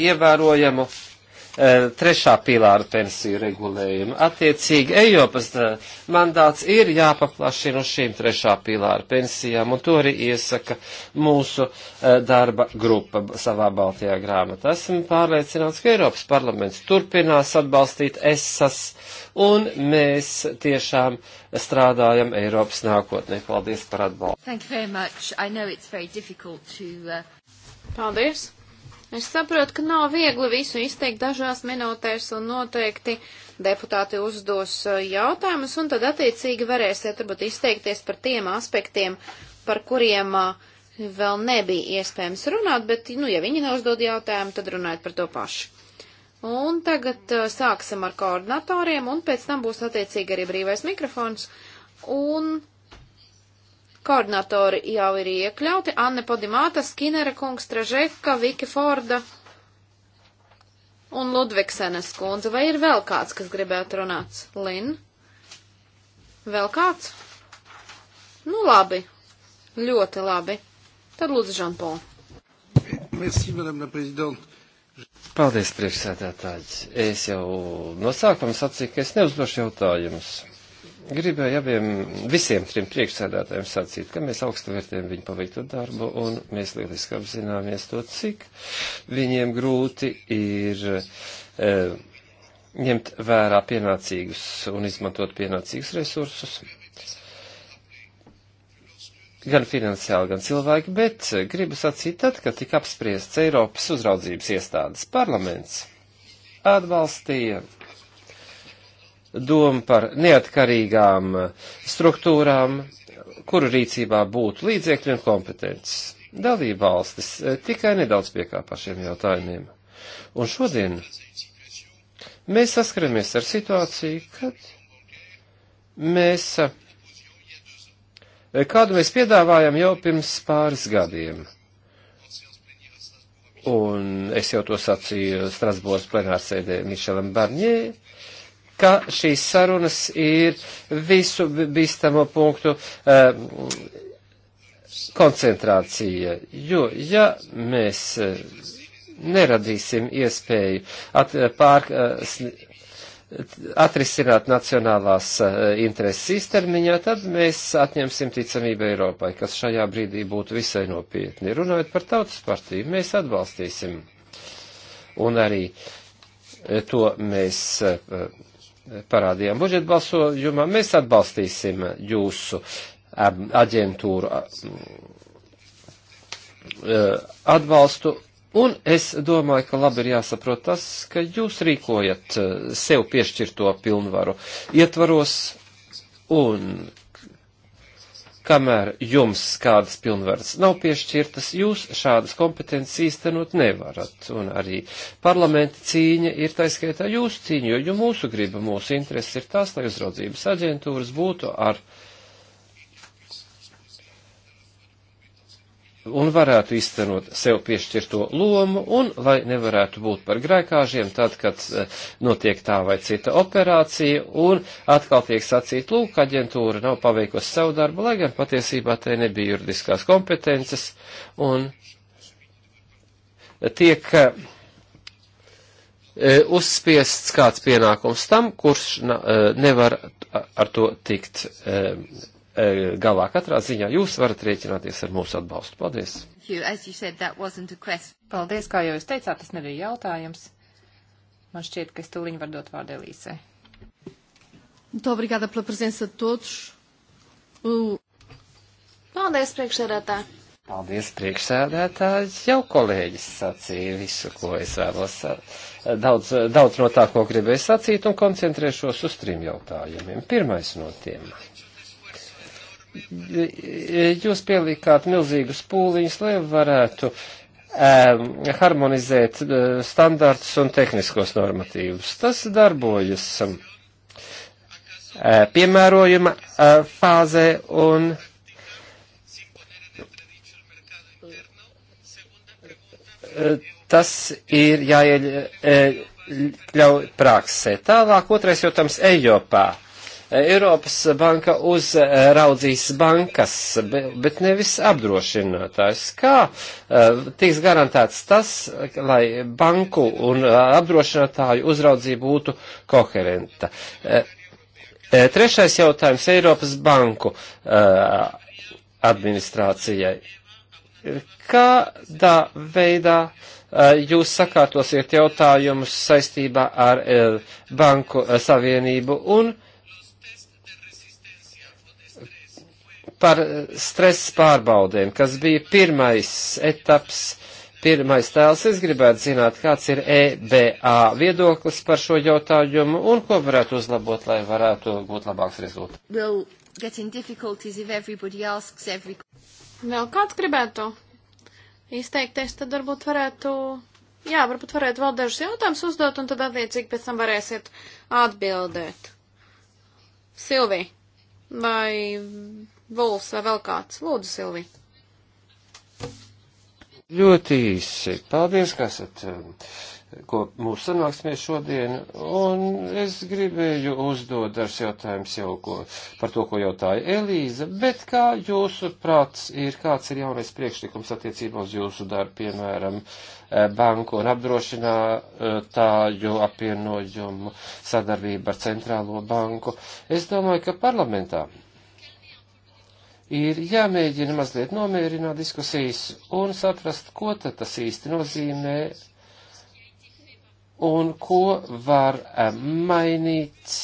ievērojamu eh, trešā pīlāra pensiju regulējumu. Attiecīgi, Eiropas eh, mandāts ir jāpaplašina uz šīm trešā pīlāra pensijām, un to arī iesaka mūsu darba grupa savā Baltijā grāmatā. Esmu pārliecināts, ka Eiropas parlaments turpinās atbalstīt ESAS, un mēs tiešām strādājam Eiropas nākotnē. Paldies par atbalstu. To, uh... Paldies! Es saprotu, ka nav viegli visu izteikt dažās minūtēs un noteikti deputāti uzdos eh, jautājumus un tad attiecīgi varēsiet varbūt izteikties par tiem aspektiem, par kuriem eh, vēl nebija iespējams runāt, bet, nu, ja viņi neuzdod jautājumu, tad runājiet par to pašu. Un tagad eh, sāksim ar koordinatoriem un pēc tam būs attiecīgi arī brīvais mikrofons. Un Koordinatori jau ir iekļauti. Anne Podimāta, Skinera kungs, Tražeka, Viki Forda un Ludvigsenes kundze. Vai ir vēl kāds, kas gribētu runāt? Lin? Vēl kāds? Nu labi. Ļoti labi. Tad lūdzu, Žanpol. Merci, madame la présidente. Paldies, priekšsēdētāji. Es jau no sākuma sacīju, ka es neuzdošu jautājumus gribēju abiem, visiem trim priekšsēdētājiem sacīt, ka mēs augstu vērtējam viņu paveikto darbu un mēs lieliski apzināmies to, cik viņiem grūti ir e, ņemt vērā pienācīgus un izmantot pienācīgus resursus gan finansiāli, gan cilvēki, bet gribu sacīt tad, kad tika apspriests Eiropas uzraudzības iestādes parlaments, atbalstīja doma par neatkarīgām eh, struktūrām, kuru rīcībā būtu līdzekļi un kompetences. Dalība valstis eh, tikai nedaudz piekāpā šiem jautājumiem. Un šodien mēs saskaramies ar situāciju, kad mēs, eh, kādu mēs piedāvājam jau pirms pāris gadiem. Un es jau to sacīju Strasbūras plenārsēdē Mišelam Barņē, ka šīs sarunas ir visu bīstamo punktu um, koncentrācija, jo ja mēs eh, neradīsim iespēju at, pār, eh, atrisināt nacionālās intereses īstermiņā, tad mēs atņemsim ticamību Eiropai, kas šajā brīdī būtu visai nopietni. Runājot par tautas partiju, mēs atbalstīsim. Un arī to mēs parādījām budžeta balsojumā, mēs atbalstīsim jūsu aģentūru e, atbalstu. Un es domāju, ka labi ir jāsaprot tas, ka jūs rīkojat e, sev piešķirto pilnvaru ietvaros un kamēr jums kādas pilnvaras nav piešķirtas, jūs šādas kompetences īstenot nevarat. Un arī parlamenta cīņa ir taiskaitā jūsu cīņa, jo mūsu griba, mūsu interesi ir tas, lai uzraudzības aģentūras būtu ar un varētu izcenot sev piešķirto lomu, un lai nevarētu būt par grēkāžiem tad, kad eh, notiek tā vai cita operācija, un atkal tiek sacīt, lūk, aģentūra nav paveikusi savu darbu, lai gan patiesībā tai nebija juridiskās kompetences, un tiek eh, eh, uzspiests kāds pienākums tam, kurš nevar ar to tikt E, galā. Katrā ziņā jūs varat rēķināties ar mūsu atbalstu. Paldies! Paldies, kā jau jūs teicāt, tas nebija jautājums. Man šķiet, ka es tūliņ varu dot vārdu Elīsei. Muito obrigada pela presença de todos. U... Paldies, priekšsēdētāji! Paldies, priekšsēdētāji! Jau kolēģis sacīja visu, ko es vēlos. Daudz, daudz no tā, ko gribēju sacīt, un koncentrēšos uz trim jautājumiem. Pirmais no tiem jūs pielikāt milzīgus pūliņus, lai varētu um, harmonizēt uh, standartus un tehniskos normatīvus. Tas darbojas um, piemērojuma uh, fāzē un. Tas ir jāieļauj praksē. Tālāk otrais jautājums Ejopā. Eiropas banka uzraudzīs bankas, bet nevis apdrošinātājs. Kā e, tiks garantēts tas, lai banku un e, apdrošinātāju uzraudzība būtu koherenta? E, trešais jautājums Eiropas banku administrācijai. Kādā veidā jūs sakārtosiet jautājumus saistībā ar banku savienību un uh, par eh, stresa pārbaudēm, kas bija pirmais etaps, pirmais tēls. Es gribētu zināt, kāds ir EBA viedoklis par šo jautājumu un ko varētu uzlabot, lai varētu būt labāks rezultāts. We'll every... Vēl kāds gribētu izteikties, tad varbūt varētu, jā, varbūt varētu vēl dažus jautājumus uzdot un tad attiecīgi pēc tam varēsiet atbildēt. Silvija, vai Vuls vai vēl kāds? Lūdzu, Silvi. Ļoti īsi. Paldies, ka esat eh, ko mūsu sanāksmē šodien, un es gribēju uzdot dažs jautājums jau ko, par to, ko jautāja Elīza, bet kā jūsu prāts ir, kāds ir jaunais priekšlikums attiecībā uz jūsu darbu, piemēram, eh, banku un apdrošinātāju apvienojumu sadarbību ar centrālo banku? Es domāju, ka parlamentā ir jāmēģina mazliet nomierināt diskusijas un saprast, ko tad tas īsti nozīmē un ko var eh, mainīt.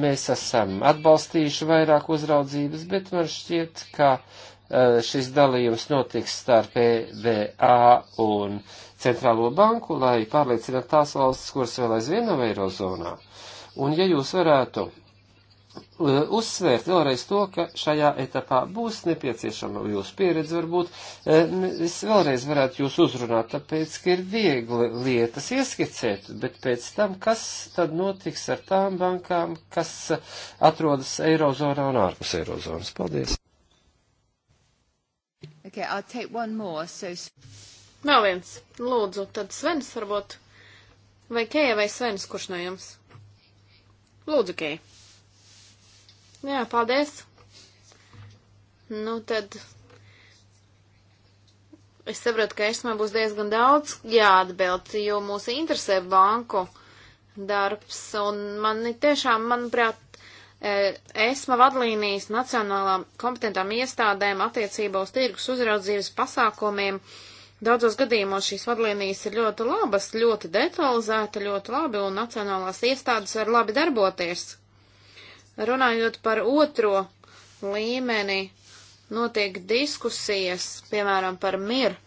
Mēs esam atbalstījuši vairāk uzraudzības, bet man šķiet, ka eh, šis dalījums notiks starp EBA un Centrālo banku, lai pārliecinātu tās valstis, kuras vēl aizvien nav eirozonā. Un ja jūs varētu Eh, uzsvērt vēlreiz to, ka šajā etapā būs nepieciešama jūsu pieredze, varbūt eh, es vēlreiz varētu jūs uzrunāt, tāpēc, ka ir viegli lietas ieskicēt, bet pēc tam, kas tad notiks ar tām bankām, kas atrodas Eirozonā un ārpus Eirozonas. Paldies! Okay, I'll take one more, so... Vēl viens. Lūdzu, tad Svens varbūt. Vai Keja vai Svens, kurš no jums? Lūdzu, Keja. Jā, paldies. Nu, tad es saprotu, ka esmē būs diezgan daudz jāatbild, jo mūs interesē banku darbs. Un man tiešām, manuprāt, esma vadlīnijas nacionālām kompetentām iestādēm attiecībā uz tirgus uzraudzības pasākumiem. Daudzos gadījumos šīs vadlīnijas ir ļoti labas, ļoti detalizēta, ļoti labi, un nacionālās iestādes var labi darboties. Runājot par otro līmeni, notiek diskusijas, piemēram, par miru,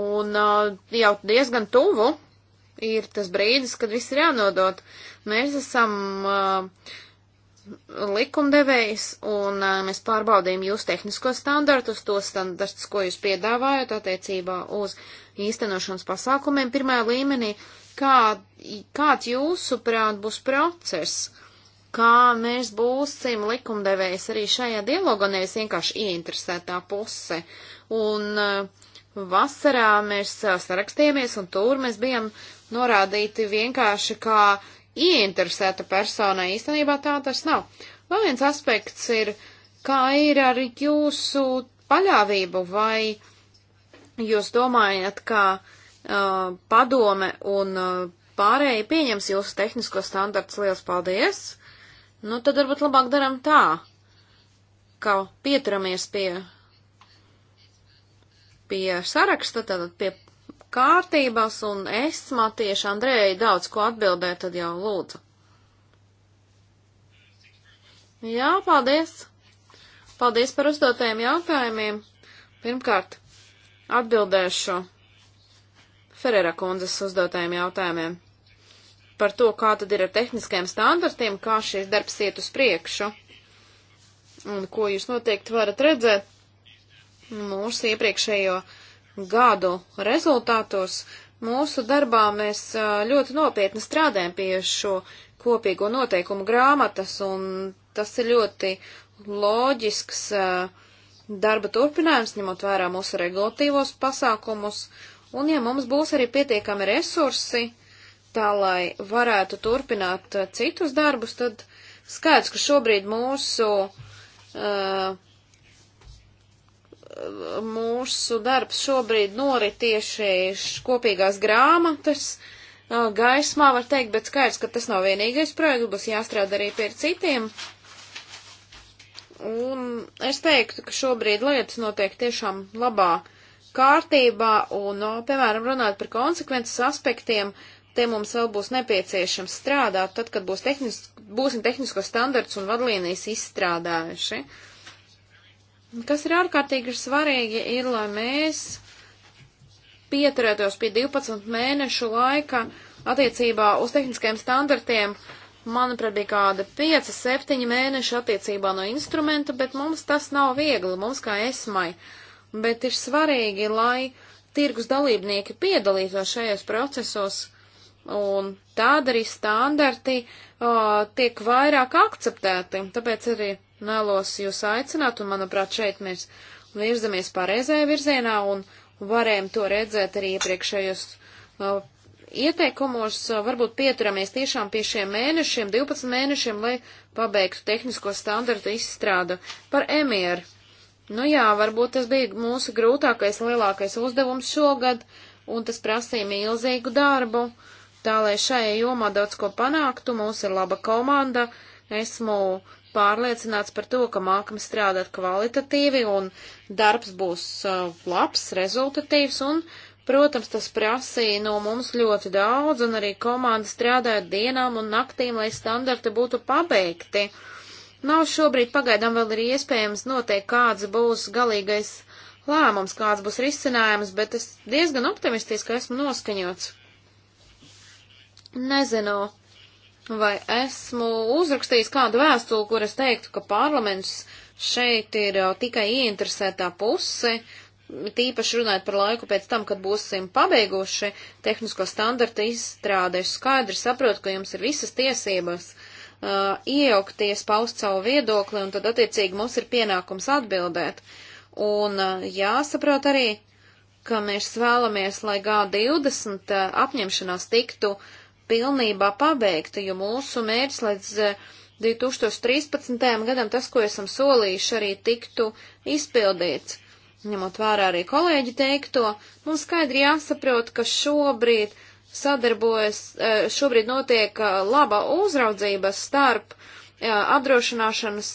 un uh, jau diezgan tuvu ir tas brīdis, kad viss ir jānodot. Mēs esam uh, likumdevējs, un uh, mēs pārbaudījām jūs tehnisko standartus, tos standartus, ko jūs piedāvājat attiecībā uz īstenošanas pasākumiem pirmajā līmenī. Kā, kāds jūsuprāt būs process? kā mēs būsim likumdevējs arī šajā dialogā, nevis vienkārši ieinteresētā puse. Un uh, vasarā mēs uh, sarakstījāmies, un tur mēs bijām norādīti vienkārši kā ieinteresēta persona. Īstenībā tā tas nav. Vēl viens aspekts ir, kā ir ar jūsu paļāvību, vai jūs domājat, ka uh, padome un uh, pārējie pieņems jūsu tehnisko standartus. Lielas paldies! Nu, tad varbūt labāk daram tā, ka pieturamies pie, pie saraksta, tad pie kārtības, un es man tieši Andrejai daudz ko atbildēju, tad jau lūdzu. Jā, paldies! Paldies par uzdotajiem jautājumiem. Pirmkārt, atbildēšu Ferera kundzes uzdotajiem jautājumiem par to, kā tad ir ar tehniskajiem standartiem, kā šis darbs iet uz priekšu. Un ko jūs noteikti varat redzēt mūsu iepriekšējo gadu rezultātos, mūsu darbā mēs ļoti nopietni strādājam pie šo kopīgo noteikumu grāmatas, un tas ir ļoti loģisks darba turpinājums, ņemot vērā mūsu regulatīvos pasākumus, un ja mums būs arī pietiekami resursi, tā lai varētu turpināt uh, citus darbus, tad skaidrs, ka šobrīd mūsu, uh, mūsu darbs šobrīd norit tieši kopīgās grāmatas uh, gaismā, var teikt, bet skaidrs, ka tas nav vienīgais projekts, būs jāstrādā arī pie citiem. Un es teiktu, ka šobrīd lietas notiek tiešām labā kārtībā, un, no, piemēram, runāt par konsekvences aspektiem, uh, pie mums vēl būs nepieciešams strādāt, tad, kad būs tehnis, būsim tehnisko standarts un vadlīnijas izstrādājuši. Kas ir ārkārtīgi svarīgi, ir, lai mēs pieturētos pie 12 mēnešu laika attiecībā uz tehniskajiem standartiem. Manuprāt, bija kāda 5-7 mēneši attiecībā no instrumenta, bet mums tas nav viegli, mums kā esmai. Bet ir svarīgi, lai tirgus dalībnieki piedalītos šajos procesos Un tāda arī standarti uh, tiek vairāk akceptēti, un tāpēc arī nelos jūs aicināt, un manuprāt, šeit mēs virzamies pareizajā virzienā, un varējām to redzēt arī iepriekšējos uh, ieteikumos, uh, varbūt pieturamies tiešām pie šiem mēnešiem, 12 mēnešiem, lai pabeigtu tehnisko standartu izstrādu par emieru. Nu jā, varbūt tas bija mūsu grūtākais, lielākais uzdevums šogad, un tas prasīja milzīgu darbu. Uh, Tā lai šajā jomā daudz ko panāktu, mums ir laba komanda. Esmu pārliecināts par to, ka mākam strādāt kvalitatīvi un darbs būs uh, labs, rezultatīvs un, protams, tas prasīja no mums ļoti daudz un arī komanda strādāja dienām un naktīm, lai standarti būtu pabeigti. Nav šobrīd pagaidām vēl ir iespējams noteikt, kāds būs galīgais lēmums, kāds būs risinājums, bet es diezgan optimistiski esmu noskaņots. Nezinu, vai esmu uzrakstījis kādu vēstuli, kur es teiktu, ka parlaments šeit ir uh, tikai ieinteresētā puse, tīpaši runājot par laiku pēc tam, kad būsim pabeiguši tehnisko standartu izstrādi, es skaidri saprotu, ka jums ir visas tiesības uh, iejaukties, paust savu viedokli, un tad attiecīgi mums ir pienākums atbildēt. Un uh, jāsaprot arī, ka mēs vēlamies, lai G20 uh, apņemšanās tiktu uh, pilnībā pabeigta, jo mūsu mērķis līdz 2013. Eh, gadam tas, ko esam solījuši, arī tiktu izpildīts. Ņemot vērā arī kolēģi teikto, mums skaidri jāsaprot, ka šobrīd sadarbojas, eh, šobrīd notiek eh, laba uzraudzība starp apdrošināšanas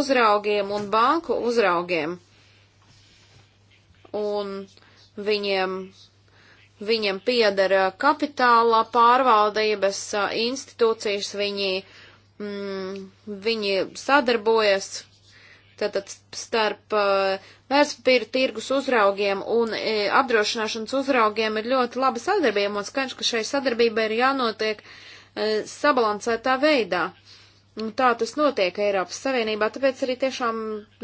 uzraugiem un banku uzraugiem. Un viņiem viņiem piedara kapitāla pārvaldības institūcijas, viņi, mm, viņi sadarbojas tātad starp vērtspapīra tirgus uzraugiem un e, apdrošināšanas uzraugiem ir ļoti laba sadarbība, un skaidrs, ka šai sadarbībai ir jānotiek e, sabalansētā veidā. Un tā tas notiek Eiropas Savienībā, tāpēc arī tiešām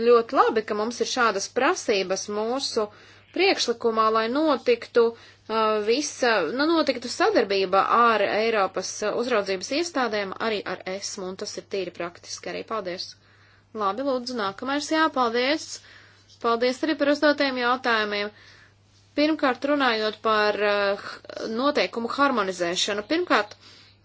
ļoti labi, ka mums ir šādas prasības mūsu uh, priekšlikumā, lai notiktu uh, visa, nu, notiktu sadarbība ar Eiropas uh, uzraudzības iestādēm, arī ar ESMU, un tas ir tīri praktiski arī. Paldies! Labi, lūdzu, nākamais jāpaldies! Paldies arī par uzdotiem jautājumiem! Pirmkārt, runājot par uh, noteikumu harmonizēšanu, pirmkārt,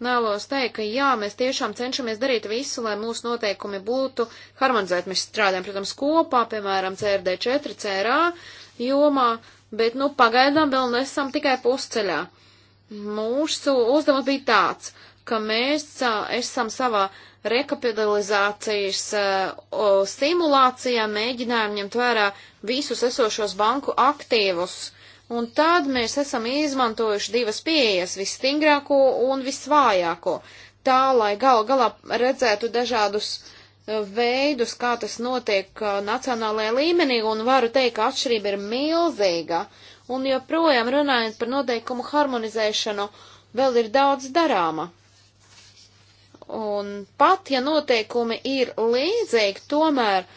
Nēlos teikt, ka jā, mēs tiešām cenšamies darīt visu, lai mūsu noteikumi būtu harmonizēti. Mēs strādājam, protams, kopā, piemēram, CRD4, CRA, uh, jomā, bet nu pagaidām vēl nesam tikai pusceļā. Mūsu uzdevums bija tāds, ka mēs a, esam savā rekapitalizācijas a, o, simulācijā mēģinājām ņemt vērā visus esošos banku aktīvus. Un tad mēs esam izmantojuši divas pieejas, visstingrāko un visvājāko, tā lai gal galā redzētu dažādus uh, veidus, kā tas notiek uh, nacionālajā līmenī, un varu teikt, ka atšķirība ir milzīga, un joprojām runājot par noteikumu harmonizēšanu, vēl ir daudz darāma. Un pat, ja noteikumi ir līdzīgi, tomēr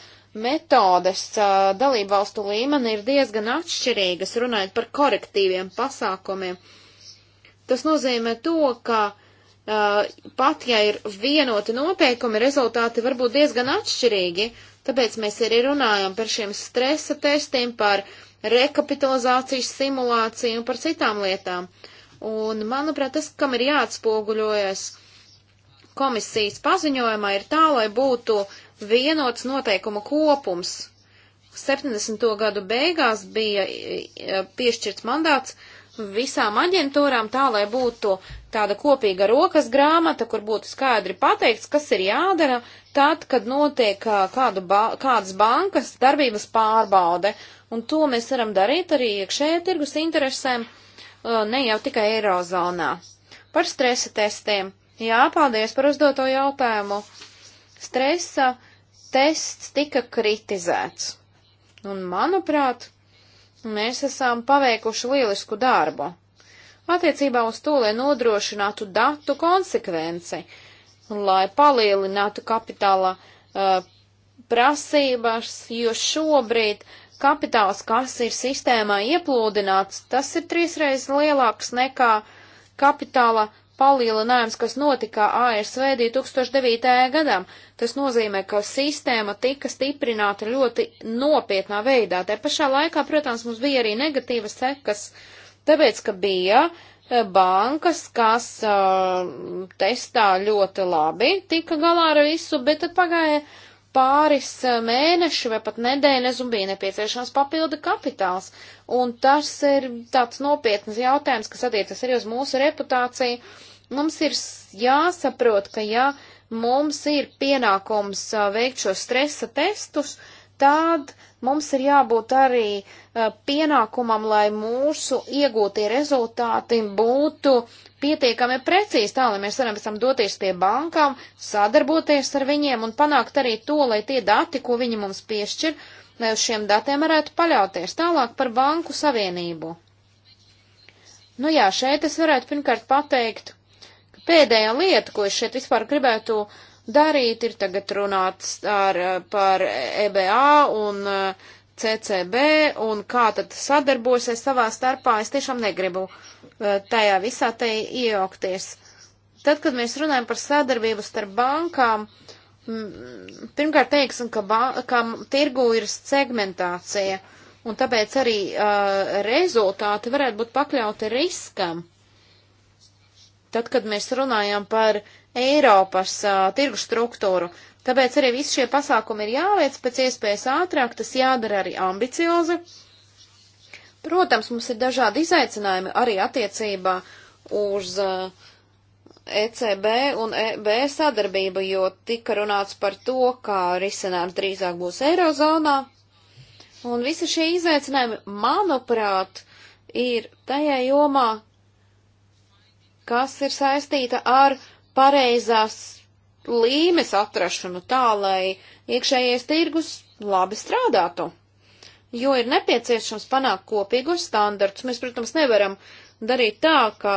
metodes uh, dalību valstu līmeni ir diezgan atšķirīgas, runājot par korektīviem pasākumiem. Tas nozīmē to, ka uh, Uh, pat ja ir vienoti noteikumi, rezultāti var būt diezgan atšķirīgi. Tāpēc mēs arī runājam par šiem stresa testiem, par rekapitalizācijas simulāciju un par citām lietām. Un, manuprāt, tas, kam ir jāatspoguļojas komisijas paziņojumā, ir tā, lai būtu vienots noteikumu kopums. 70. gadu beigās bija eh, piešķirts mandāts uh, visām aģentūrām tā, lai būtu tāda kopīga rokas grāmata, kur būtu skaidri pateikts, kas ir jādara tad, kad notiek kādu ba kādas bankas darbības pārbaude. Un to mēs varam darīt arī iekšējā tirgus interesēm, ne jau tikai Eirozonā. Par stresa testiem. Jā, paldies par uzdoto jautājumu. Stresa tests tika kritizēts. Un, manuprāt, Mēs esam paveikuši lielisku darbu. Attiecībā uz to, lai nodrošinātu datu konsekvenci, lai palielinātu kapitāla uh, prasības, jo šobrīd kapitāls, kas ir sistēmā ieplūdināts, tas ir trīsreiz lielāks nekā kapitāla palielinājums, kas notika ASV 2009. gadam. Tas nozīmē, ka sistēma tika stiprināta ļoti nopietnā veidā. Te pašā laikā, protams, mums bija arī negatīvas sekas, tāpēc, ka bija eh, bankas, kas uh, testā ļoti labi, tika galā ar visu, bet tad pagāja pāris eh, mēneši vai pat nedēļas un bija nepieciešams papildu kapitāls. Un tas ir tāds nopietnas jautājums, kas attiecas arī uz mūsu reputāciju. Mums ir jāsaprot, ka ja mums ir pienākums eh, veikt šo stresa testus, uh, tad mums ir jābūt arī uh, pienākumam, lai mūsu iegūtie rezultāti būtu pietiekami precīzi, tā lai mēs varam pēc tam doties pie bankām, sadarboties ar viņiem un panākt arī to, lai tie dati, ko viņi mums piešķir, lai uz šiem datiem varētu paļauties tālāk par banku savienību. Nu jā, šeit es varētu pirmkārt pateikt, ka pēdējā lieta, ko es šeit vispār gribētu uh, darīt. Ir tagad runāts ar, par EBA un eh, CCB un kā tad sadarbosies savā starpā. Es tiešām negribu eh, tajā visā te iejaukties. Tad, kad mēs runājam par sadarbību starp bankām, pirmkārt teiksim, ka, ka tirgu ir segmentācija, un tāpēc arī uh, rezultāti varētu būt pakļauti riskam. Uh, tad, kad mēs runājam par Eiropas uh, tirgu struktūru. Tāpēc arī visi šie pasākumi ir jāveic pēc iespējas ātrāk, tas jādara arī ambiciozi. Protams, mums ir dažādi izaicinājumi arī attiecībā uz uh, ECB un EB sadarbību, jo tika runāts par to, kā risinājums drīzāk būs Eirozonā. Un visi šie izaicinājumi, manuprāt, ir tajā jomā, kas ir saistīta ar pareizās līmes atrašanu tā, lai iekšējais tirgus labi strādātu. Jo ir nepieciešams panākt kopīgus standartus. Mēs, protams, nevaram darīt tā, ka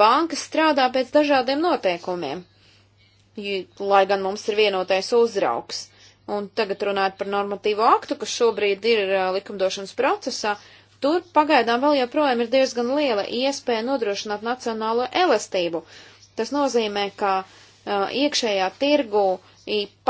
bankas strādā pēc dažādiem noteikumiem, lai gan mums ir vienotais uzraugs. Un tagad runājot par normatīvo aktu, kas šobrīd ir likumdošanas procesā, uh, Tur pagaidām vēl joprojām ir diezgan liela iespēja nodrošināt nacionālo elastību. Tas nozīmē, ka uh, iekšējā tirgu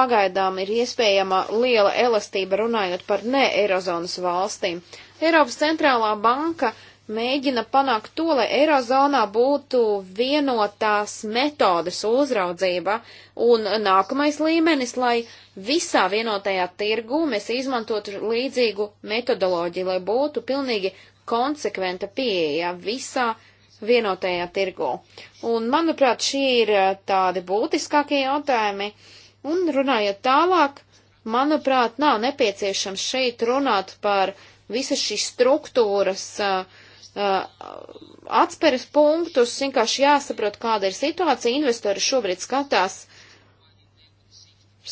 pagaidām ir iespējama liela elastība runājot par ne Eirozonas valstīm. Eiropas centrālā banka uh, mēģina panākt to, lai Eirozonā būtu vienotās metodes uzraudzība un nākamais līmenis, lai visā vienotajā tirgū mēs izmantotu līdzīgu metodoloģiju, lai būtu pilnīgi konsekventa pieeja visā vienotajā tirgū. Un, manuprāt, šie ir eh, tādi būtiskākie jautājumi. Un runājot tālāk, manuprāt, nav nepieciešams šeit runāt par visas šīs struktūras uh, Uh, atspēres punktus, vienkārši jāsaprot, kāda ir situācija. Investori šobrīd skatās,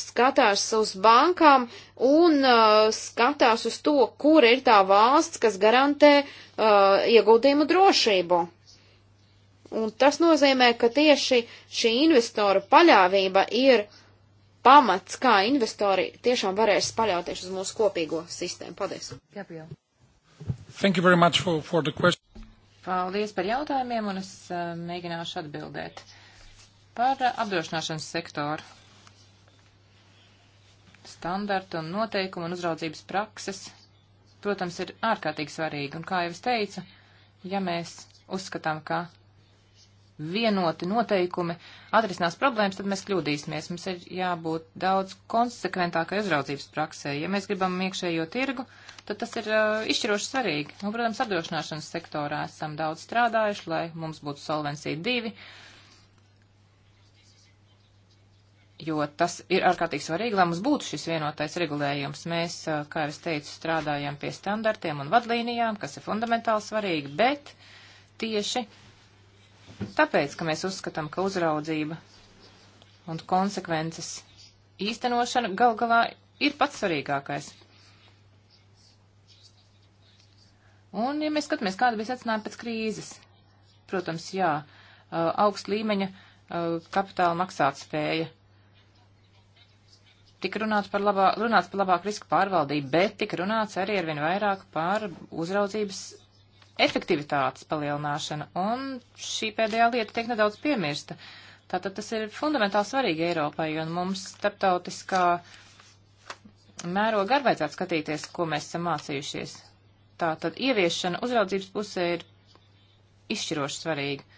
skatās uz bankām un uh, skatās uz to, kur ir tā valsts, kas garantē uh, ieguldījumu drošību. Un tas nozīmē, ka tieši šī investoru paļāvība ir pamats, kā investori tiešām varēs paļauties uz mūsu kopīgo sistēmu. Paldies! Gabriel. Thank you very much for, for the question. Paldies par jautājumiem, un es uh, mēģināšu atbildēt. Par uh, apdrošināšanas sektoru. Standartu un noteikumu un uzraudzības prakses, protams, ir ārkārtīgi svarīgi, un kā jau es teicu, ja mēs uzskatām, ka vienoti noteikumi atrisinās problēmas, tad mēs kļūdīsimies. Mums ir jābūt daudz konsekventākai uzraudzības praksē. Ja mēs gribam iekšējo tirgu, tad tas ir uh, izšķiroši svarīgi. Un, protams, apdrošināšanas sektorā esam daudz strādājuši, lai mums būtu solvencija divi, jo tas ir ārkārtīgi svarīgi, lai mums būtu šis vienotais regulējums. Mēs, uh, kā jau es teicu, strādājam pie standartiem un vadlīnijām, kas ir fundamentāli svarīgi, bet tieši uh, Tāpēc, ka mēs uzskatām, ka uzraudzība un konsekvences īstenošana gal galā ir pats svarīgākais. Un, ja mēs skatāmies, kāda bija secinājuma pēc krīzes, protams, jā, augst līmeņa kapitāla maksātspēja. Tik runāts par, labā, runāts par labāku risku pārvaldību, bet tik runāts arī arvien vairāk par uzraudzības efektivitātes palielināšana, un šī pēdējā lieta tiek nedaudz piemirsta. Tātad tas ir fundamentāli svarīgi Eiropai, un mums starptautiskā mēroga arī vajadzētu skatīties, ko mēs esam mācījušies. Tātad ieviešana uzraudzības pusē ir izšķiroši svarīga.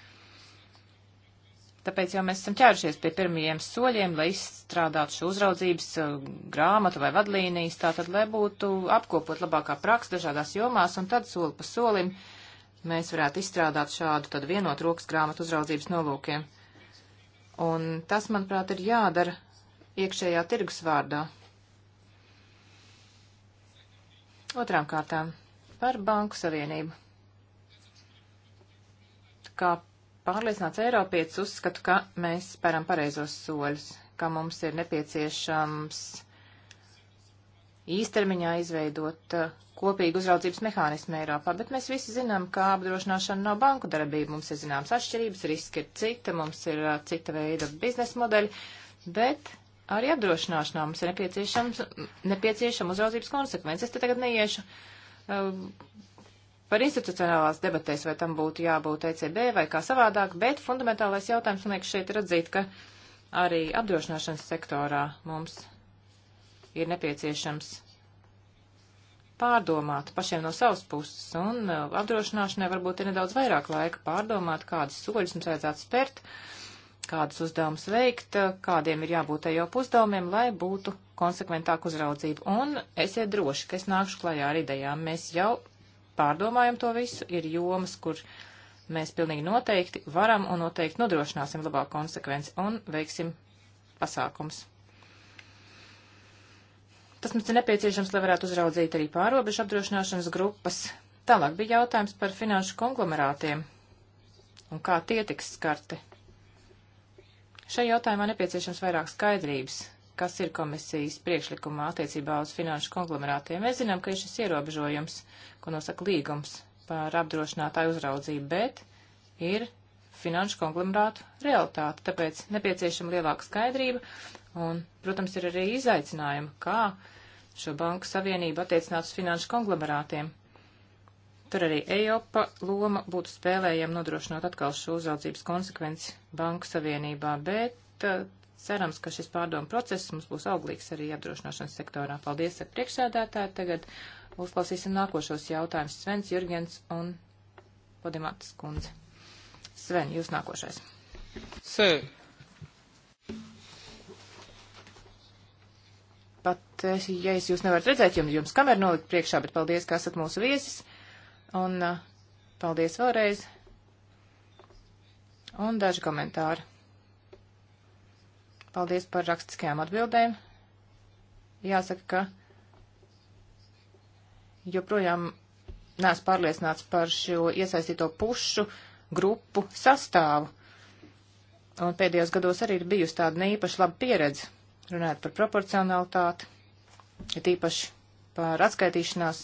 Tāpēc jau mēs esam ķērušies pie pirmajiem soļiem, lai izstrādātu šo uzraudzības eh, grāmatu vai vadlīnijas, tātad, lai būtu apkopot labākā praksa dažādās jomās, un tad soli pa solim mēs varētu izstrādāt šādu tad vienotu rokas grāmatu uzraudzības nolūkiem. Un tas, manuprāt, ir jādara iekšējā tirgus vārdā. Otrām kārtām par Banku Savienību. Kā pārliecināts Eiropietis uzskatu, ka mēs spēram pareizos soļus, ka mums ir nepieciešams īstermiņā izveidot uh, kopīgu uzraudzības mehānismu Eiropā, bet mēs visi zinām, ka apdrošināšana nav banku darbība, mums ir zināms atšķirības, riski ir cita, mums ir uh, cita veida biznesa modeļi, bet arī apdrošināšanā mums ir nepieciešams, nepieciešama uzraudzības konsekvences. Es te tagad neiešu uh, Par institucionālās debatēs, vai tam būtu jābūt ECB vai kā savādāk, bet fundamentālais jautājums, man liekas, šeit ir atzīt, ka arī apdrošināšanas sektorā mums ir nepieciešams pārdomāt pašiem no savas puses, un uh, apdrošināšanai varbūt ir nedaudz vairāk laika pārdomāt, kādas soļus mums vajadzētu spērt, kādus uzdevumus veikt, uh, kādiem ir jābūt ejop uzdevumiem, lai būtu konsekventāka uzraudzība. Un esiet droši, ka es nākšu klajā ar idejām. Mēs jau pārdomājam to visu, ir jomas, kur mēs pilnīgi noteikti varam un noteikti nodrošināsim labāku konsekvenci un veiksim pasākums. Tas mums ir nepieciešams, lai varētu uzraudzīt arī pārobežu apdrošināšanas grupas. Tālāk bija jautājums par finanšu konglomerātiem un kā tie tiks skarti. Šai jautājumā nepieciešams vairāk skaidrības kas ir komisijas priekšlikumā attiecībā uz finanšu konglomerātiem. Mēs zinām, ka ir šis ierobežojums, ko nosaka līgums par apdrošinātāju uzraudzību, bet ir finanšu konglomerātu realitāte, tāpēc nepieciešama lielāka skaidrība un, protams, ir arī izaicinājumi, kā šo banku savienību attiecināt uz finanšu konglomerātiem. Tur arī Eiropa loma būtu spēlējama nodrošinot atkal šo uzraudzības konsekvenci banku savienībā, bet eh, Cerams, ka šis pārdomu process mums būs auglīgs arī apdrošināšanas sektorā. Paldies, ar priekšsēdētāju. Tagad uzklausīsim nākošos jautājumus. Svens, Jurgens un Podimats kundze. Sven, jūs nākošais. Sir. Pat, eh, ja es jūs nevarat redzēt, jums, jums kamera nolikt priekšā, bet paldies, ka esat mūsu viesis. Un eh, paldies vēlreiz. Un daži komentāri. Paldies par rakstiskajām atbildēm. Jāsaka, ka joprojām neesmu pārliecināts par šo iesaistīto pušu grupu sastāvu. Un pēdējos gados arī ir bijusi tāda neīpaši laba pieredze, runājot par proporcionalitāti, ir tīpaši par atskaitīšanās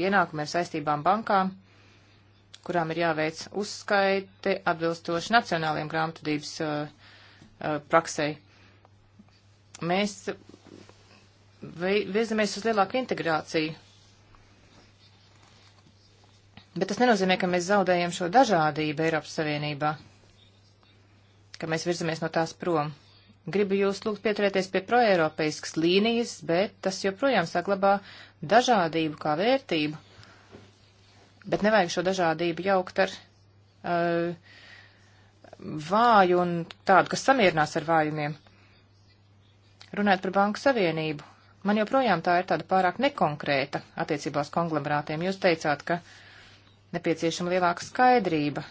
pienākumiem saistībām bankām, kurām ir jāveic uzskaite atbilstoši nacionāliem grāmatvedības uh, Uh, praksē. Mēs virzamies uz lielāku integrāciju. Bet tas nenozīmē, ka mēs zaudējam šo dažādību Eiropas Savienībā, ka mēs virzamies no tās prom. Gribu jūs lūgt pieturēties pie proeiropeiskas līnijas, bet tas joprojām saglabā dažādību kā vērtību. Bet nevajag šo dažādību jaukt ar uh, vāju un tādu, kas samierinās ar vājumiem. Runājot par Banku Savienību, man joprojām tā ir tāda pārāk nekonkrēta attiecībās konglomerātiem. Jūs teicāt, ka nepieciešama lielāka skaidrība.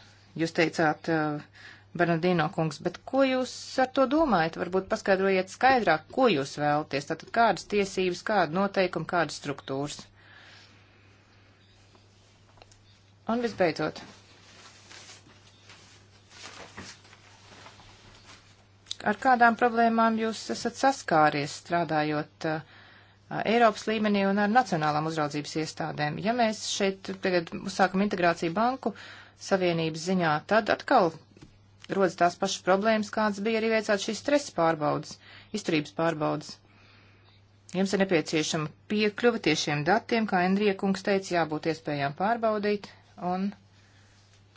Jūs teicāt, uh, Bernardino kungs, bet ko jūs ar to domājat? Varbūt paskaidrojiet skaidrāk, ko jūs vēlaties. Tātad kādas tiesības, kāda noteikuma, kādas struktūras. Un visbeidzot, Ar kādām problēmām jūs esat saskāries strādājot uh, Eiropas līmenī un ar nacionālām uzraudzības iestādēm? Ja mēs šeit tagad uzsākam integrāciju banku savienības ziņā, tad atkal rodas tās pašas problēmas, kādas bija arī veicāt šīs stresa pārbaudas, izturības pārbaudas. Jums ir nepieciešama piekļuva tiešiem datiem, kā Endrija kungs teica, jābūt iespējām pārbaudīt, un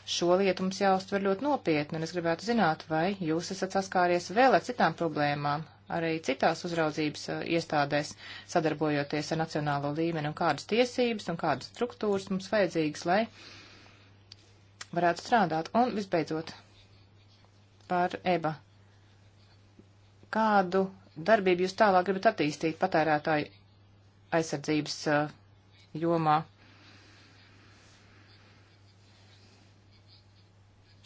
šo lietu mums jāuztver ļoti nopietni, un es gribētu zināt, vai jūs esat saskāries vēl ar citām problēmām, arī citās uzraudzības uh, iestādēs, sadarbojoties ar nacionālo līmeni, un kādas tiesības un kādas struktūras mums vajadzīgas, lai varētu strādāt. Un visbeidzot, par EBA. Kādu darbību jūs tālāk gribat attīstīt patērētāju aizsardzības uh, jomā?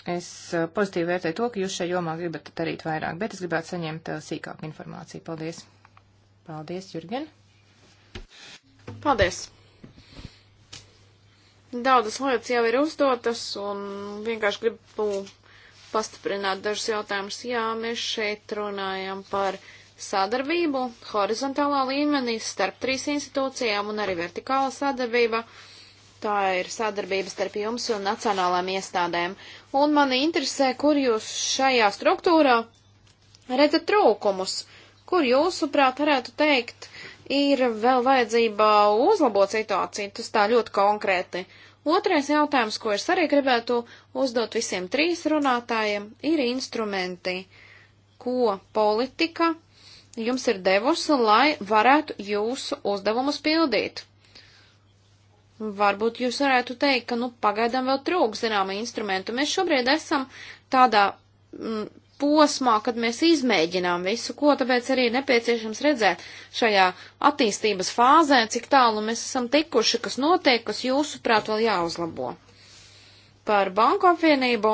Es eh, pozitīvi vērtēju to, ka jūs šajā jomā gribat darīt vairāk, bet es gribētu saņemt eh, sīkāku informāciju. Paldies! Paldies, Jurgen! Paldies! Daudzas lietas jau ir uzdotas un vienkārši gribu pastiprināt dažus jautājumus. Jā, mēs šeit runājam par sadarbību horizontālā līmenī starp trīs institūcijām un arī vertikāla sadarbība. Uh, Tā ir sadarbība starp jums un nacionālām iestādēm. Un mani interesē, kur jūs šajā struktūrā redzat trūkumus, kur jūsuprāt varētu teikt, ir vēl vajadzība uzlabot situāciju, tas tā ļoti konkrēti. Otrais jautājums, ko es arī gribētu uzdot visiem trīs runātājiem, ir instrumenti, ko politika jums ir devusi, lai varētu jūsu uzdevumus pildīt. Varbūt jūs varētu teikt, ka nu, pagaidām vēl trūks zināma instrumenta. Mēs šobrīd esam tādā m, mm, posmā, kad mēs izmēģinām visu, ko tāpēc arī ir nepieciešams redzēt šajā attīstības fāzē, cik tālu mēs esam tikuši, kas notiek, kas jūsuprāt vēl jāuzlabo. Par banku apvienību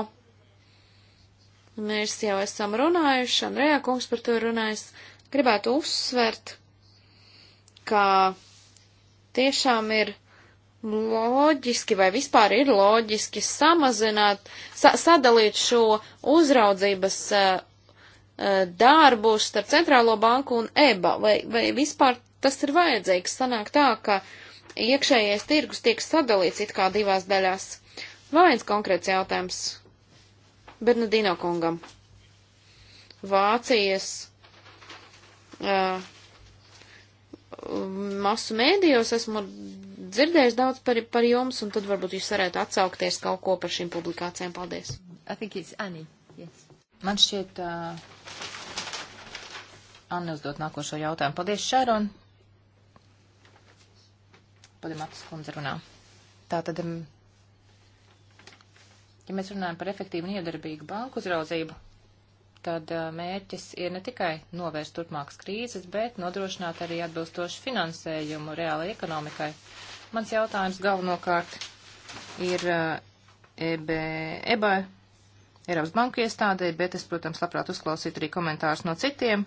mēs jau esam runājuši, Andrejā kungs par to runājis. Gribētu uzsvert, ka tiešām ir loģiski vai vispār ir loģiski samazināt, sa sadalīt šo uzraudzības uh, darbu starp Centrālo banku un EBA, vai, vai vispār tas ir vajadzīgs? Sanāk tā, ka iekšējais tirgus tiek sadalīts it kā divās daļās. Vēl viens konkrēts jautājums Bernardino kungam. Vācijas uh, masu mēdījos esmu dzirdējis daudz par, par jums, un tad varbūt jūs varētu atsaukties kaut ko par šīm publikācijām. Paldies. Yes. Man šķiet, uh, Anna uzdot nākošo jautājumu. Paldies, Šaron. Padimatas kundze runā. Tātad, ja mēs runājam par efektīvu un iedarbīgu banku uzraudzību, tad mērķis ir ne tikai novērst turpmākas krīzes, bet nodrošināt arī atbilstošu finansējumu reālai ekonomikai. Mans jautājums galvenokārt ir EB, eh, e EBA, Eiropas Banku iestādē, bet es, protams, labprāt uzklausītu arī komentārus no citiem.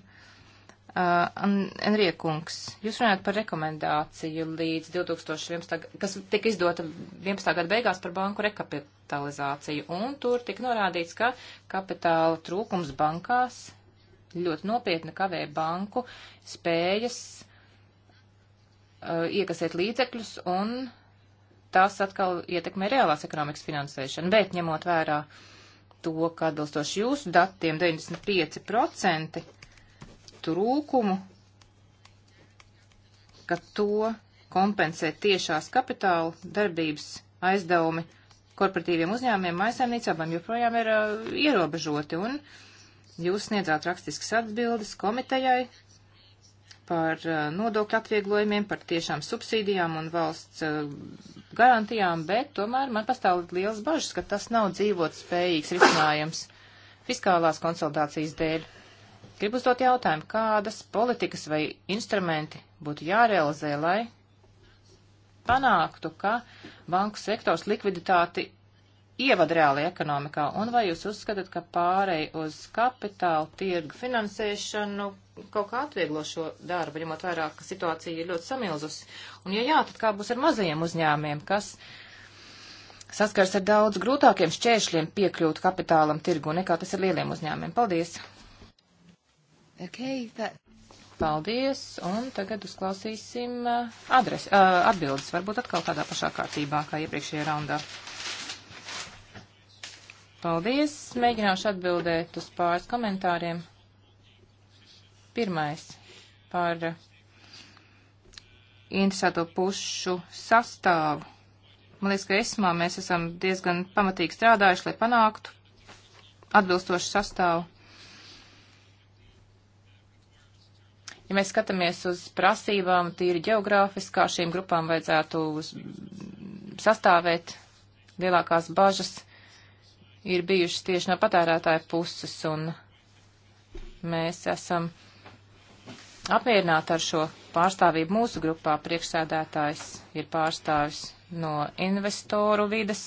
Uh, Enriekungs, jūs runājat par rekomendāciju līdz 2011, kas tika izdota 11. gada beigās par banku rekapitalizāciju, un tur tika norādīts, ka kapitāla trūkums bankās ļoti nopietni kavē banku spējas uh, iekasēt līdzekļus, un tas atkal ietekmē reālās ekonomikas finansēšanu. Bet ņemot vērā to, ka atbilstoši jūsu datiem 95% trūkumu, ka to kompensē tiešās kapitāla darbības aizdevumi korporatīviem uzņēmumiem, maisaimniecībām joprojām ir uh, ierobežoti, un jūs sniedzāt rakstiskas atbildes komitejai, par uh, nodokļu atvieglojumiem, par tiešām subsīdijām un valsts uh, garantijām, bet tomēr man pastāv liels bažas, ka tas nav dzīvot spējīgs risinājums fiskālās konsolidācijas dēļ. Gribu uzdot jautājumu, kādas politikas vai instrumenti būtu jārealizē, lai panāktu, ka banku sektors likviditāti ievada reāli ekonomikā, un vai jūs uzskatāt, ka pārēj uz kapitālu tirgu finansēšanu kaut kā atvieglo šo darbu, ņemot vērā, ka situācija ir ļoti samilzusi. Un, ja jā, tad kā būs ar mazajiem uzņēmiem, kas saskars ar daudz grūtākiem šķēršļiem piekļūt kapitālam tirgu nekā tas ir lieliem uzņēmiem? Paldies! Okay, that... Paldies, un tagad uzklausīsim uh, adresi, uh, atbildes, varbūt atkal tādā pašā kārtībā kā iepriekšējā raundā. Paldies, mēģināšu atbildēt uz pāris komentāriem. Pirmais par interesēto pušu sastāvu. Man liekas, ka esmā mēs esam diezgan pamatīgi strādājuši, lai panāktu atbilstošu sastāvu. Ja mēs skatāmies uz prasībām, tīri geogrāfiski, kā šīm grupām vajadzētu sastāvēt, lielākās bažas ir bijušas tieši no patērētāja puses, un mēs esam uh, apmierināti ar šo pārstāvību mūsu grupā. Priekšsēdētājs ir pārstāvis no investoru vides.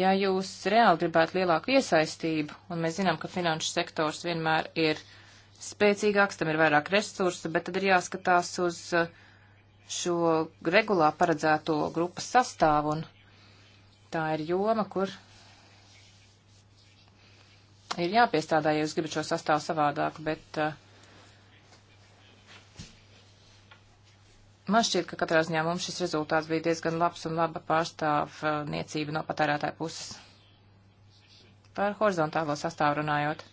Ja jūs reāli gribētu lielāku iesaistību, un mēs zinām, ka finanšu sektors vienmēr ir spēcīgāks, tam ir vairāk resursu, bet tad ir jāskatās uz uh, šo regulā paredzēto grupas sastāvu, un tā ir joma, kur ir jāpiestādā, ja jūs gribat šo sastāvu savādāk, bet uh, Man šķiet, ka katrā ziņā mums šis rezultāts bija diezgan labs un laba pārstāvniecība no patērētāja puses. Par horizontālo sastāvu runājot.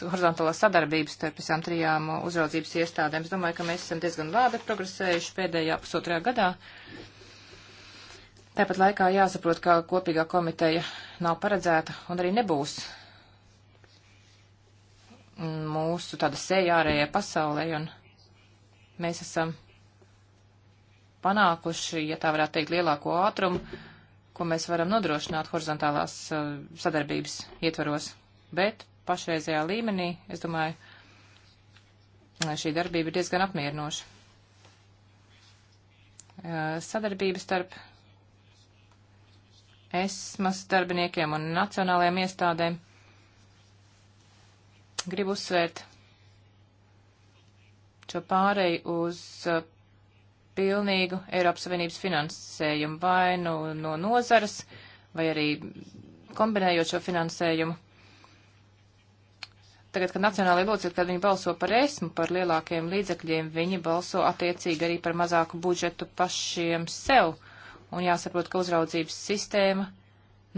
Horizontālā sadarbība starp visām trijām uzraudzības iestādēm. Es domāju, ka mēs esam diezgan labi progresējuši pēdējā pusotrajā gadā. Tāpat laikā jāsaprot, ka kopīgā komiteja nav paredzēta un arī nebūs mūsu tāda seja ārējai pasaulē. Un mēs esam panākuši, ja tā varētu teikt, lielāko ātrumu, ko mēs varam nodrošināt horizontālās uh, sadarbības ietvaros. Bet pašreizajā līmenī, es domāju, šī darbība ir diezgan apmierinoša. Uh, sadarbība starp esmas darbiniekiem un nacionālajiem iestādēm gribu uzsvērt šo pāreju uz uh, pilnīgu Eiropas Savienības finansējumu vai nu no nozares, vai arī kombinējot šo finansējumu. Tagad, kad nacionālajie locekļi, kad viņi balso par esmu, par lielākiem līdzekļiem, viņi balso attiecīgi arī par mazāku budžetu pašiem sev. Un jāsaprot, ka uzraudzības sistēma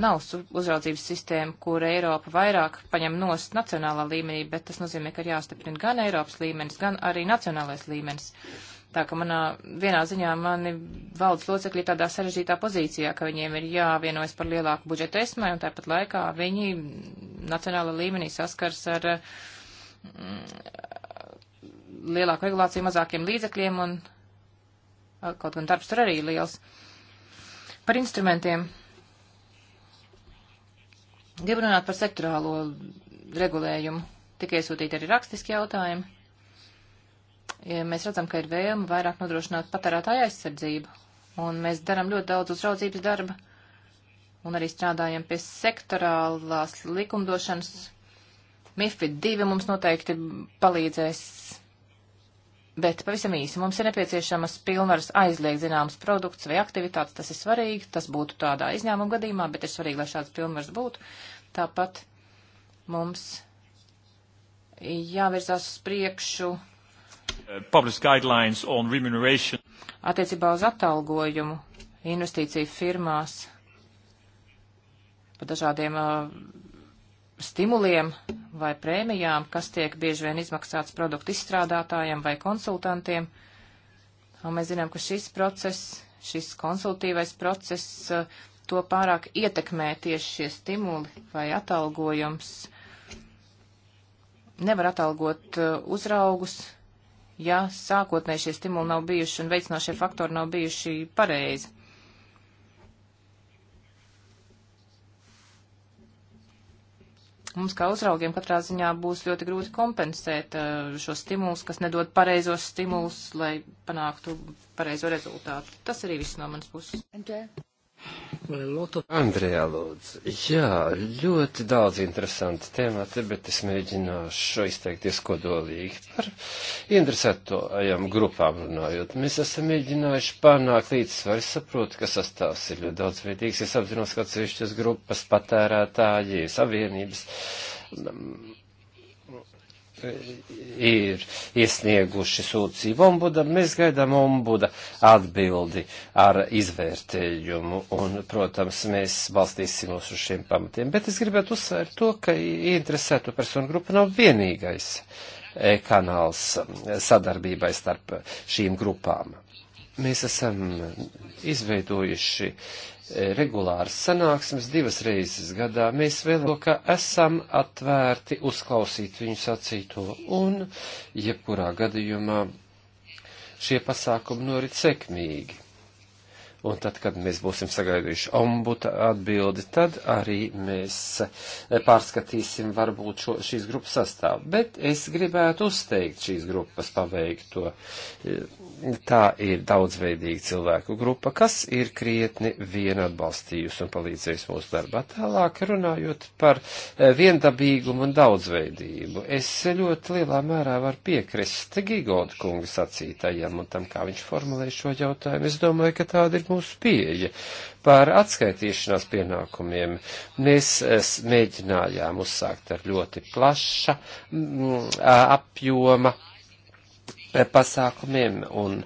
nav uzraudzības sistēma, kur Eiropa vairāk paņem nost nacionālā līmenī, bet tas nozīmē, ka ir jāstiprina gan Eiropas līmenis, gan arī nacionālais līmenis. Uh, Tā ka manā vienā ziņā mani valdes locekļi ir tādā sarežģītā pozīcijā, ka viņiem ir jāvienojas par lielāku budžetu esmai, un tāpat laikā viņi nacionāla līmenī saskars ar mm, lielāku regulāciju mazākiem līdzekļiem, un kaut gan darbs tur arī liels. Par instrumentiem. Gribu runāt par sektorālo regulējumu. Tikai sūtīt arī rakstiski jautājumi ja mēs redzam, ka ir vēlme vairāk nodrošināt patērētāju aizsardzību, un mēs darām ļoti daudz uzraudzības darba, un arī strādājam pie sektorālās likumdošanas. MIFID 2 mums noteikti palīdzēs Bet pavisam īsi mums ir nepieciešamas pilnvaras aizliegt zināmas produkts vai aktivitātes. Tas ir svarīgi, tas būtu tādā izņēmuma gadījumā, bet ir svarīgi, lai šāds pilnvaras būtu. Tāpat mums jāvirzās uz priekšu Uh, Attiecībā uz atalgojumu investīciju firmās par dažādiem uh, stimuliem vai prēmijām, kas tiek bieži vien izmaksāts produktu izstrādātājiem vai konsultantiem. Un mēs zinām, ka šis process, šis konsultīvais process, uh, to pārāk ietekmē tieši šie stimuli vai atalgojums. Nevar atalgot uh, uzraugus, ja sākotnēji šie stimuli nav bijuši un veicinošie faktori nav bijuši pareizi. Mums kā uzraugiem katrā ziņā būs ļoti grūti kompensēt uh, šos stimulus, kas nedod pareizos stimulus, lai panāktu pareizo rezultātu. Tas arī viss no manas puses. Andrejā lūdzu. Jā, ļoti daudz interesanti temati, bet es mēģināšu izteikties kodolīgi par interesētojām grupām runājot. Mēs esam mēģinājuši panākt līdzsvaru. Es saprotu, ka sastāvs ir ļoti daudzveidīgs. Es apzinos, ka atsevišķas grupas patērētāji, savienības. Um, ir iesnieguši sūdzību ombudam, mēs gaidām ombuda atbildi ar izvērtējumu, un, protams, mēs balstīsimies uz šiem pamatiem. Bet es gribētu uzsvērt to, ka interesēto personu grupa nav vienīgais eh, kanāls eh, sadarbībai starp šīm grupām. Mēs esam izveidojuši uh, E, regulāras sanāksmes divas reizes gadā. Mēs vēlamies, ka esam atvērti uzklausīt viņu sacīto un, jebkurā gadījumā, šie pasākumi norit sekmīgi. Un tad, kad mēs būsim sagaidījuši ombuta atbildi, tad arī mēs pārskatīsim varbūt šo, šīs grupas sastāvu. Bet es gribētu uzteikt šīs grupas paveikto. Tā ir daudzveidīga cilvēku grupa, kas ir krietni vien atbalstījusi un palīdzējusi mūsu darbā. Tālāk runājot par viendabīgumu un daudzveidību, es ļoti lielā mērā varu piekrist Gigoda kungu sacītajam un tam, kā viņš formulē šo jautājumu. Es domāju, ka tāda ir mūsu mūsu pieeja par atskaitīšanās pienākumiem. Mēs mēģinājām uzsākt ar ļoti plaša mm, apjoma E, pasākumiem un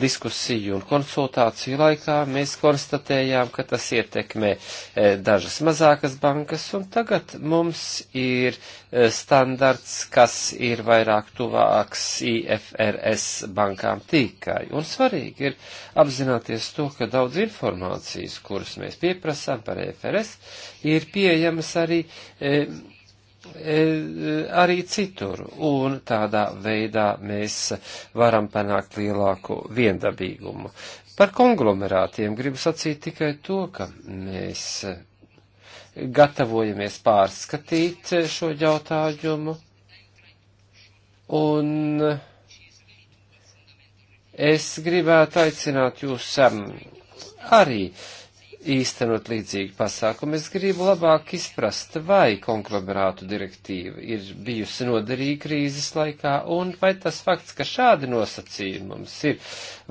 diskusiju un konsultāciju laikā mēs konstatējām, ka tas ietekmē e, dažas mazākas bankas, un tagad mums ir e, standarts, kas ir vairāk tuvāks IFRS bankām tikai. Un svarīgi ir apzināties to, ka daudz informācijas, kuras mēs pieprasām par IFRS, ir pieejamas arī E, arī citur, un tādā veidā mēs varam panākt lielāku viendabīgumu. Par konglomerātiem gribu sacīt tikai to, ka mēs gatavojamies pārskatīt šo jautājumu, un es gribētu aicināt jūs arī uh, īstenot līdzīgi pasākumi. Es gribu labāk izprast, vai konklomerātu direktīva ir bijusi noderīga krīzes laikā, un vai tas fakts, ka šādi nosacījumi mums ir,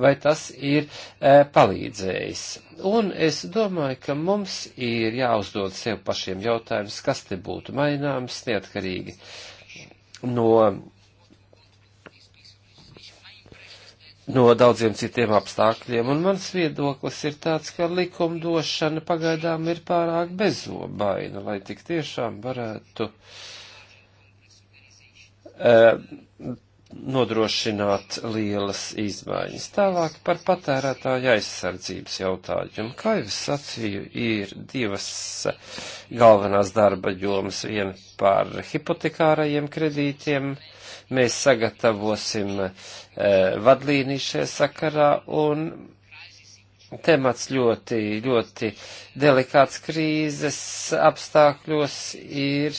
vai tas ir e, palīdzējis. Un es domāju, ka mums ir jāuzdod sev pašiem jautājums, kas te būtu maināms, neatkarīgi no no daudziem citiem apstākļiem, un mans viedoklis ir tāds, ka likumdošana pagaidām ir pārāk bezobaina, lai tik tiešām varētu eh, nodrošināt lielas izmaiņas. Tālāk par patērētāju aizsardzības jautājumu. Kā jau es sacīju, ir divas galvenās darba jomas, viena par hipotekārajiem kredītiem, uh, Mēs sagatavosim eh, vadlīniju šajā sakarā un temats ļoti, ļoti delikāts krīzes apstākļos ir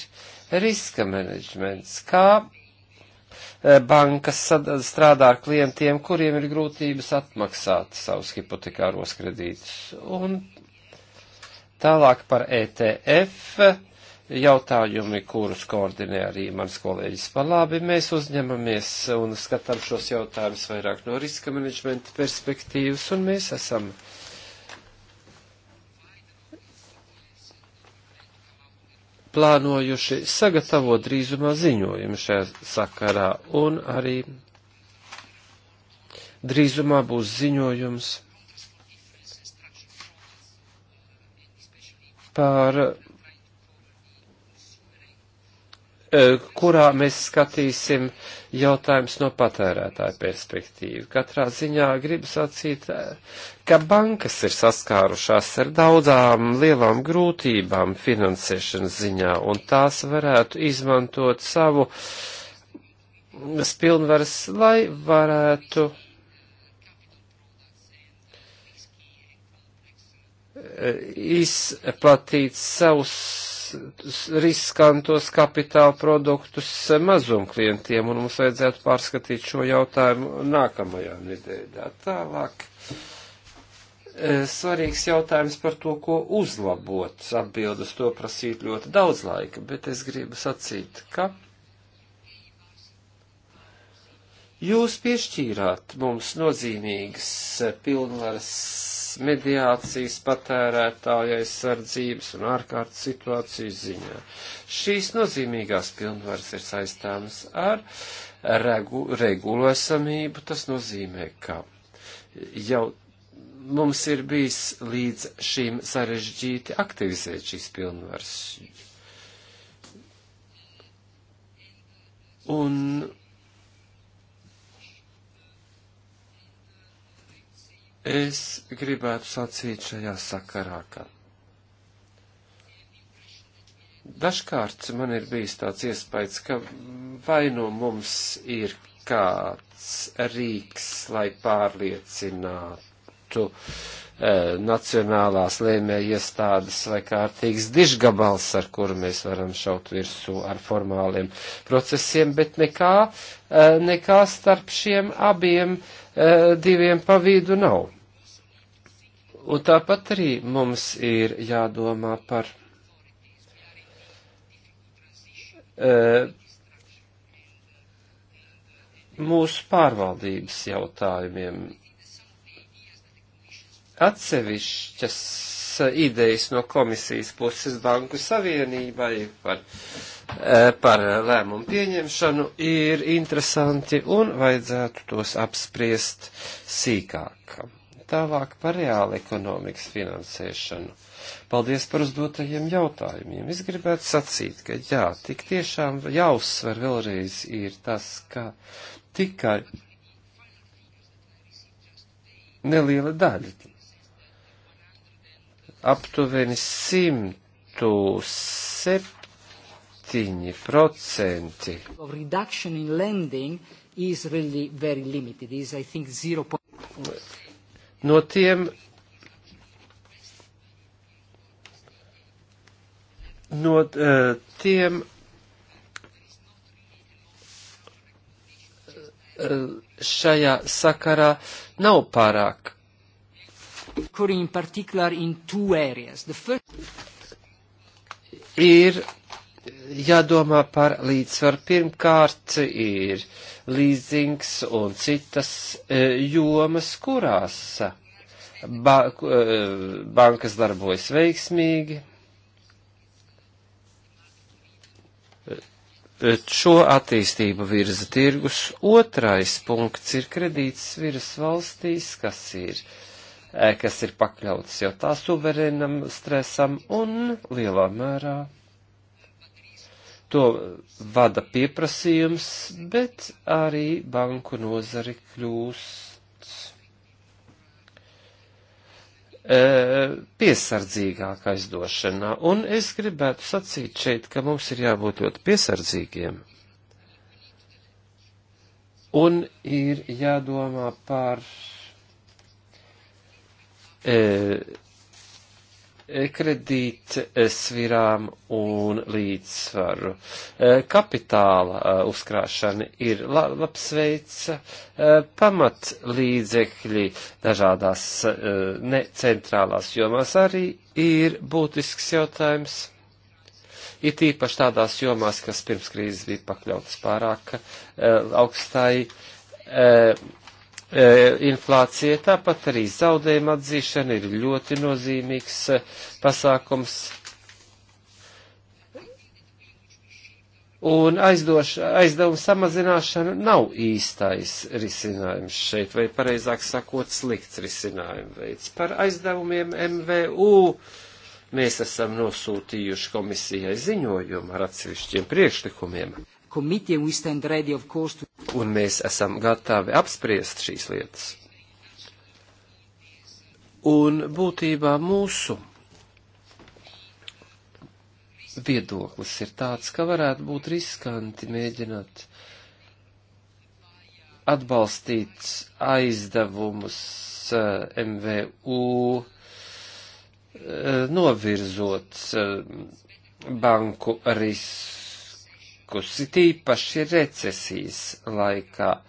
riska menedžments. Kā eh, bankas strādā ar klientiem, kuriem ir grūtības atmaksāt savus hipotekāros kredītus. Un tālāk par ETF jautājumi, kurus koordinē arī mans kolēģis pa labi. Mēs uzņemamies un skatām šos jautājumus vairāk no riska menedžmenta perspektīvas, un mēs esam plānojuši sagatavot drīzumā ziņojumu šajā sakarā, un arī drīzumā būs ziņojums par E, kurā mēs skatīsim jautājums no patērētāja perspektīva. Katrā ziņā gribu sacīt, e, ka bankas ir saskārušās ar daudzām lielām grūtībām finansēšanas ziņā, un tās varētu izmantot savu spilnvaras, lai varētu e, izplatīt savus riskantos kapitāla produktus mazumklientiem, un mums vajadzētu pārskatīt šo jautājumu nākamajā nedēļā. Tālāk e, svarīgs jautājums par to, ko uzlabot. Atbildes to prasīt ļoti daudz laika, bet es gribu sacīt, ka jūs piešķīrāt mums nozīmīgas pilnvaras mediācijas patērētāja aizsardzības un ārkārtas situācijas ziņā. Šīs nozīmīgās pilnvaras ir saistāmas ar regu, regulu esamību. Tas nozīmē, ka jau mums ir bijis līdz šīm sarežģīti aktivizēt šīs pilnvaras. Un Es gribētu sacīt šajā sakarā, ka dažkārt man ir bijis tāds iespējas, ka vai no nu mums ir kāds rīks, lai pārliecinātu e, nacionālās lēmēja iestādes vai kārtīgs dižgabals, ar kuru mēs varam šaut virsū ar formāliem procesiem, bet nekā, e, nekā starp šiem abiem e, Eh, diviem pa vidu nav. Un tāpat arī mums ir jādomā par eh, mūsu pārvaldības jautājumiem. Atsevišķas Uh, idejas no komisijas puses Banku Savienībai par, uh, par lēmumu pieņemšanu ir interesanti un vajadzētu tos apspriest sīkāk. Tālāk par reāli ekonomikas finansēšanu. Paldies par uzdotajiem jautājumiem. Es gribētu sacīt, ka jā, tik tiešām jāuzsver vēlreiz ir tas, ka tikai neliela daļa aptuveni 107%. Reduction in lending is really very limited. Is I think 0. No tiem no uh, tiem uh, šajā sakarā nav pārāk In particular in two areas. The first... Ir jādomā par līdzsvaru. Pirmkārt ir līzings un citas e, jomas, kurās ba e, bankas darbojas veiksmīgi. E, šo attīstību virza tirgus. Otrais punkts ir kredīts virs valstīs, kas ir uh, E, kas ir pakļautas jau tā suverēnam stresam un lielā mērā to vada pieprasījums, bet arī banku nozari kļūst e, piesardzīgāk aizdošanā. Un es gribētu sacīt šeit, ka mums ir jābūt ļoti piesardzīgiem. Un ir jādomā par E, kredīt e, svirām un līdzsvaru. E, kapitāla uzkrāšana ir labs veids, pamat līdzekļi dažādās necentrālās jomās arī ir būtisks jautājums. It īpaši tādās jomās, kas pirms krīzes bija pakļautas pārāk augstai E, inflācija, tāpat arī zaudējuma atzīšana ir ļoti nozīmīgs e, pasākums. Un aizdoš, aizdevuma samazināšana nav īstais risinājums šeit, vai pareizāk sakot, slikts risinājuma veids. Par aizdevumiem MVU mēs esam nosūtījuši komisijai ziņojumu ar atsevišķiem priekšlikumiem committee and we stand ready, of course, to... Un mēs esam gatavi apspriest šīs lietas. Un būtībā mūsu viedoklis ir tāds, ka varētu būt riskanti mēģināt atbalstīt aizdevumus eh, MVU, eh, novirzot eh, banku risku laikus, it īpaši recesijas laikā.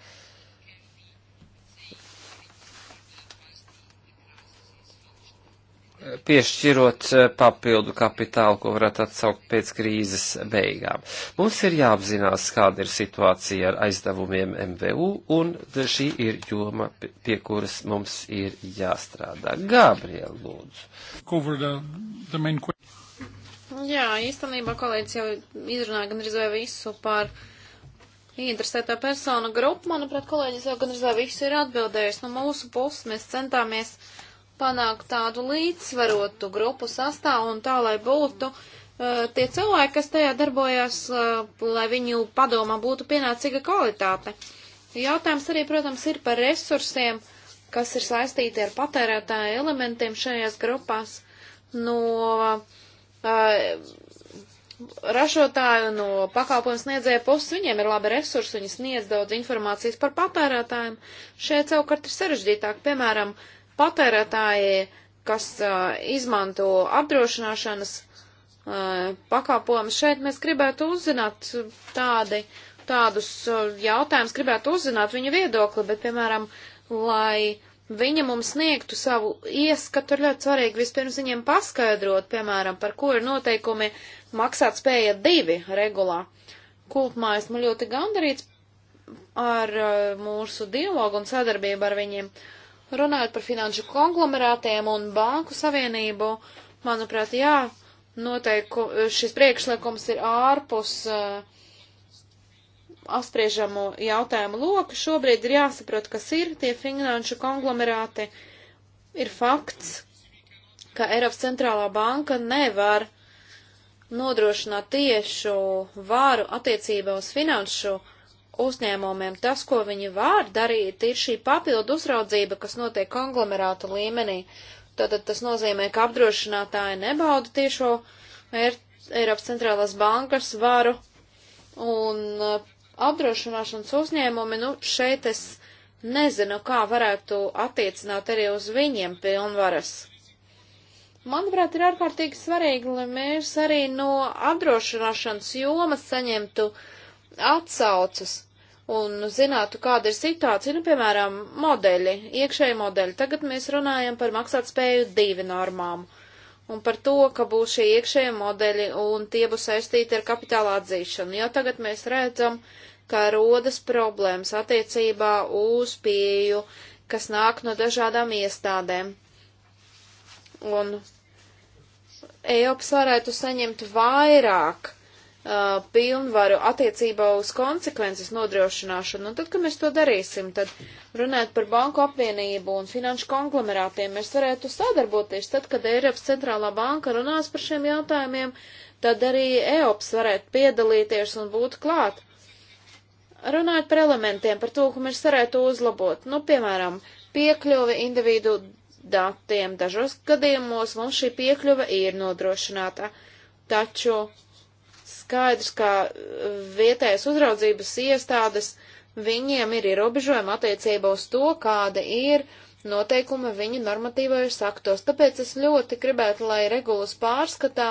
piešķirot papildu kapitālu, ko varētu atsaukt pēc krīzes beigām. Mums ir jāapzinās, kāda ir situācija ar aizdevumiem MVU, un šī ir joma, pie kuras mums ir jāstrādā. Gabriel, lūdzu. Jā, īstenībā kolēģis jau izrunāja gandrīz vai visu par interesētā persona grupu. Manuprāt, kolēģis jau gandrīz vai visu ir atbildējis. No mūsu puses mēs centāmies panākt tādu līdzsvarotu grupu sastāvu un tā, lai būtu uh, tie cilvēki, kas tajā darbojās, uh, lai viņu padomā būtu pienācīga kvalitāte. Jautājums arī, protams, ir par resursiem, kas ir saistīti ar patērētāju elementiem šajās grupās. No uh, Uh, ražotāju, no pakalpojumu sniedzēja puses, viņiem ir labi resursi, viņi sniedz daudz informācijas par patērētājiem. Šeit savukārt ir sarežģītāk, piemēram, patērētāji, kas uh, izmanto apdrošināšanas uh, pakalpojumus. Šeit mēs gribētu uzzināt tādi, tādus uh, jautājumus, gribētu uzzināt viņu viedokli, bet, piemēram, lai viņa mums sniegtu savu ieskatu, ir ļoti svarīgi vispirms viņiem paskaidrot, piemēram, par ko ir noteikumi maksāt spēja divi regulā. Kopumā esmu ļoti gandarīts ar uh, mūsu dialogu un sadarbību ar viņiem. Runājot par finanšu konglomerātiem un banku savienību, manuprāt, jā, noteiku, šis priekšlikums ir ārpus uh, apspriežamo jautājumu loku. Šobrīd ir jāsaprot, kas ir tie finanšu konglomerāti. Ir fakts, ka Eiropas centrālā banka nevar nodrošināt tiešu vāru attiecībā uz finanšu uzņēmumiem. Tas, ko viņi var darīt, ir šī papildu uzraudzība, kas notiek konglomerāta līmenī. Tātad tas nozīmē, ka apdrošinātāji nebauda tiešo Eiropas centrālās bankas varu, un apdrošināšanas uzņēmumi, nu, šeit es nezinu, kā varētu attiecināt arī uz viņiem pilnvaras. Manuprāt, ir ārkārtīgi svarīgi, lai mēs arī no apdrošināšanas jomas saņemtu atsaucas un zinātu, kāda ir situācija, nu, piemēram, modeļi, iekšēji modeļi. Tagad mēs runājam par maksātspēju divi normām un par to, ka būs šie iekšējie modeļi un tie būs saistīti ar kapitāla atzīšanu. Jo tagad mēs redzam, ka rodas problēmas attiecībā uz pieju, kas nāk no dažādām iestādēm. Un Eiropas varētu saņemt vairāk uh, pilnvaru attiecībā uz konsekvences nodrošināšanu. Un tad, kad mēs to darīsim, tad runājot par banku apvienību un finanšu konglomerātiem, mēs varētu sadarboties. Tad, kad Eiropas centrālā banka runās par šiem jautājumiem, tad arī EOPS varētu piedalīties un būt klāt. Runājot par elementiem, par to, ko mēs varētu uzlabot, nu, piemēram, piekļuvi individu datiem. Dažos gadījumos mums šī piekļuva ir nodrošināta, taču skaidrs, ka uh, vietējas uzraudzības iestādes viņiem ir ierobežojumi attiecībā uz to, kāda ir noteikuma viņu normatīvajos aktos. Tāpēc es ļoti gribētu, lai regulas pārskatā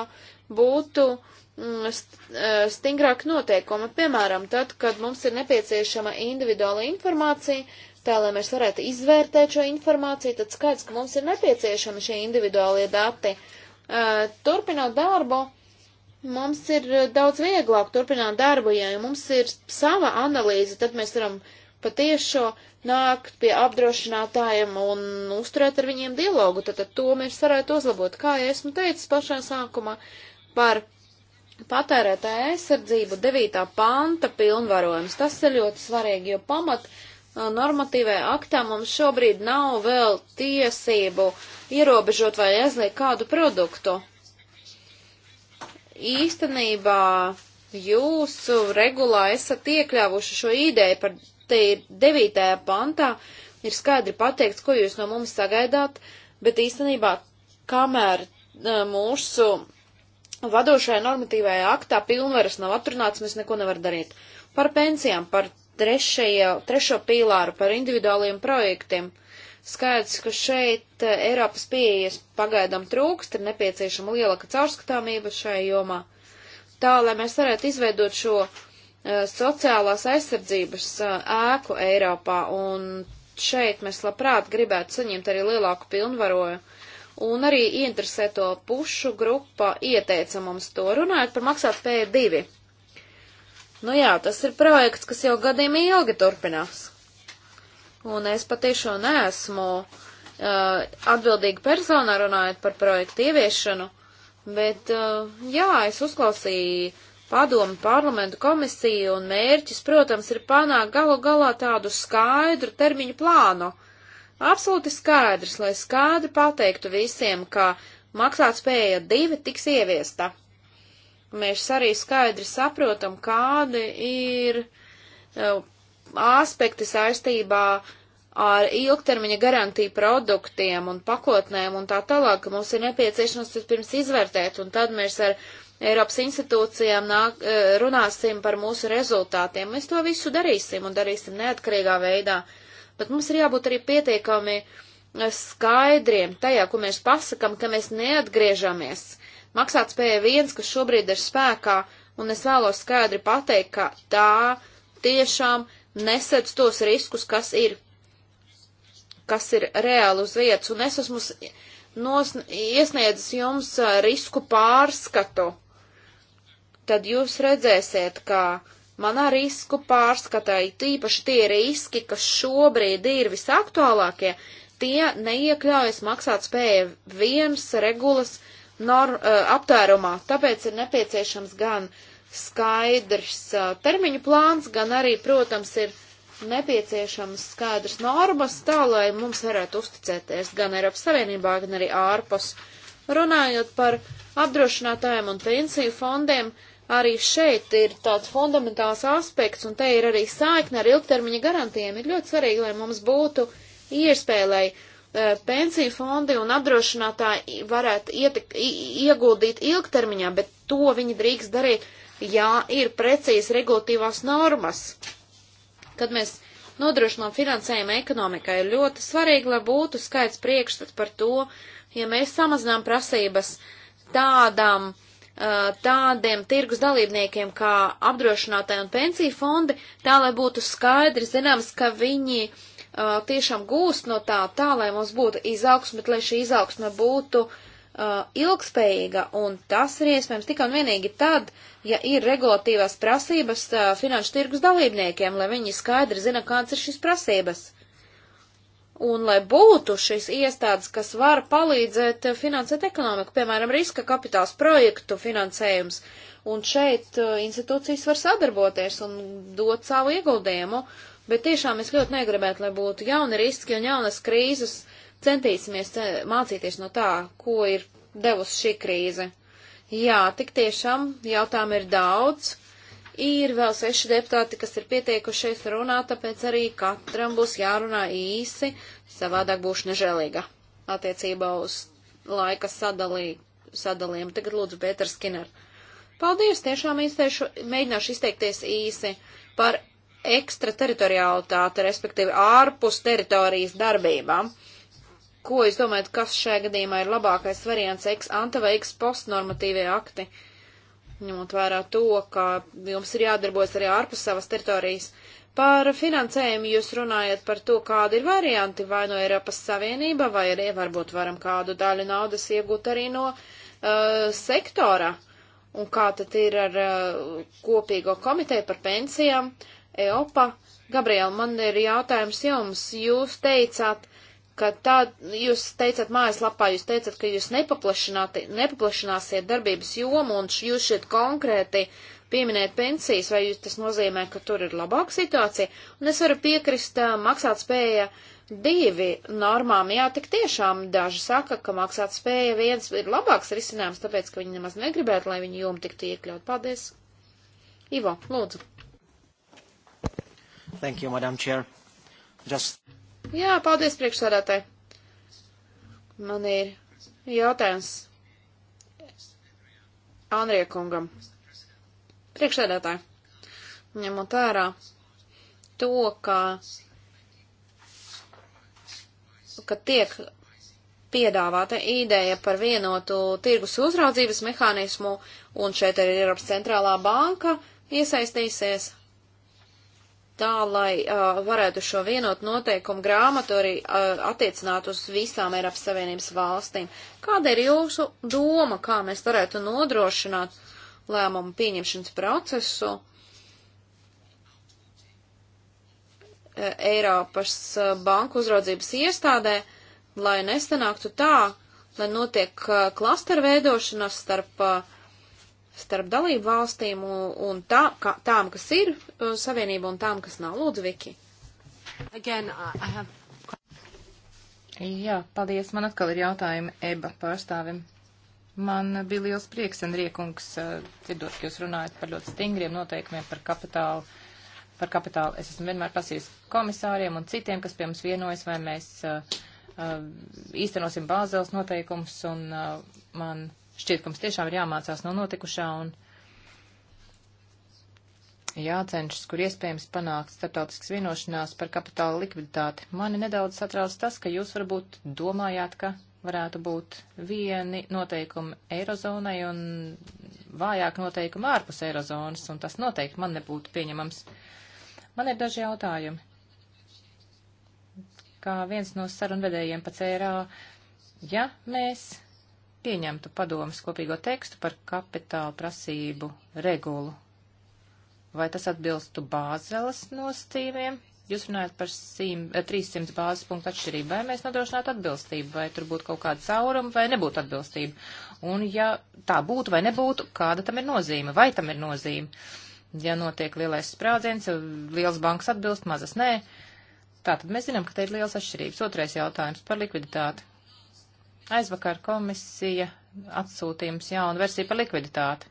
būtu mm, uh, stingrāk noteikumi. Piemēram, tad, kad mums ir nepieciešama individuāla informācija, tā lai mēs varētu izvērtēt šo informāciju, tad skaidrs, ka mums ir nepieciešama šie individuālie dati. Uh, turpinot darbu, mums ir eh, daudz vieglāk turpināt darbu, ja mums ir sava analīze, tad mēs varam patiešo nākt pie apdrošinātājiem un uzturēt ar viņiem dialogu, tad, tad to mēs varētu uzlabot. Kā jau esmu teicis pašā sākumā par patērētāja aizsardzību 9. panta pilnvarojums, tas ir ļoti svarīgi, jo pamat eh, normatīvajā aktā mums šobrīd nav vēl tiesību ierobežot vai aizliegt kādu produktu īstenībā jūsu regulā esat iekļāvuši šo ideju par te ir 9. pantā, ir skaidri pateikts, ko jūs no mums sagaidāt, bet īstenībā kamēr e, mūsu vadošajā normatīvajā aktā pilnvaras nav atrunāts, mēs neko nevar darīt. Par pensijām, par trešajā, trešo pīlāru, par individuāliem projektiem. Uh, Skaidrs, ka šeit eh, Eiropas pieejas pagaidām trūkst, ir nepieciešama lielāka caurskatāmība šai jomā, tā lai mēs varētu izveidot šo uh, sociālās aizsardzības uh, ēku Eiropā, un šeit mēs labprāt gribētu saņemt arī lielāku pilnvaroju. Un arī interesēto pušu grupa ieteica mums to runājot par maksātspēju divi. Nu jā, tas ir projekts, kas jau gadiem ilgi turpinās un es patiešām neesmu uh, atbildīga persona runājot par projektu ieviešanu, bet uh, jā, es uzklausīju padomu parlamentu komisiju un mērķis, protams, ir panākt galu galā tādu skaidru termiņu plānu. Absolūti skaidrs, lai skaidri pateiktu visiem, ka maksātspēja divi tiks ieviesta. Mēs arī skaidri saprotam, kādi ir uh, aspekti saistībā ar ilgtermiņa garantiju produktiem un pakotnēm un tā tālāk, ka mums ir nepieciešams pirms izvērtēt, un tad mēs ar Eiropas institūcijām nāk, e, runāsim par mūsu rezultātiem. Mēs to visu darīsim un darīsim neatkarīgā veidā, bet mums ir jābūt arī pietiekami e, skaidriem tajā, ko mēs pasakam, ka mēs neatgriežamies. Maksātspēja viens, kas šobrīd ir spēkā, un es vēlos skaidri pateikt, ka tā tiešām nesedz tos riskus, kas ir kas ir reāli uz vietas, un es esmu nos, iesniedzis jums risku pārskatu, tad jūs redzēsiet, ka manā risku pārskatā tīpaši tie riski, kas šobrīd ir visaktuālākie, tie neiekļaujas maksātspēja viens regulas nor, aptērumā, tāpēc ir nepieciešams gan skaidrs termiņu plāns, gan arī, protams, ir nepieciešams skaidrs normas tā, lai mums varētu uzticēties gan Eiropas Savienībā, gan arī ārpus. Runājot par apdrošinātājiem un pensiju fondiem, arī šeit ir tāds fundamentāls aspekts, un te ir arī saikne ar ilgtermiņa garantijiem. Ir ļoti svarīgi, lai mums būtu iespēja, lai uh, pensiju fondi un apdrošinātāji varētu ietek, ieguldīt ilgtermiņā, bet to viņi drīkst darīt, ja ir precīzi regulatīvās normas kad mēs nodrošinām finansējumu ekonomikai, ir ļoti svarīgi, lai būtu skaidrs priekšstats par to, ja mēs samazinām prasības tādām, tādiem tirgus dalībniekiem kā apdrošinātāji un pensiju fondi, tā lai būtu skaidrs, zināms, ka viņi uh, tiešām gūst no tā, tā lai mums būtu izaugsme, bet lai šī izaugsme būtu uh, uh, ilgspējīga, un tas ir iespējams tikai un vienīgi tad, ja ir regulatīvās prasības uh, finanšu tirgus dalībniekiem, lai viņi skaidri zina, kāds ir šīs prasības. Un lai būtu šīs iestādes, kas var palīdzēt uh, finansēt ekonomiku, piemēram, riska kapitāls projektu finansējums, un šeit uh, institūcijas var sadarboties un dot savu ieguldījumu, bet tiešām es ļoti negribētu, lai būtu jauni riski un jaunas krīzes, uh, centīsimies mācīties no tā, ko ir devusi šī krīze. Jā, tik tiešām jautājumu ir daudz. Ir vēl seši deputāti, kas ir pieteikušies runāt, tāpēc arī katram būs jārunā īsi, savādāk būšu nežēlīga attiecībā uz laika sadalī, sadalījumu. Tagad lūdzu, Pēters Skinner. Paldies, tiešām izteikšu, mēģināšu izteikties īsi par ekstrateritorialitāti, respektīvi ārpus teritorijas darbībām. Uh, ko jūs domājat, kas šajā gadījumā ir labākais variants ex ante vai ex post normatīvie akti, ņemot vērā to, ka jums ir jādarbojas arī ārpus savas teritorijas. Par finansējumu jūs runājat par to, kādi ir varianti, vai no Eiropas Savienība, vai arī varbūt varam kādu daļu naudas iegūt arī no uh, sektora. Un kā tad ir ar uh, kopīgo komiteju par pensijām, EOPA? Gabriela, man ir jautājums jums. Jūs teicāt, uh, ka tā, jūs teicat mājaslapā, jūs teicat, ka jūs nepaplašināsiet darbības jomu un jūs šeit konkrēti pieminēt pensijas, vai jūs tas nozīmē, ka tur ir labāka situācija? Un es varu piekrist maksāt spēja divi normām. Jā, tik tiešām daži saka, ka maksāt spēja viens ir labāks risinājums, tāpēc, ka viņi nemaz negribētu, lai viņu jomu tiktu iekļaut. Paldies! Ivo, lūdzu. Thank you, Madam Chair. Just... Jā, paldies priekšsādātāji. Man ir jautājums Andriekungam. Priekšsēdētāji, ņemot vērā to, ka, ka tiek piedāvāta ideja par vienotu tirgus uzraudzības mehānismu, un šeit arī Eiropas centrālā banka iesaistīsies tā, lai uh, varētu šo vienotu noteikumu grāmatu arī uh, attiecināt uz visām Eiropas Savienības valstīm. Kāda ir jūsu doma, kā mēs varētu nodrošināt lēmumu pieņemšanas procesu uh, Eiropas uh, banku uzraudzības iestādē, lai nestanāktu tā, lai notiek uh, klasteru veidošanas starp uh, starp dalību valstīm un, un tā, ka, tām, kas ir uh, savienība un tām, kas nav. Lūdzu, Viki. Again, have... Jā, paldies. Man atkal ir jautājumi EBA pārstāvim. Man bija liels prieks, Enriekungs, uh, dzirdot, ka jūs runājat par ļoti stingriem noteikumiem par kapitālu. Par kapitālu es esmu vienmēr prasījis komisāriem un citiem, kas pie mums vienojas, vai mēs uh, uh īstenosim bāzēles noteikumus, un uh, man uh, Šķiet, ka mums tiešām ir jāmācās no notikušā un jācenšas, kur iespējams panākt starptautiskas vienošanās par kapitāla likviditāti. Mani nedaudz satrauc tas, ka jūs varbūt domājāt, ka varētu būt vieni noteikumi Eirozonai un vājāk noteikumi ārpus Eirozonas, un tas noteikti man nebūtu pieņemams. Man ir daži jautājumi. Kā viens no sarunvedējiem pa CRA, ja mēs pieņemtu padomas kopīgo tekstu par kapitāla prasību regulu. Vai tas atbilstu bāzeles nostīviem? Jūs runājat par 300 eh, bāzes punktu atšķirību, vai mēs nodrošinātu atbilstību, vai tur būtu kaut kāda cauruma, vai nebūtu atbilstība. Un ja tā būtu vai nebūtu, kāda tam ir nozīme, vai tam ir nozīme. Ja notiek lielais sprādziens, liels bankas atbilst, mazas nē, tā tad mēs zinām, ka te ir liels atšķirības. Otrais jautājums par likviditāti. Aizvakar komisija atsūtīja mums jaunu versiju par likviditāti.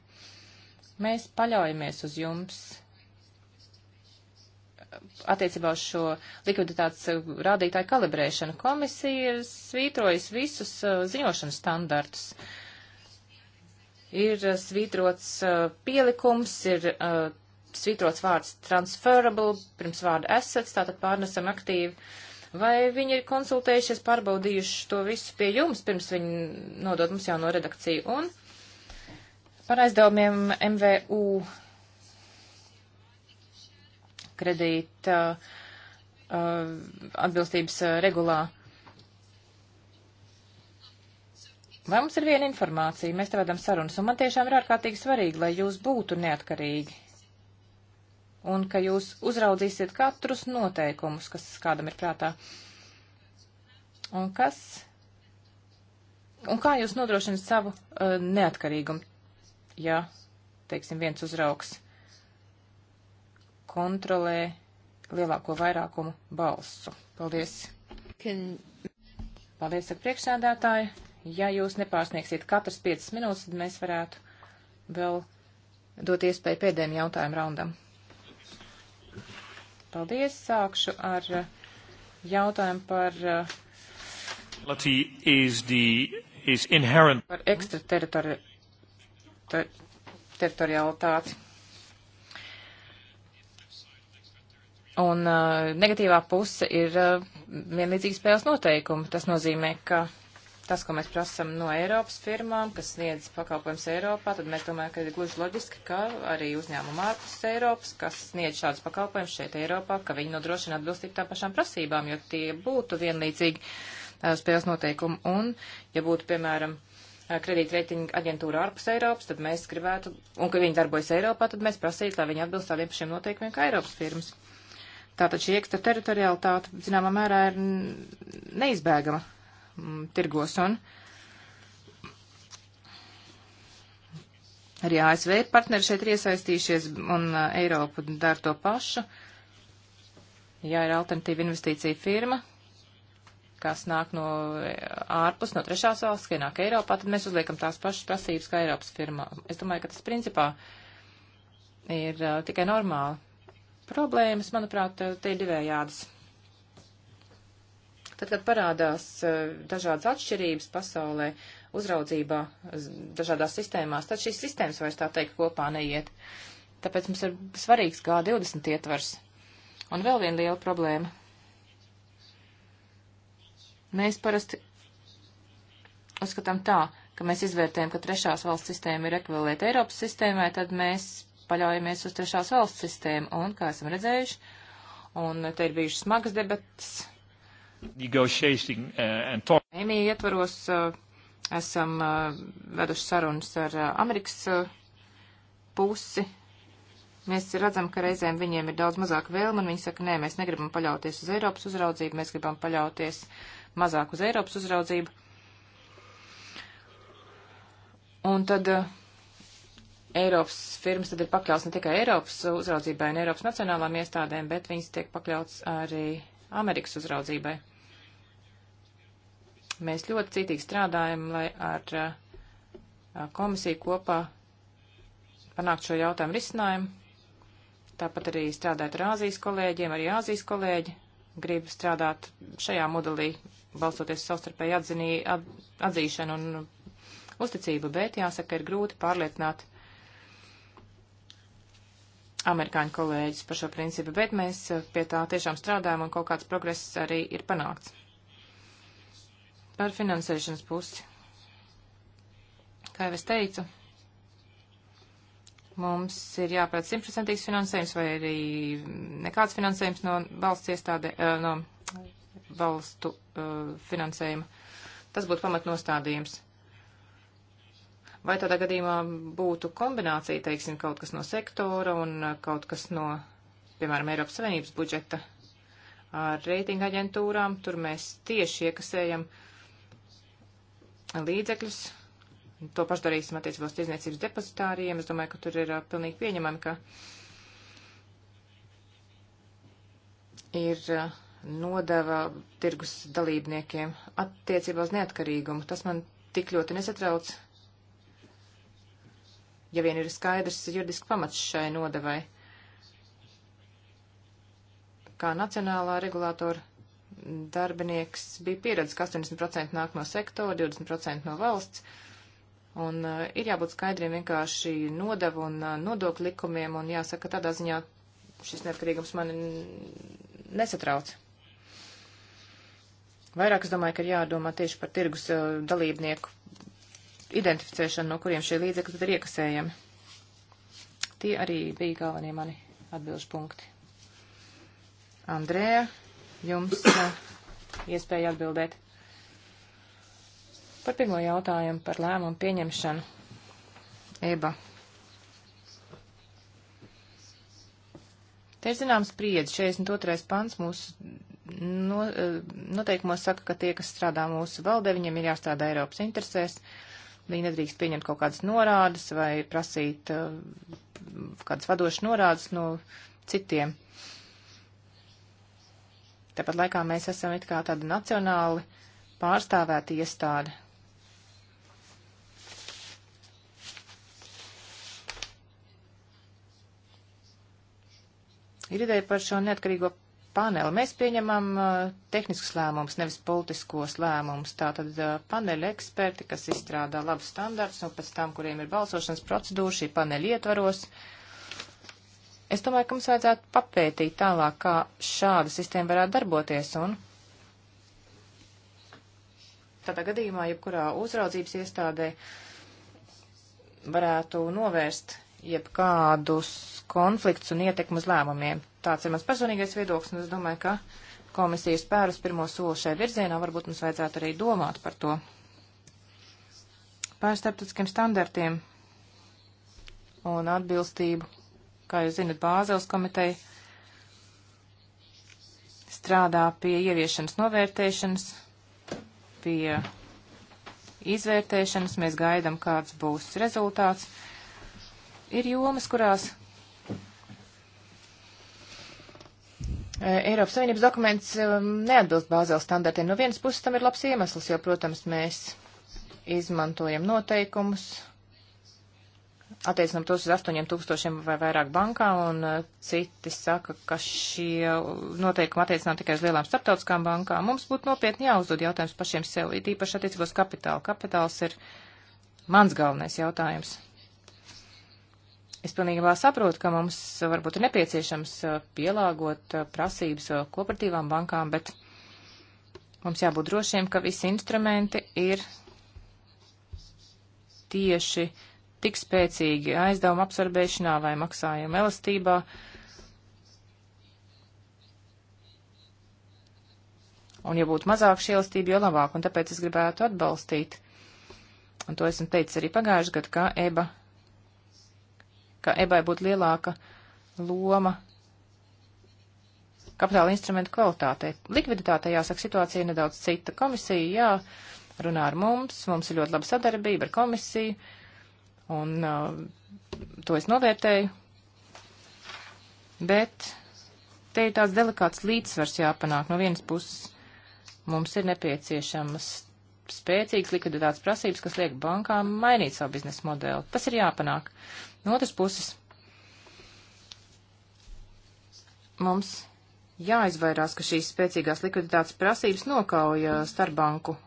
Mēs paļaujamies uz jums attiecībā uz šo likviditātes uh, rādītāju kalibrēšanu. Komisija ir svītrojusi visus uh, ziņošanas standartus. Ir uh, svītrots uh, pielikums, ir uh, svītrots vārds transferable, pirms vārda assets, tātad pārnesam aktīvi. Uh, Vai viņi ir konsultējušies, pārbaudījuši to visu pie jums, pirms viņi nodot mums jauno redakciju? Un par aizdevumiem MVU kredīta uh, atbilstības uh, regulā. Vai mums ir viena informācija? Mēs te vedam sarunas, un man tiešām ir ārkārtīgi svarīgi, lai jūs būtu neatkarīgi un ka jūs uzraudzīsiet katrus noteikumus, kas kādam ir prātā. Un kas? Un kā jūs nodrošināt savu uh, neatkarīgumu, ja, teiksim, viens uzraugs kontrolē lielāko vairākumu balsu? Paldies! Can... Paldies, ar priekšsēdētāju! Ja jūs nepārsniegsiet katras 5 minūtes, tad mēs varētu vēl dot iespēju pēdējiem jautājumu raundam. Paldies. Sākšu ar uh, jautājumu par. Uh, is the, is inherent. Par ekstrateritorialitāti. Ter, Un uh, negatīvā puse ir uh, vienlīdzīgi spēles noteikumi. Tas nozīmē, ka tas, ko mēs prasam no Eiropas firmām, kas sniedz pakalpojums Eiropā, tad mēs domājam, ka ir gluži loģiski, ka arī uzņēmumi ārpus Eiropas, kas sniedz šādus pakalpojumus šeit Eiropā, ka viņi nodrošina atbilstību tām pašām prasībām, jo tie būtu vienlīdzīgi uh, spēles noteikumi. Un, ja būtu, piemēram, uh, kredītreitinga aģentūra ārpus Eiropas, tad mēs gribētu, un ka viņi darbojas Eiropā, tad mēs prasītu, lai viņi atbilst tādiem pašiem noteikumiem kā Eiropas firmas. Tātad šī ekstra teritorialitāte, zināmā mērā, ir neizbēgama. Mm, tirgos un arī ASV partneri šeit ir iesaistījušies un Eiropa dara to pašu. Ja ir alternatīva investīcija firma, kas nāk no ārpus, no trešās valsts, ka nāk Eiropā, tad mēs uzliekam tās pašas prasības kā Eiropas firmā. Es domāju, ka tas principā ir uh, tikai normāli. Problēmas, manuprāt, te ir divējādas. Tad, kad parādās e, dažādas atšķirības pasaulē, uzraudzībā, dažādās sistēmās, tad šīs sistēmas vairs tā teikt kopā neiet. Tāpēc mums ir svarīgs G20 ietvars. Un vēl viena liela problēma. Mēs parasti uzskatām tā, ka mēs izvērtējam, ka trešās valsts sistēma ir ekvivalēta Eiropas sistēmai, tad mēs paļaujamies uz trešās valsts sistēmu. Un, kā esam redzējuši, un te ir bijušas smagas debatas negotiating uh, and talk. EMI ietvaros uh, esam uh, veduši sarunas ar Amerikas pusi. Mēs redzam, ka reizēm viņiem ir daudz mazāk vēlme, un viņi saka, nē, mēs negribam paļauties uz Eiropas uzraudzību, mēs gribam paļauties mazāk uz Eiropas uzraudzību. Un tad Eiropas firmas tad ir pakļauts ne tikai Eiropas uzraudzībai un Eiropas nacionālām iestādēm, bet viņas tiek pakļauts arī Amerikas uzraudzībai. Mēs ļoti citīgi strādājam, lai ar a, komisiju kopā panākt šo jautājumu risinājumu. Tāpat arī strādāt ar Āzijas kolēģiem, arī Āzijas kolēģi grib strādāt šajā modelī, balstoties savstarpēji atzinī, at, atzīšanu un uzticību, bet jāsaka, ir grūti pārliecināt uh, amerikāņu kolēģis par šo principu, bet mēs eh, pie tā tiešām strādājam un kaut kāds progress arī ir panākts. Par finansēšanas pusi. Kā jau es teicu, mums ir jāprāt simtprocentīgs finansējums vai arī nekāds finansējums no valsts iestāde, eh, no valstu eh, finansējuma. Tas būtu pamatnostādījums. Vai tādā gadījumā būtu kombinācija, teiksim, kaut kas no sektora un uh, kaut kas no, piemēram, Eiropas Savienības budžeta ar reitinga aģentūrām? Tur mēs tieši iekasējam līdzekļus. To pašu darīsim attiecībā uz tiesniecības depozitāriem. Es domāju, ka tur ir uh, pilnīgi pieņemami, ka ir uh, nodeva tirgus dalībniekiem attiecībā uz neatkarīgumu. Tas man tik ļoti nesatrauc, ja vien ir skaidrs juridiski pamats šai nodevai. Kā nacionālā regulātora darbinieks bija pieredze, ka 80% nāk no sektora, 20% no valsts, un uh, ir jābūt skaidriem vienkārši nodevu un uh, nodokļu likumiem, un jāsaka, tādā ziņā šis neatkarīgums mani nesatrauc. Vairāk es domāju, ka ir jādomā tieši par tirgus uh, dalībnieku identificēšanu, no kuriem šie līdzekļi tad ir iekasējami. Tie arī bija galvenie mani atbilžu punkti. Andrēja, jums uh, iespēja atbildēt. Par pirmo jautājumu par lēmumu pieņemšanu. Eba. Te ir zināms spriedzi. 42. pants mūsu no, eh, noteikumos saka, ka tie, kas strādā mūsu valdē, viņiem ir jāstrādā Eiropas interesēs. Uh, Viņi nedrīkst pieņemt kaut kādas norādes vai prasīt uh, kādas vadošas norādes no citiem. Tāpat laikā mēs esam it kā tāda nacionāli pārstāvēta iestāde. Ir ideja par šo neatkarīgo paneli. Mēs pieņemam uh, tehniskus lēmumus, nevis politiskos lēmumus. Tātad uh, paneļa eksperti, kas izstrādā labus standarts, un pēc tam, kuriem ir balsošanas procedūra šī paneļa ietvaros. Es domāju, ka mums vajadzētu papētīt tālāk, kā šāda sistēma varētu darboties, un tādā gadījumā, jebkurā uzraudzības iestādē varētu novērst jebkādus konflikts un ietekmu uz lēmumiem. Tāds ir mans personīgais viedoklis, un es domāju, ka komisijas spērus pirmo soli šai virzienā varbūt mums vajadzētu arī domāt par to. Pār starptautiskiem standartiem un atbilstību, kā jūs zinat, Bāzeles komiteja strādā pie ieviešanas novērtēšanas, pie izvērtēšanas, mēs gaidām, kāds būs rezultāts. Ir jomas, kurās Eh, Eiropas Savienības dokuments eh, neatbilst bāzēla standartiem. No vienas puses tam ir labs iemesls, jo, protams, mēs izmantojam noteikumus, attiecinam tos uz 8000 vai vairāk bankā, un eh, citi saka, ka šie noteikumi attiecinām tikai uz lielām starptautiskām bankām. Mums būtu nopietni jāuzdod jautājums pašiem sev, it īpaši attiecībos kapitāla. Kapitāls ir mans galvenais jautājums. Es pilnībā saprotu, ka mums varbūt ir nepieciešams uh, pielāgot uh, prasības uh, kooperatīvām bankām, bet mums jābūt drošiem, ka visi instrumenti ir tieši tik spēcīgi aizdevuma absorbēšanā vai maksājuma elastībā. Un, ja būtu mazāk šī elastība, jo labāk, un tāpēc es gribētu atbalstīt. Un to esmu teicis arī pagājušajā gadā, ka EBA ka EBA būtu lielāka loma kapitāla instrumentu kvalitātei. Likviditātei jāsaka situācija nedaudz cita. Komisija, jā, runā ar mums, mums ir ļoti laba sadarbība ar komisiju, un uh, to es novērtēju. Bet te ir tāds delikāts līdzsvars jāpanāk. No vienas puses mums ir nepieciešamas spēcīgas likviditātes prasības, kas liek bankām mainīt savu biznesa modeli. Tas ir jāpanāk. No otras puses, mums jāizvairās, ka šīs spēcīgās likviditātes prasības nokauja starpbanku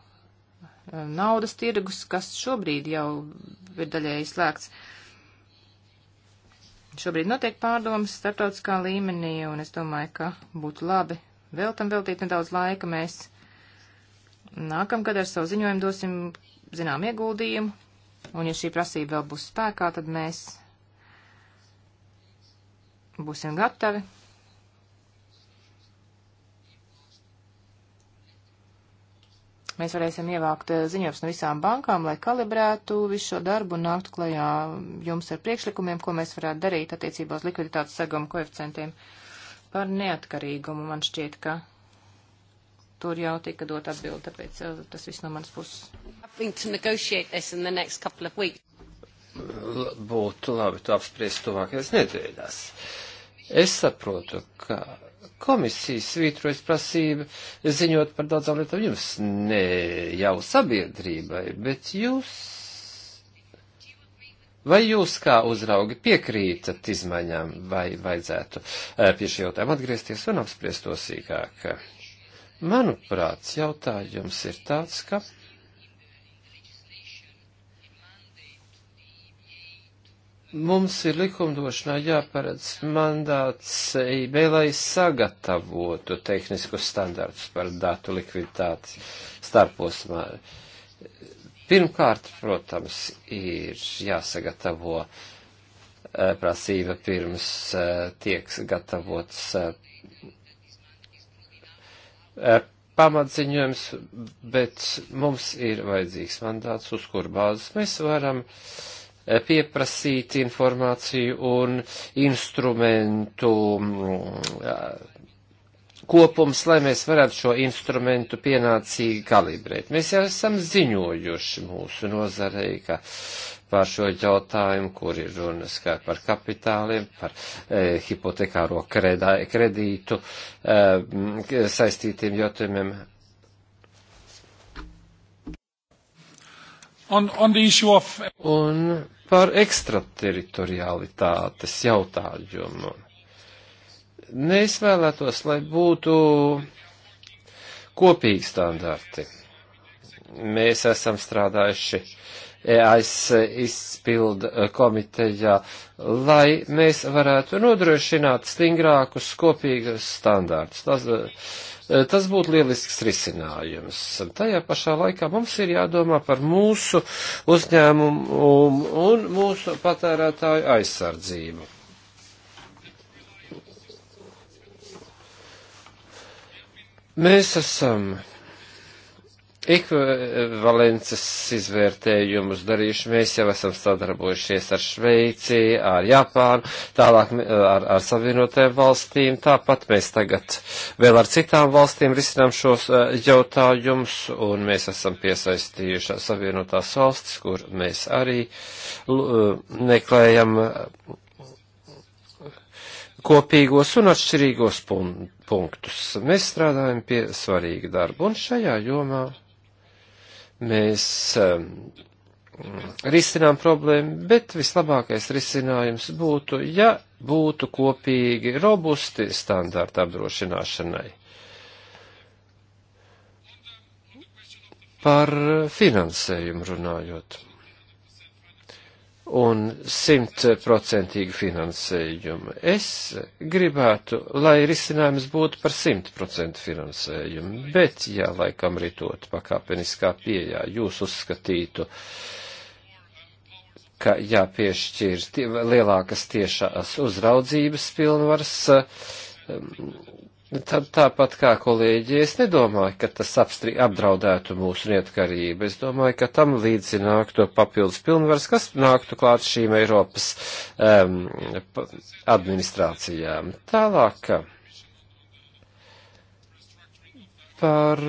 eh, naudas tirgus, kas šobrīd jau ir daļēji slēgts. Šobrīd notiek pārdomas starptautiskā līmenī, un es domāju, ka būtu labi vēl tam veltīt nedaudz laika. Mēs nākamgad ar savu ziņojumu dosim zinām ieguldījumu, un ja šī prasība vēl būs spēkā, tad mēs būsim gatavi. Mēs varēsim ievākt eh, ziņojums no visām bankām, lai kalibrētu visu šo darbu un nāktu klajā jums ar priekšlikumiem, ko mēs varētu darīt attiecībā uz likviditātes segumu koeficientiem par neatkarīgumu. Man šķiet, ka tur jau tika dot atbildi, tāpēc eh, tas viss no manas puses. Būtu labi to apspriest tuvākajās nedēļās. Es saprotu, ka komisijas svītrojas prasība ziņot par daudzām lietām jums, ne jau sabiedrībai, bet jūs. Vai jūs kā uzraugi piekrītat izmaiņām, vai vajadzētu eh, pie šī jautājuma atgriezties un apspriest to sīkāk? Manuprāt, jautājums ir tāds, ka Mums ir likumdošanā jāparedz mandāts EIB, lai sagatavotu tehniskus standartus par datu likviditāti starposmā. Pirmkārt, protams, ir jāsagatavo e, prasība pirms e, tiek gatavots e, pamatziņojums, bet mums ir vajadzīgs mandāts, uz kur bāzes mēs varam uh, pieprasīt informāciju un instrumentu mm, kopums, lai mēs varētu šo instrumentu pienācīgi kalibrēt. Mēs jau esam ziņojuši mūsu nozarei, ka par šo jautājumu, kur ir runas kā par kapitāliem, par e, hipotekāro kredā, kredītu e, saistītiem jautājumiem, on, on the issue of... Un par ekstrateritorialitātes jautājumu. Mēs vēlētos, lai būtu kopīgi standarti. Mēs esam strādājuši EAS izpilda komitejā, lai mēs varētu nodrošināt stingrākus kopīgus standārtus. Tas, uh, Eh, tas būtu lielisks risinājums. Tajā pašā laikā mums ir jādomā par mūsu uzņēmumu un mūsu patērētāju aizsardzību. Mēs esam ekvivalences izvērtējumus darījuši. Mēs jau esam sadarbojušies ar Šveici, ar Japānu, tālāk ar, ar Savienotajām valstīm. Tāpat mēs tagad vēl ar citām valstīm risinām šos eh, jautājumus, un mēs esam piesaistījuši Savienotās valstis, kur mēs arī eh, meklējam eh, kopīgos un atšķirīgos punktus. Mēs strādājam pie svarīga darba, un šajā jomā mēs um, risinām problēmu, bet vislabākais risinājums būtu, ja būtu kopīgi robusti standārti apdrošināšanai. Par finansējumu runājot un simtprocentīgu finansējumu. Es gribētu, lai risinājums būtu par simtprocentu finansējumu, bet, ja laikam ritot pakāpeniskā pieejā, jūs uzskatītu, ka jāpiešķir tie, lielākas tiešās uzraudzības pilnvars, um, Tad tāpat kā kolēģi, es nedomāju, ka tas apstri, apdraudētu mūsu neatkarību. Es domāju, ka tam līdzi nāktu papildus pilnvars, kas nāktu klāt šīm Eiropas um, administrācijām. Tālāk par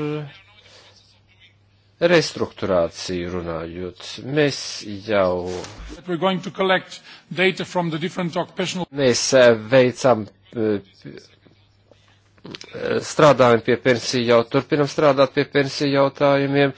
restruktūrāciju runājot, mēs jau. Mēs eh, veicam eh, strādājam pie pensiju jau turpinam strādāt pie pensiju jautājumiem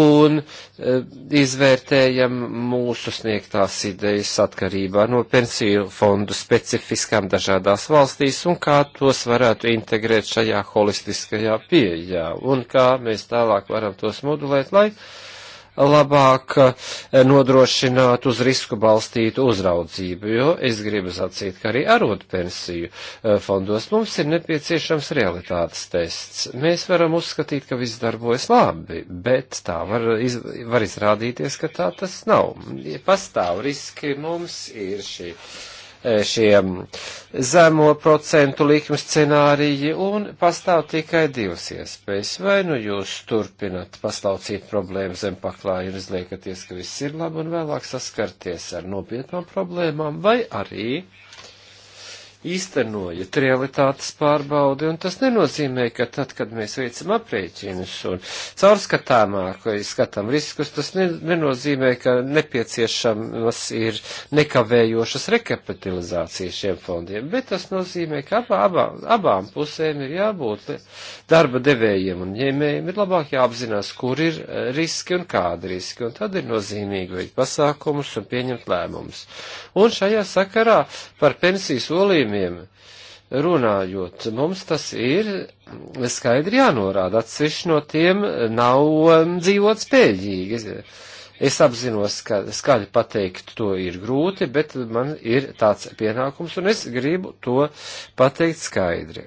un e, izvērtējam mūsu sniegtās idejas atkarībā no pensiju fondu specifiskām dažādās valstīs un kā tos varētu integrēt šajā holistiskajā pieejā un kā mēs tālāk varam tos modulēt, lai uh, labāk eh, nodrošināt uz risku balstītu uzraudzību, jo es gribu sacīt, ka arī arotpensiju eh, fondos mums ir nepieciešams realitātes tests. Mēs varam uzskatīt, ka viss darbojas labi, bet tā var, iz, var izrādīties, ka tā tas nav. Pastāv riski, mums ir šī E, šiem zemo procentu likmes scenāriji, un pastāv tikai divas iespējas. Vai nu jūs turpinat paslaucīt problēmu zem paklāju un izliekaties, ka viss ir labi, un vēlāk saskarties ar nopietnām problēmām, vai arī īstenojat realitātes pārbaudi, un tas nenozīmē, ka tad, kad mēs veicam aprēķinus un caurskatāmāk, vai skatām riskus, tas nenozīmē, ka nepieciešamas ir nekavējošas rekapitalizācijas šiem fondiem, bet tas nozīmē, ka abā, abā, abām pusēm ir jābūt darba devējiem un ņēmējiem, ir labāk jāapzinās, kur ir eh, riski un kādi riski, un tad ir nozīmīgi veikt pasākumus un pieņemt lēmumus. Un šajā sakarā par pensijas olīm jautājumiem runājot, mums tas ir skaidri jānorāda. Atsevišķi no tiem nav um, dzīvot spējīgi. Es apzinos, ka skaļi pateikt to ir grūti, bet man ir tāds pienākums, un es gribu to pateikt skaidri.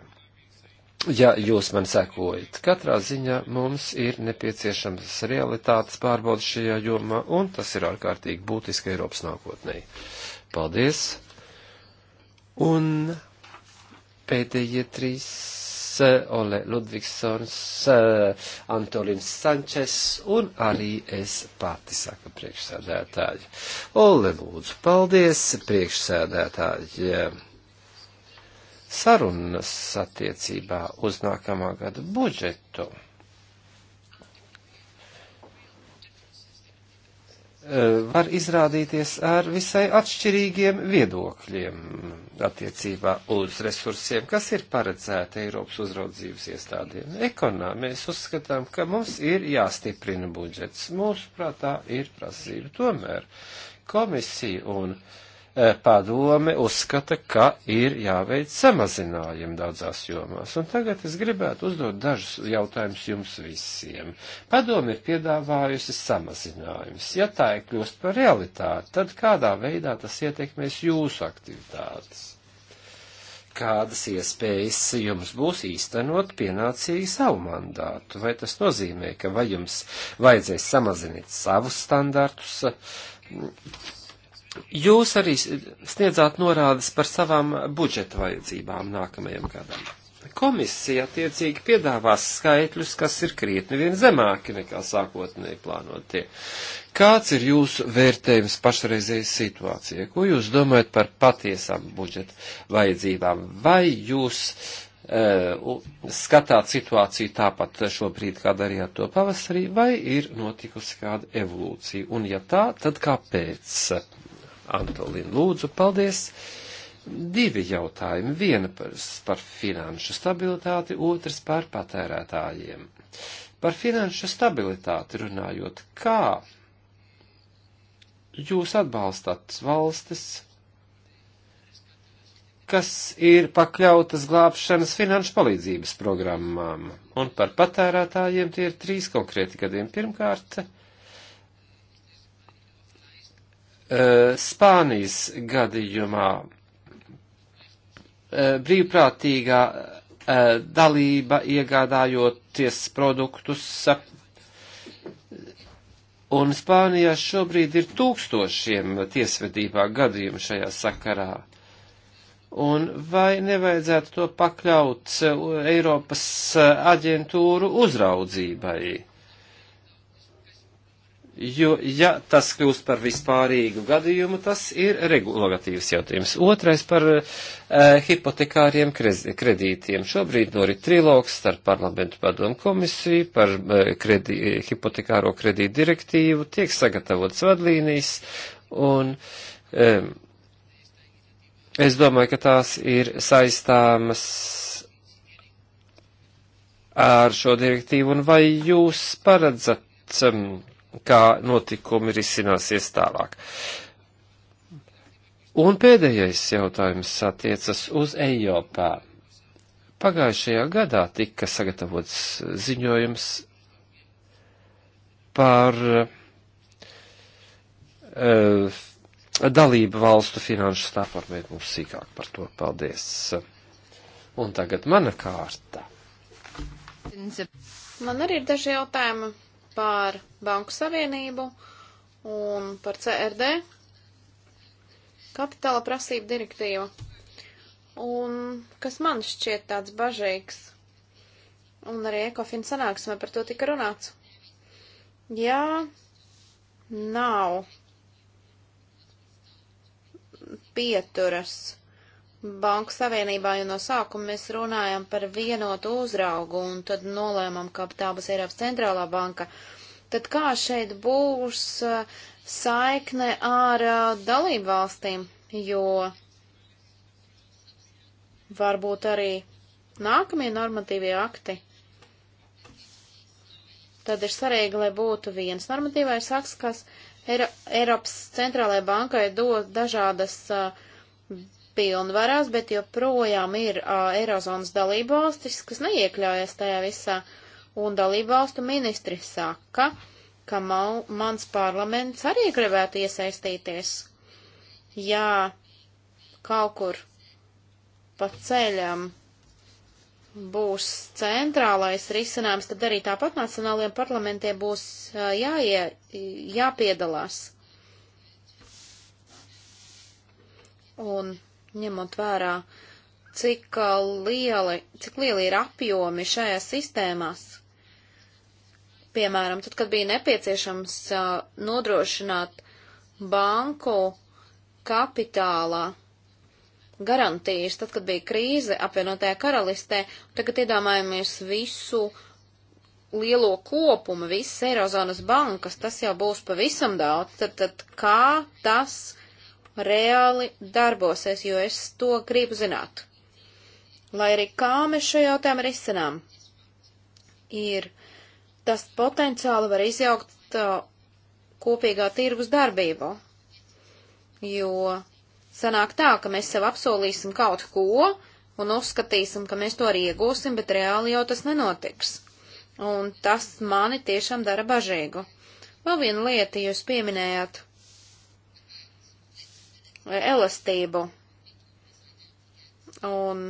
Ja jūs man sekojat, katrā ziņā mums ir nepieciešams realitātes pārbaudas šajā jomā, un tas ir ārkārtīgi būtiski Eiropas nākotnē. Paldies! Un pēdējie trīs eh, Ole Ludvigsons, eh, Antolins Sančes un arī es pati saka priekšsēdētāji. Ole lūdzu, paldies priekšsēdētāji. Sarunas attiecībā uz nākamā gada budžetu E, var izrādīties ar visai atšķirīgiem viedokļiem attiecībā uz resursiem, kas ir paredzēti Eiropas uzraudzības iestādēm. Ekonā mēs uzskatām, ka mums ir jāstiprina budžets. Mūsu prātā ir prasība. Tomēr komisija un uh, E, padome uzskata, ka ir jāveic samazinājumi daudzās jomās. Un tagad es gribētu uzdot dažus jautājumus jums visiem. Padome ir piedāvājusi samazinājumus. Ja tā ir kļūst par realitāti, tad kādā veidā tas ietekmēs jūsu aktivitātes? kādas iespējas jums būs īstenot pienācīgi savu mandātu. Vai tas nozīmē, ka vai jums vajadzēs samazināt savus standartus, Jūs arī sniedzāt norādes par savām budžeta vajadzībām nākamajam gadam. Komisija attiecīgi piedāvās skaitļus, kas ir krietni vien zemāki nekā sākotnēji plānotie. Kāds ir jūsu vērtējums pašreizējai situācijai? Ko jūs domājat par patiesām budžeta vajadzībām? Vai jūs uh, skatāt situāciju tāpat šobrīd, kā darījāt to pavasarī, vai ir notikusi kāda evolūcija? Un ja tā, tad kāpēc? Antolin. Lūdzu, paldies! Divi jautājumi. Viena par, par finanšu stabilitāti, otrs par patērētājiem. Par finanšu stabilitāti runājot, kā jūs atbalstat valstis, kas ir pakļautas glābšanas finanšu palīdzības programmām, un par patērētājiem tie ir trīs konkrēti gadiem. Pirmkārt, uh, Eh, Spānijas gadījumā eh, brīvprātīgā eh, dalība iegādājoties produktus Un Spānijā šobrīd ir tūkstošiem tiesvedībā gadījumu šajā sakarā. Un vai nevajadzētu to pakļaut Eiropas aģentūru uzraudzībai? jo, ja tas kļūst par vispārīgu gadījumu, tas ir regulatīvs jautājums. Otrais par uh, hipotekāriem kredītiem. Šobrīd norit trilogs starp parlamentu padomu komisiju par uh, eh, kredī, hipotekāro kredītu direktīvu, tiek sagatavotas vadlīnijas un. Um, Es domāju, ka tās ir saistāmas ar šo direktīvu, un vai jūs paredzat um, kā notikumi risināsies tālāk. Un pēdējais jautājums attiecas uz Ejopā. Pagājušajā gadā tika sagatavots ziņojums par uh, dalību valstu finanšu stāvformēt mums sīkāk par to. Paldies. Un tagad mana kārta. Man arī ir daži jautājumi par Banku Savienību un par CRD, kapitāla prasību direktīvu. Un kas man šķiet tāds bažīgs, un arī ekofina sanāksmē par to tika runāts. Jā, nav pieturas Banku savienībā jau no sākuma mēs runājam par vienotu uzraugu un tad nolēmam, ka tā būs Eiropas centrālā banka. Tad kā šeit būs eh, saikne ar eh, dalību valstīm, jo varbūt arī nākamie normatīvie akti. Tad ir svarīgi, lai būtu viens normatīvais akts, kas Eiro Eiropas centrālajai bankai dod dažādas uh, pilnvarās, bet joprojām ir uh, Eirozonas dalībvalstis, kas neiekļaujas tajā visā, un dalībvalstu ministri saka, ka mau, mans parlaments arī gribētu iesaistīties. Jā, kaut kur pa ceļam būs centrālais risinājums, tad arī tāpat nacionālajiem parlamentiem būs uh, jāie, jāpiedalās. Un ņemot vērā, cik uh, lieli, cik lieli ir apjomi šajās sistēmās. Piemēram, tad, kad bija nepieciešams uh, nodrošināt banku kapitālā garantijas, tad, kad bija krīze apvienotajā karalistē, tagad iedomājamies visu lielo kopumu, visas Eirozonas bankas, tas jau būs pavisam daudz, tad, tad kā tas reāli darbosies, jo es to gribu zināt. Lai arī kā mēs šo jautājumu risinām, ir tas potenciāli var izjaukt uh, kopīgā tirgus darbību, jo sanāk tā, ka mēs sev apsolīsim kaut ko un uzskatīsim, ka mēs to arī iegūsim, bet reāli jau tas nenotiks. Un tas mani tiešām dara bažīgu. Vēl viena lieta jūs pieminējāt elastību. Un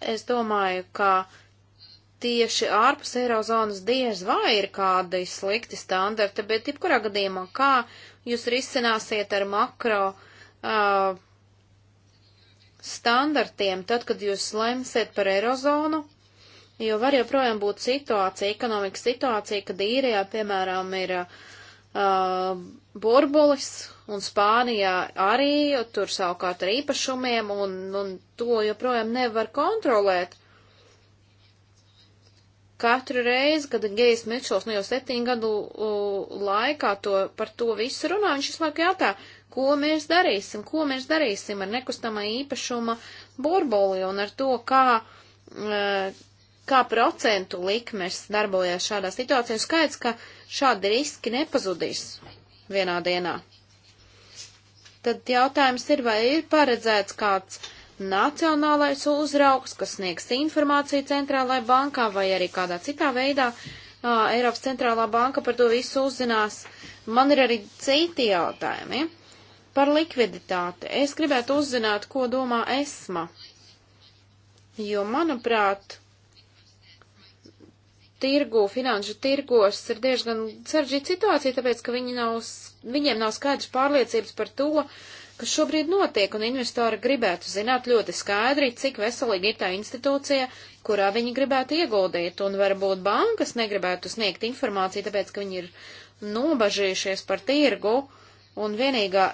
es domāju, ka tieši ārpus eirozonas diez vai ir kādi slikti standarti, bet jebkurā gadījumā kā jūs risināsiet ar makro uh, standartiem, tad, kad jūs lemsiet par eirozonu, jo var joprojām būt situācija, ekonomikas situācija, kad īrijā, piemēram, ir uh, uh, burbulis, un Spānijā arī, tur savukārt ar īpašumiem, un, un to joprojām nevar kontrolēt. Katru reizi, kad Gejs Mičels no nu jau septiņu gadu uh, laikā to, par to visu runā, viņš visu laiku jautā, ko mēs darīsim, ko mēs darīsim ar nekustamā īpašuma burbuli un ar to, kā uh, kā procentu likmes darbojās šādā situācijā, un skaidrs, ka šādi riski nepazudīs vienā dienā. Tad jautājums ir, vai ir paredzēts kāds nacionālais uzraugs, kas sniegs informāciju centrālajai bankā, vai arī kādā citā veidā uh, Eiropas centrālā banka par to visu uzzinās. Man ir arī citi jautājumi par likviditāti. Es gribētu uzzināt, ko domā ESMA, jo, manuprāt, tirgu, finanšu tirgos ir diezgan saržģīta situācija, tāpēc, ka viņi nav, viņiem nav skaidrs pārliecības par to, kas šobrīd notiek, un investori gribētu zināt ļoti skaidri, cik veselīgi ir tā institūcija, kurā viņi gribētu ieguldīt, un varbūt bankas negribētu sniegt informāciju, tāpēc, ka viņi ir nobažījušies par tirgu, un vienīgā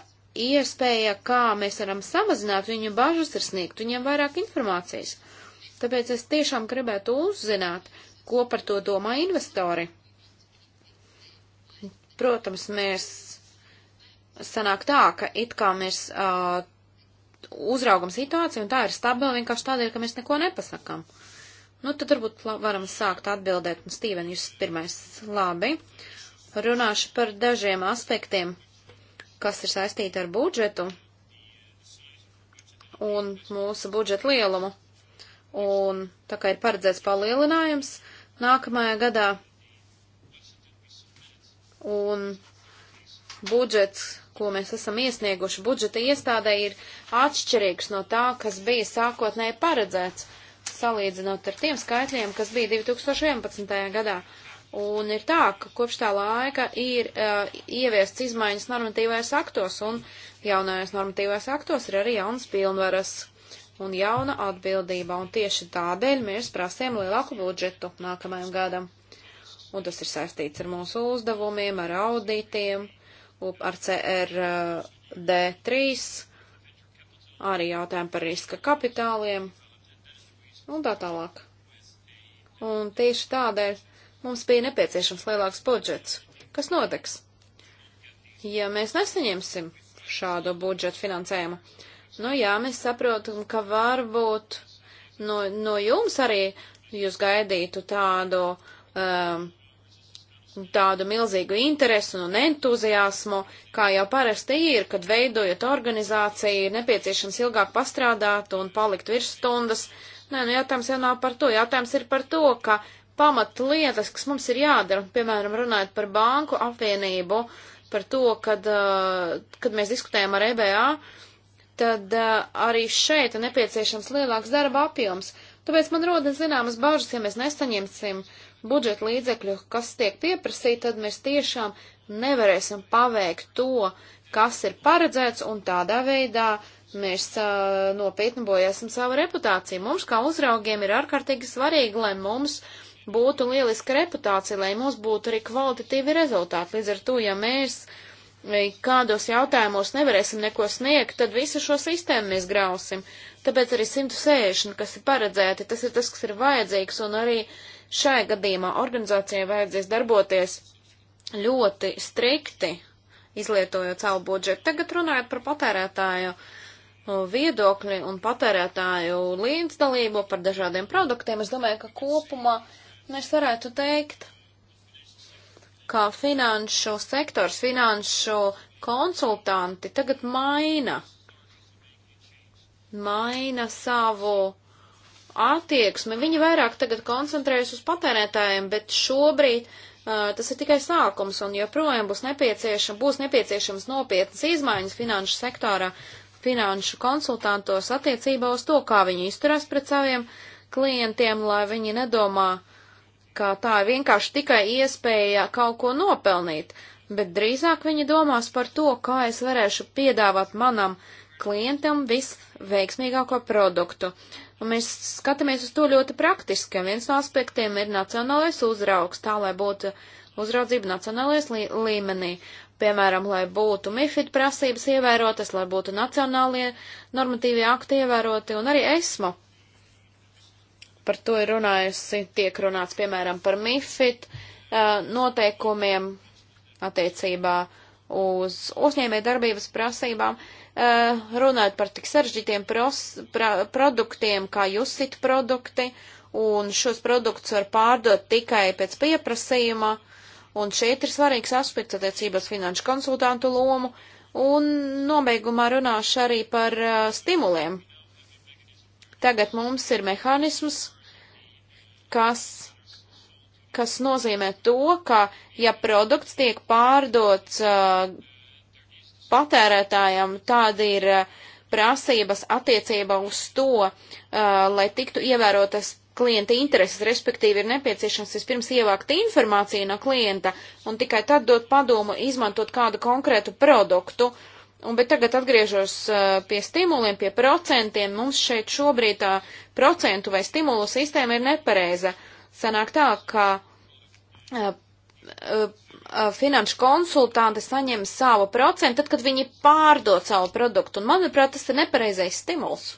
iespēja, kā mēs varam samazināt viņu bažas, ir sniegt viņiem vairāk informācijas. Tāpēc es tiešām gribētu uzzināt, ko par to domā investori. Protams, mēs sanāk tā, ka it kā mēs uh, uzraugam situāciju un tā ir stabila vienkārši tādēļ, ka mēs neko nepasakām. Nu, tad varbūt varam sākt atbildēt, un Stīven, jūs pirmais labi. Runāšu par dažiem aspektiem, kas ir saistīti ar budžetu un mūsu budžeta lielumu. Un tā kā ir paredzēts palielinājums, nākamajā gadā. Un budžets, ko mēs esam iesnieguši budžeta iestādē, ir atšķirīgs no tā, kas bija sākotnēji paredzēts, salīdzinot ar tiem skaitļiem, kas bija 2011. gadā. Un ir tā, ka kopš tā laika ir uh, ieviests izmaiņas normatīvais aktos, un jaunajos normatīvais aktos ir arī jaunas pilnvaras un jauna atbildība, un tieši tādēļ mēs prasiem lielāku budžetu nākamajam gadam. Un tas ir saistīts ar mūsu uzdevumiem, ar audītiem, ar CRD3, arī jautājumu par riska kapitāliem un tā tālāk. Un tieši tādēļ mums bija nepieciešams lielāks budžets. Kas notiks? Ja mēs nesaņemsim šādu budžetu finansējumu, Nu jā, mēs saprotam, ka varbūt no, no jums arī jūs gaidītu tādu, um, tādu milzīgu interesu un entuziasmu, kā jau parasti ir, kad veidojat organizāciju, ir nepieciešams ilgāk pastrādāt un palikt virsstundas. Nē, nu jautājums jau nav par to, jautājums ir par to, ka pamat lietas, kas mums ir jādara, piemēram, runājot par banku apvienību, par to, kad, uh, kad mēs diskutējam ar EBA, uh, tad uh, arī šeit ir nepieciešams lielāks darba apjoms. Tāpēc man rodas zināmas bažas, ja mēs nesaņemsim budžeta līdzekļu, kas tiek pieprasīti, tad mēs tiešām nevarēsim paveikt to, kas ir paredzēts, un tādā veidā mēs uh, nopietni bojāsim savu reputāciju. Mums, kā uzraugiem, ir ārkārtīgi svarīgi, lai mums būtu lieliska reputācija, lai mums būtu arī kvalitatīvi rezultāti. Līdz ar to, ja mēs uh, kādos jautājumos nevarēsim neko sniegt, tad visu šo sistēmu mēs grausim. Tāpēc arī 160, kas ir paredzēti, tas ir tas, kas ir vajadzīgs, un arī šai gadījumā organizācijai vajadzēs darboties ļoti strikti, izlietojot savu budžetu. Tagad runājot par patērētāju viedokļi un patērētāju līdzdalību par dažādiem produktiem, es domāju, ka kopumā mēs varētu teikt, ka finanšu sektors, finanšu konsultanti tagad maina, maina savu attieksmi. Viņi vairāk tagad koncentrējas uz patērētājiem, bet šobrīd uh, tas ir tikai sākums un joprojām būs, nepieciešam, būs nepieciešams nopietnas izmaiņas finanšu sektorā, finanšu konsultantos attiecībā uz to, kā viņi izturās pret saviem klientiem, lai viņi nedomā, uh, ka tā ir vienkārši tikai iespēja kaut ko nopelnīt, bet drīzāk viņi domās par to, kā es varēšu piedāvāt manam klientam visveiksmīgāko produktu. Un mēs skatāmies uz to ļoti praktiski. Viens no aspektiem ir nacionālais uzraugs, tā lai būtu uzraudzība nacionālais lī līmenī. Piemēram, lai būtu MIFID prasības ievērotas, lai būtu nacionālie normatīvie akti ievēroti un arī ESMO par to ir runājusi, tiek runāts piemēram par MIFID eh, noteikumiem attiecībā uz uzņēmē darbības prasībām, eh, runājot par tik sarežģītiem pros, pra, produktiem kā jusit produkti, un šos produktus var pārdot tikai pēc pieprasījuma, un šeit ir svarīgs aspekts attiecības finanšu konsultantu lomu, un nobeigumā runāšu arī par eh, stimuliem. Tagad mums ir mehānisms, kas, kas nozīmē to, ka ja produkts tiek pārdots uh, patērētājam, tāda ir uh, prasības attiecībā uz to, uh, lai tiktu ievērotas klienta intereses, respektīvi ir nepieciešams vispirms ievākt informāciju no klienta un tikai tad dot padomu izmantot kādu konkrētu produktu. Uh, Un, bet tagad atgriežos pie stimuliem, pie procentiem. Mums šeit šobrīd tā procentu vai stimulu sistēma ir nepareiza. Sanāk tā, ka uh, uh, finanšu konsultanti saņem savu procentu, tad, kad viņi pārdod savu produktu. Un, manuprāt, tas ir nepareizais stimuls.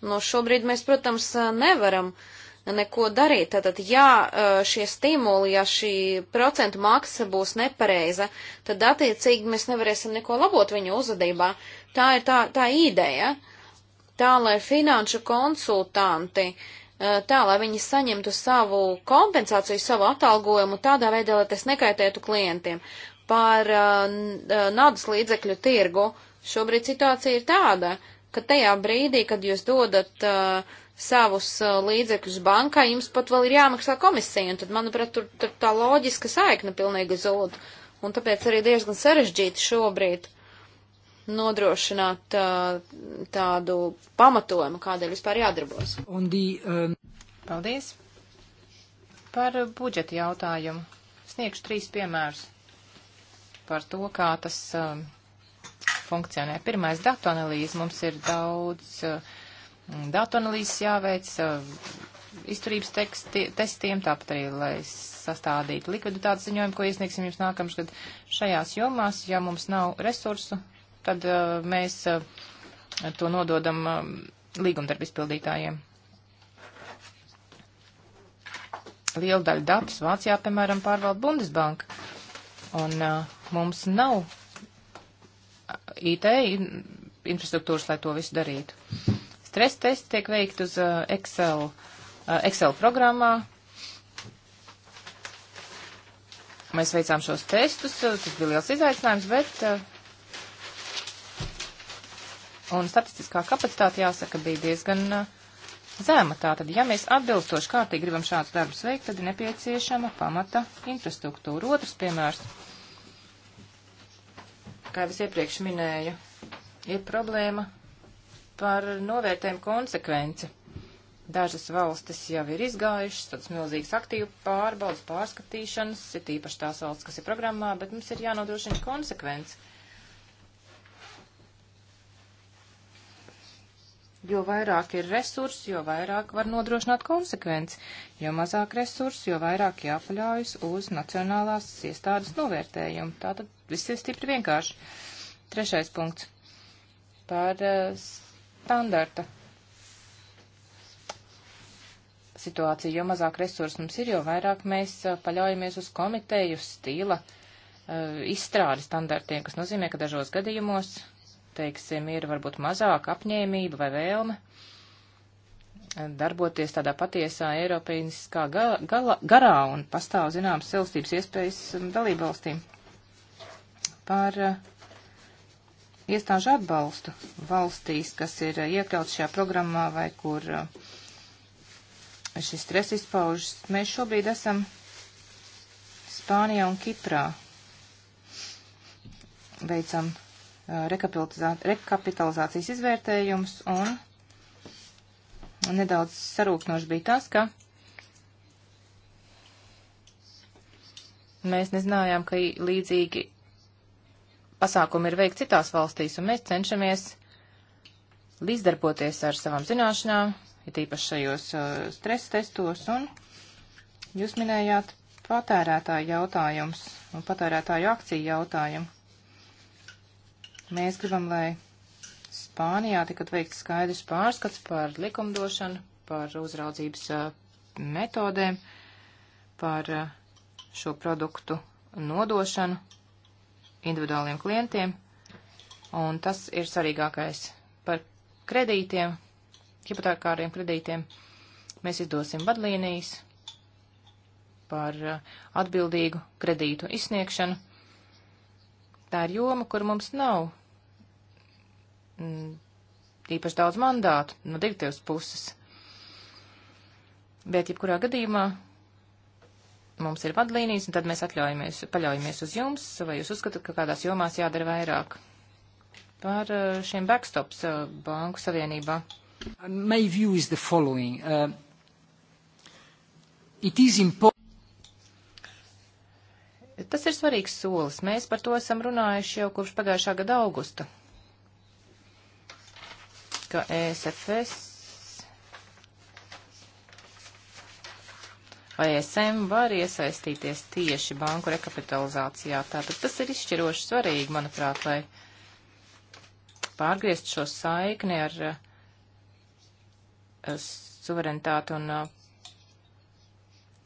Nu, šobrīd mēs, protams, nevaram uh, neko darīt. Tātad, ja eh, šie stimuli, ja šī procentu maksa būs nepareiza, tad attiecīgi mēs nevarēsim neko labot viņu uzvedībā. Tā ir tā, tā ideja. Tā, lai finanšu konsultanti, eh, tā, lai viņi saņemtu savu kompensāciju, savu atalgojumu, tādā veidā, lai tas nekaitētu klientiem. Par eh, naudas līdzekļu tirgu šobrīd situācija ir tāda, ka tajā brīdī, kad jūs dodat uh, savus uh, līdzekļus bankā, jums pat vēl ir jāmaksā komisija, un tad, manuprāt, tur, tur tā loģiska saikna pilnīgi zūd. Un tāpēc arī diezgan sarežģīti šobrīd nodrošināt uh, tādu pamatojumu, kādēļ vispār jādarbos. Un dī, um... Paldies par budžeta jautājumu. Sniegšu trīs piemērus par to, kā tas um, funkcionē. Pirmais - datu analīze. Mums ir daudz uh, Mm, datu analīzes jāveic, uh, izturības teksti, testiem, tāpat arī, lai sastādītu likviditātes ziņojumu, ko iesniegsim jums nākamgad šajās jomās. Ja mums nav resursu, tad uh, mēs uh, to nododam uh, līgumdarbu izpildītājiem. Liela daļa datus Vācijā, piemēram, pārvalda Bundesbanka, un uh, mums nav uh, IT infrastruktūras, lai to visu darītu. Stress testi tiek veikt uz eh, Excel, eh, Excel programmā. Mēs veicām šos testus, eh, tas bija liels izaicinājums, bet. Un statistiskā kapacitāte, jāsaka, bija diezgan zema. Tātad, ja mēs atbilstoši kārtīgi gribam šādus darbus veikt, tad ir nepieciešama pamata infrastruktūra. Otrs piemērs, kā jau es iepriekš minēju, ir problēma par novērtējumu konsekvenci. Dažas valstis jau ir izgājušas, tāds milzīgs aktīvu pārbaudas, pārskatīšanas, ir tīpaši tās valsts, kas ir programmā, bet mums ir jānodrošina konsekvence. Jo vairāk ir resursi, jo vairāk var nodrošināt konsekvenci, jo mazāk resursi, jo vairāk jāpaļaujas uz nacionālās iestādes novērtējumu. Tātad viss ir stipri vienkārši. Trešais punkts par uh, standarta situāciju, jo mazāk resursu mums ir, jo vairāk mēs eh, paļaujamies uz komiteju stīla eh, izstrādi standartiem, kas nozīmē, ka dažos gadījumos, teiksim, ir varbūt mazāk apņēmība vai vēlme eh, darboties tādā patiesā eiropeiskā ga gala, garā un pastāv zināmas celstības iespējas mm, dalībvalstīm. Par uh, iestāžu atbalstu valstīs, kas ir eh, iekļauts šajā programmā vai kur eh, šis stress izpaužas. Mēs šobrīd esam Spānijā un Kiprā. Veicam eh, rekapitalizācijas izvērtējums un nedaudz sarūknoši bija tas, ka mēs nezinājām, ka līdzīgi pasākumi ir veikti citās valstīs, un mēs cenšamies līdzdarboties ar savām zināšanām, ir īpaši šajos uh, stresa testos, un jūs minējāt patērētāju jautājums un patērētāju akciju jautājumu. Mēs gribam, lai Spānijā tika veikts skaidrs pārskats par likumdošanu, par uzraudzības uh, metodēm, par uh, šo produktu nodošanu individuāliem klientiem, un tas ir svarīgākais par kredītiem, hipotekāriem kredītiem. Mēs izdosim vadlīnijas par uh, atbildīgu kredītu izsniegšanu. Tā ir joma, kur mums nav mm, īpaši daudz mandātu no direktīvas puses. Bet, jebkurā gadījumā, mums ir vadlīnijas, un tad mēs atļaujamies, paļaujamies uz jums, vai jūs uzskatāt, ka kādās jomās jādara vairāk par eh, šiem backstops eh, banku savienībā? Uh, my view is the following. Uh, it is important. Tas ir svarīgs solis. Mēs par to esam runājuši jau kopš pagājušā gada augusta, ka ESFS vai ESM var iesaistīties tieši banku rekapitalizācijā. Tātad tas ir izšķiroši svarīgi, manuprāt, lai pārgriezt šo saikni ar, ar eh, suverenitāti un eh,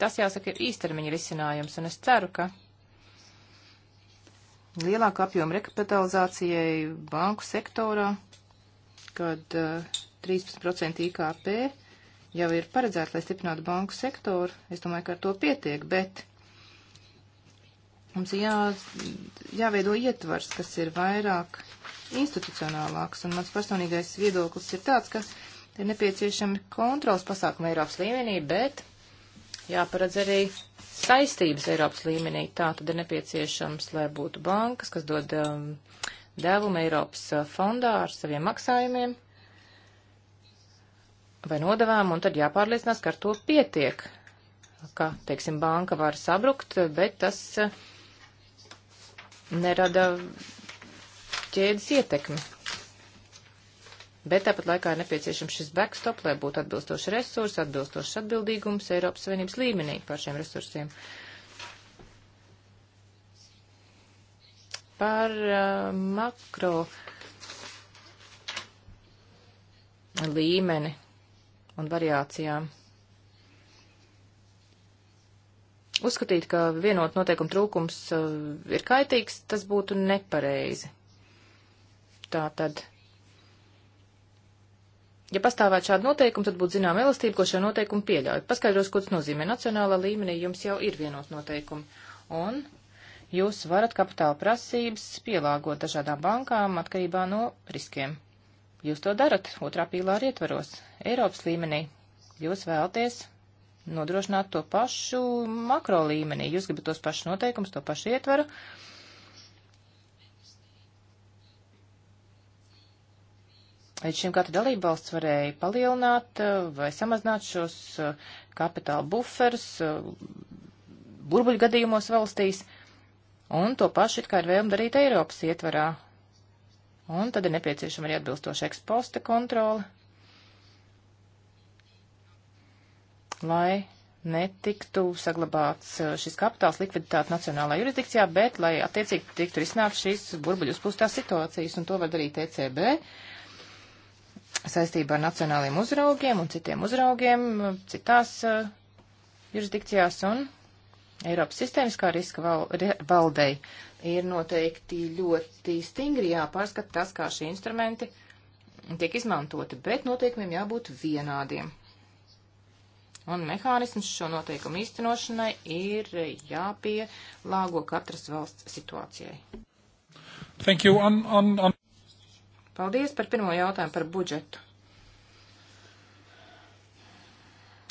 tas, jāsaka, ir īstermiņa risinājums, un es ceru, ka lielāka apjoma rekapitalizācijai banku sektorā, kad uh, 13% IKP jau ir paredzēta, lai stiprinātu banku sektoru. Es domāju, ka ar to pietiek, bet mums ir jā, jāveido ietvars, kas ir vairāk institucionālāks. Un mans personīgais viedoklis ir tāds, ka ir nepieciešami kontrols pasākumi Eiropas līmenī, bet jāparedz arī saistības Eiropas līmenī. Tā tad ir nepieciešams, lai būtu bankas, kas dod um, devumu Eiropas uh, fondā ar saviem maksājumiem vai nodevām, un tad jāpārliecinās, ka ar to pietiek, ka, teiksim, banka var sabrukt, bet tas eh, nerada ķēdes ietekmi. Bet tāpat laikā ir nepieciešams šis backstop, lai būtu atbilstoši resursi, atbilstošs atbildīgums Eiropas Savienības līmenī par šiem resursiem. Par uh, makro līmeni un variācijām. Uzskatīt, ka vienot noteikumu trūkums uh, ir kaitīgs, tas būtu nepareizi. Tā tad. Ja pastāvētu šādi noteikumi, tad būtu zināma elastība, ko šie noteikumi pieļauj. Paskaidros, ko tas nozīmē. Nacionālā līmenī jums jau ir vienot noteikumi. Un jūs varat kapitāla prasības pielāgot dažādām bankām atkarībā no riskiem. Jūs to darat otrā pīlāra ietvaros. Eiropas līmenī jūs vēlaties nodrošināt to pašu makro līmenī. Jūs gribat tos pašus noteikumus, to pašu ietvaru. Līdz šim katra dalībvalsts varēja palielināt eh, vai samazināt šos eh, kapitāla buferus eh, burbuļu gadījumos valstīs, un to pašu it kā ir vēlme darīt Eiropas ietvarā. Un tad ir nepieciešama arī atbilstoša eksposta kontrola, lai netiktu saglabāts uh, šis kapitāls likviditāte nacionālā jurisdikcijā, bet lai attiecīgi tiktu risināt šīs burbuļu uzpūstās situācijas, un to var darīt ECB saistībā ar nacionāliem uzraugiem un citiem uzraugiem uh, citās uh, jurisdikcijās, un Eiropas sistēmiskā riska val, re, valdei ir noteikti ļoti stingri jāpārskata tas, kā šie instrumenti tiek izmantoti, bet noteikumiem jābūt vienādiem. Un mehānisms šo noteikumu īstenošanai ir jāpielāgo katras valsts situācijai. Thank you. On, on, on. Paldies par pirmo jautājumu par budžetu.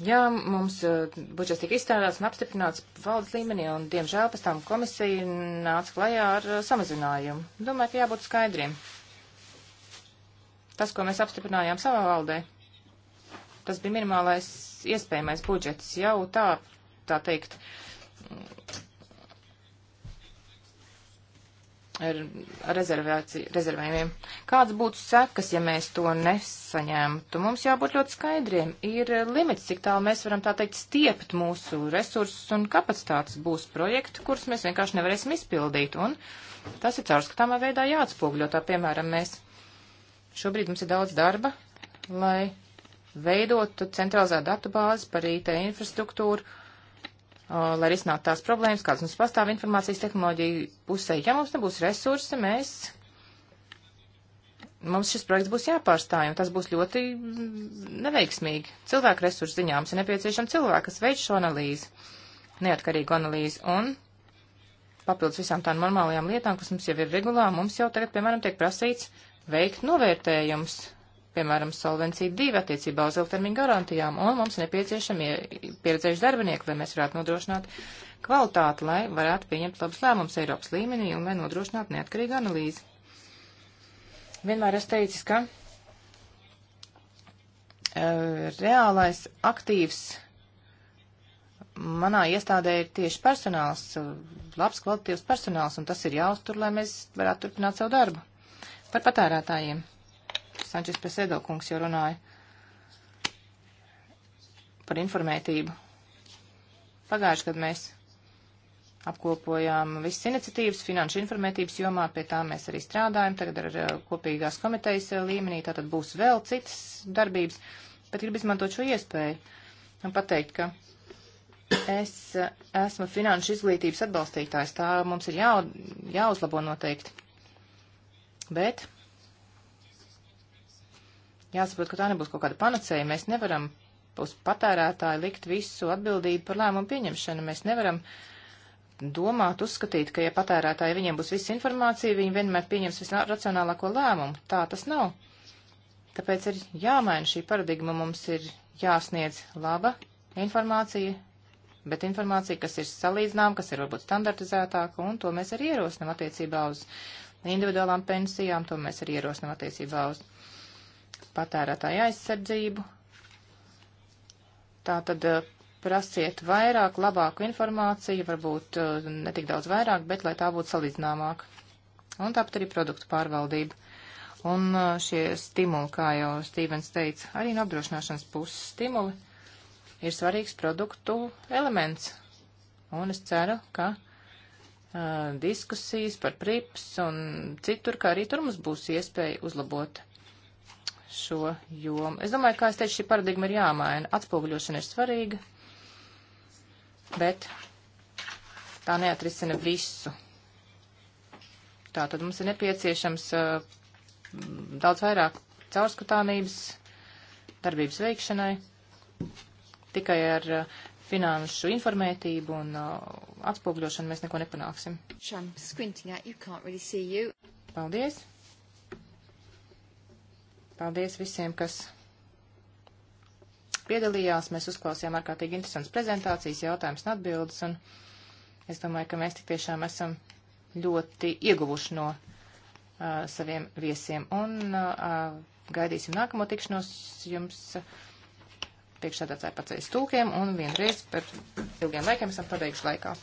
Jā, mums uh, budžets tika izstrādāts un apstiprināts valdes līmenī, un, diemžēl, pēc tam komisija nāca klajā ar uh, samazinājumu. Domāju, ka jābūt skaidriem. Tas, ko mēs apstiprinājām savā valdē, tas bija minimālais iespējamais budžets jau tā, tā teikt, rezervējumiem. Kāds būtu sekas, ja mēs to nesaņemtu? Mums jābūt ļoti skaidriem. Ir limits, cik tālu mēs varam tā teikt stiept mūsu resursus un kapacitātes. Būs projekti, kurus mēs vienkārši nevarēsim izpildīt, un tas ir caurskatāmā veidā jāatspūgļo. Tā piemēram, mēs šobrīd mums ir daudz darba, lai veidot centralizētu datu bāzi par IT infrastruktūru lai risinātu tās problēmas, kādas mums pastāv informācijas tehnoloģiju pusē. Ja mums nebūs resursi, mēs. Mums šis projekts būs jāpārstāj, un tas būs ļoti neveiksmīgi. Cilvēku resursu ziņā mums ir nepieciešama cilvēka, kas veic šo analīzi, neatkarīgu analīzi, un papildus visām tām normālajām lietām, kas mums jau ir regulā, mums jau tagad, piemēram, tiek prasīts veikt novērtējums piemēram, solvencija divi attiecībā uz ilgtermiņu garantijām, un mums nepieciešami pieredzējuši darbinieki, lai mēs varētu nodrošināt kvalitāti, lai varētu pieņemt labus lēmumus Eiropas līmenī un lai nodrošinātu neatkarīgu analīzi. Vienmēr es teicu, ka uh, reālais aktīvs manā iestādē ir tieši personāls, labs kvalitīvs personāls, un tas ir jāuztur, lai mēs varētu turpināt savu darbu. Par patērētājiem. Sančis Presedo kungs jau runāja par informētību. Pagājuši, kad mēs apkopojām visas iniciatīvas finanšu informētības jomā, pie tā mēs arī strādājam, tagad ar uh, kopīgās komitejas uh, līmenī, tātad būs vēl citas darbības, bet gribu izmantot šo iespēju un pateikt, ka es uh, esmu finanšu izglītības atbalstītājs, tā mums ir jā, jāuzlabo noteikti. Bet Jāsaprot, ka tā nebūs kaut kāda panacēja. Mēs nevaram uz patērētāju likt visu atbildību par lēmumu pieņemšanu. Mēs nevaram domāt, uzskatīt, ka ja patērētāji viņiem būs visa informācija, viņi vienmēr pieņems visracionālāko lēmumu. Tā tas nav. Tāpēc ir jāmaina šī paradigma. Mums ir jāsniedz laba informācija, bet informācija, kas ir salīdzināma, kas ir varbūt standartizētāka, un to mēs arī ierosinam attiecībā uz individuālām pensijām, to mēs arī ierosinam attiecībā uz patērētāju aizsardzību. Tā tad eh, prasiet vairāk, labāku informāciju, varbūt eh, ne tik daudz vairāk, bet lai tā būtu salīdzināmāka. Un tāpat arī produktu pārvaldība. Un eh, šie stimuli, kā jau Stīvens teica, arī no apdrošināšanas puses stimuli ir svarīgs produktu elements. Un es ceru, ka uh, diskusijas par prips un citur, kā arī tur mums būs iespēja uzlabot šo jomu. Es domāju, kā es teicu, šī paradigma ir jāmaina. Atspoguļošana ir svarīga, bet tā neatrisina visu. Tā tad mums ir nepieciešams uh, daudz vairāk caurskatāmības darbības veikšanai. Tikai ar uh, finanšu informētību un uh, atspogļošanu mēs neko nepanāksim. Paldies! Paldies visiem, kas piedalījās. Mēs uzklausījām ārkārtīgi interesantas prezentācijas, jautājumus un atbildes. Un es domāju, ka mēs tik tiešām esam ļoti ieguvuši no uh, saviem viesiem. Un uh, gaidīsim nākamo tikšanos jums. Priekšsēdētāji pacēlīs tūkiem un vienreiz par ilgiem laikiem esam pabeiguši laikā.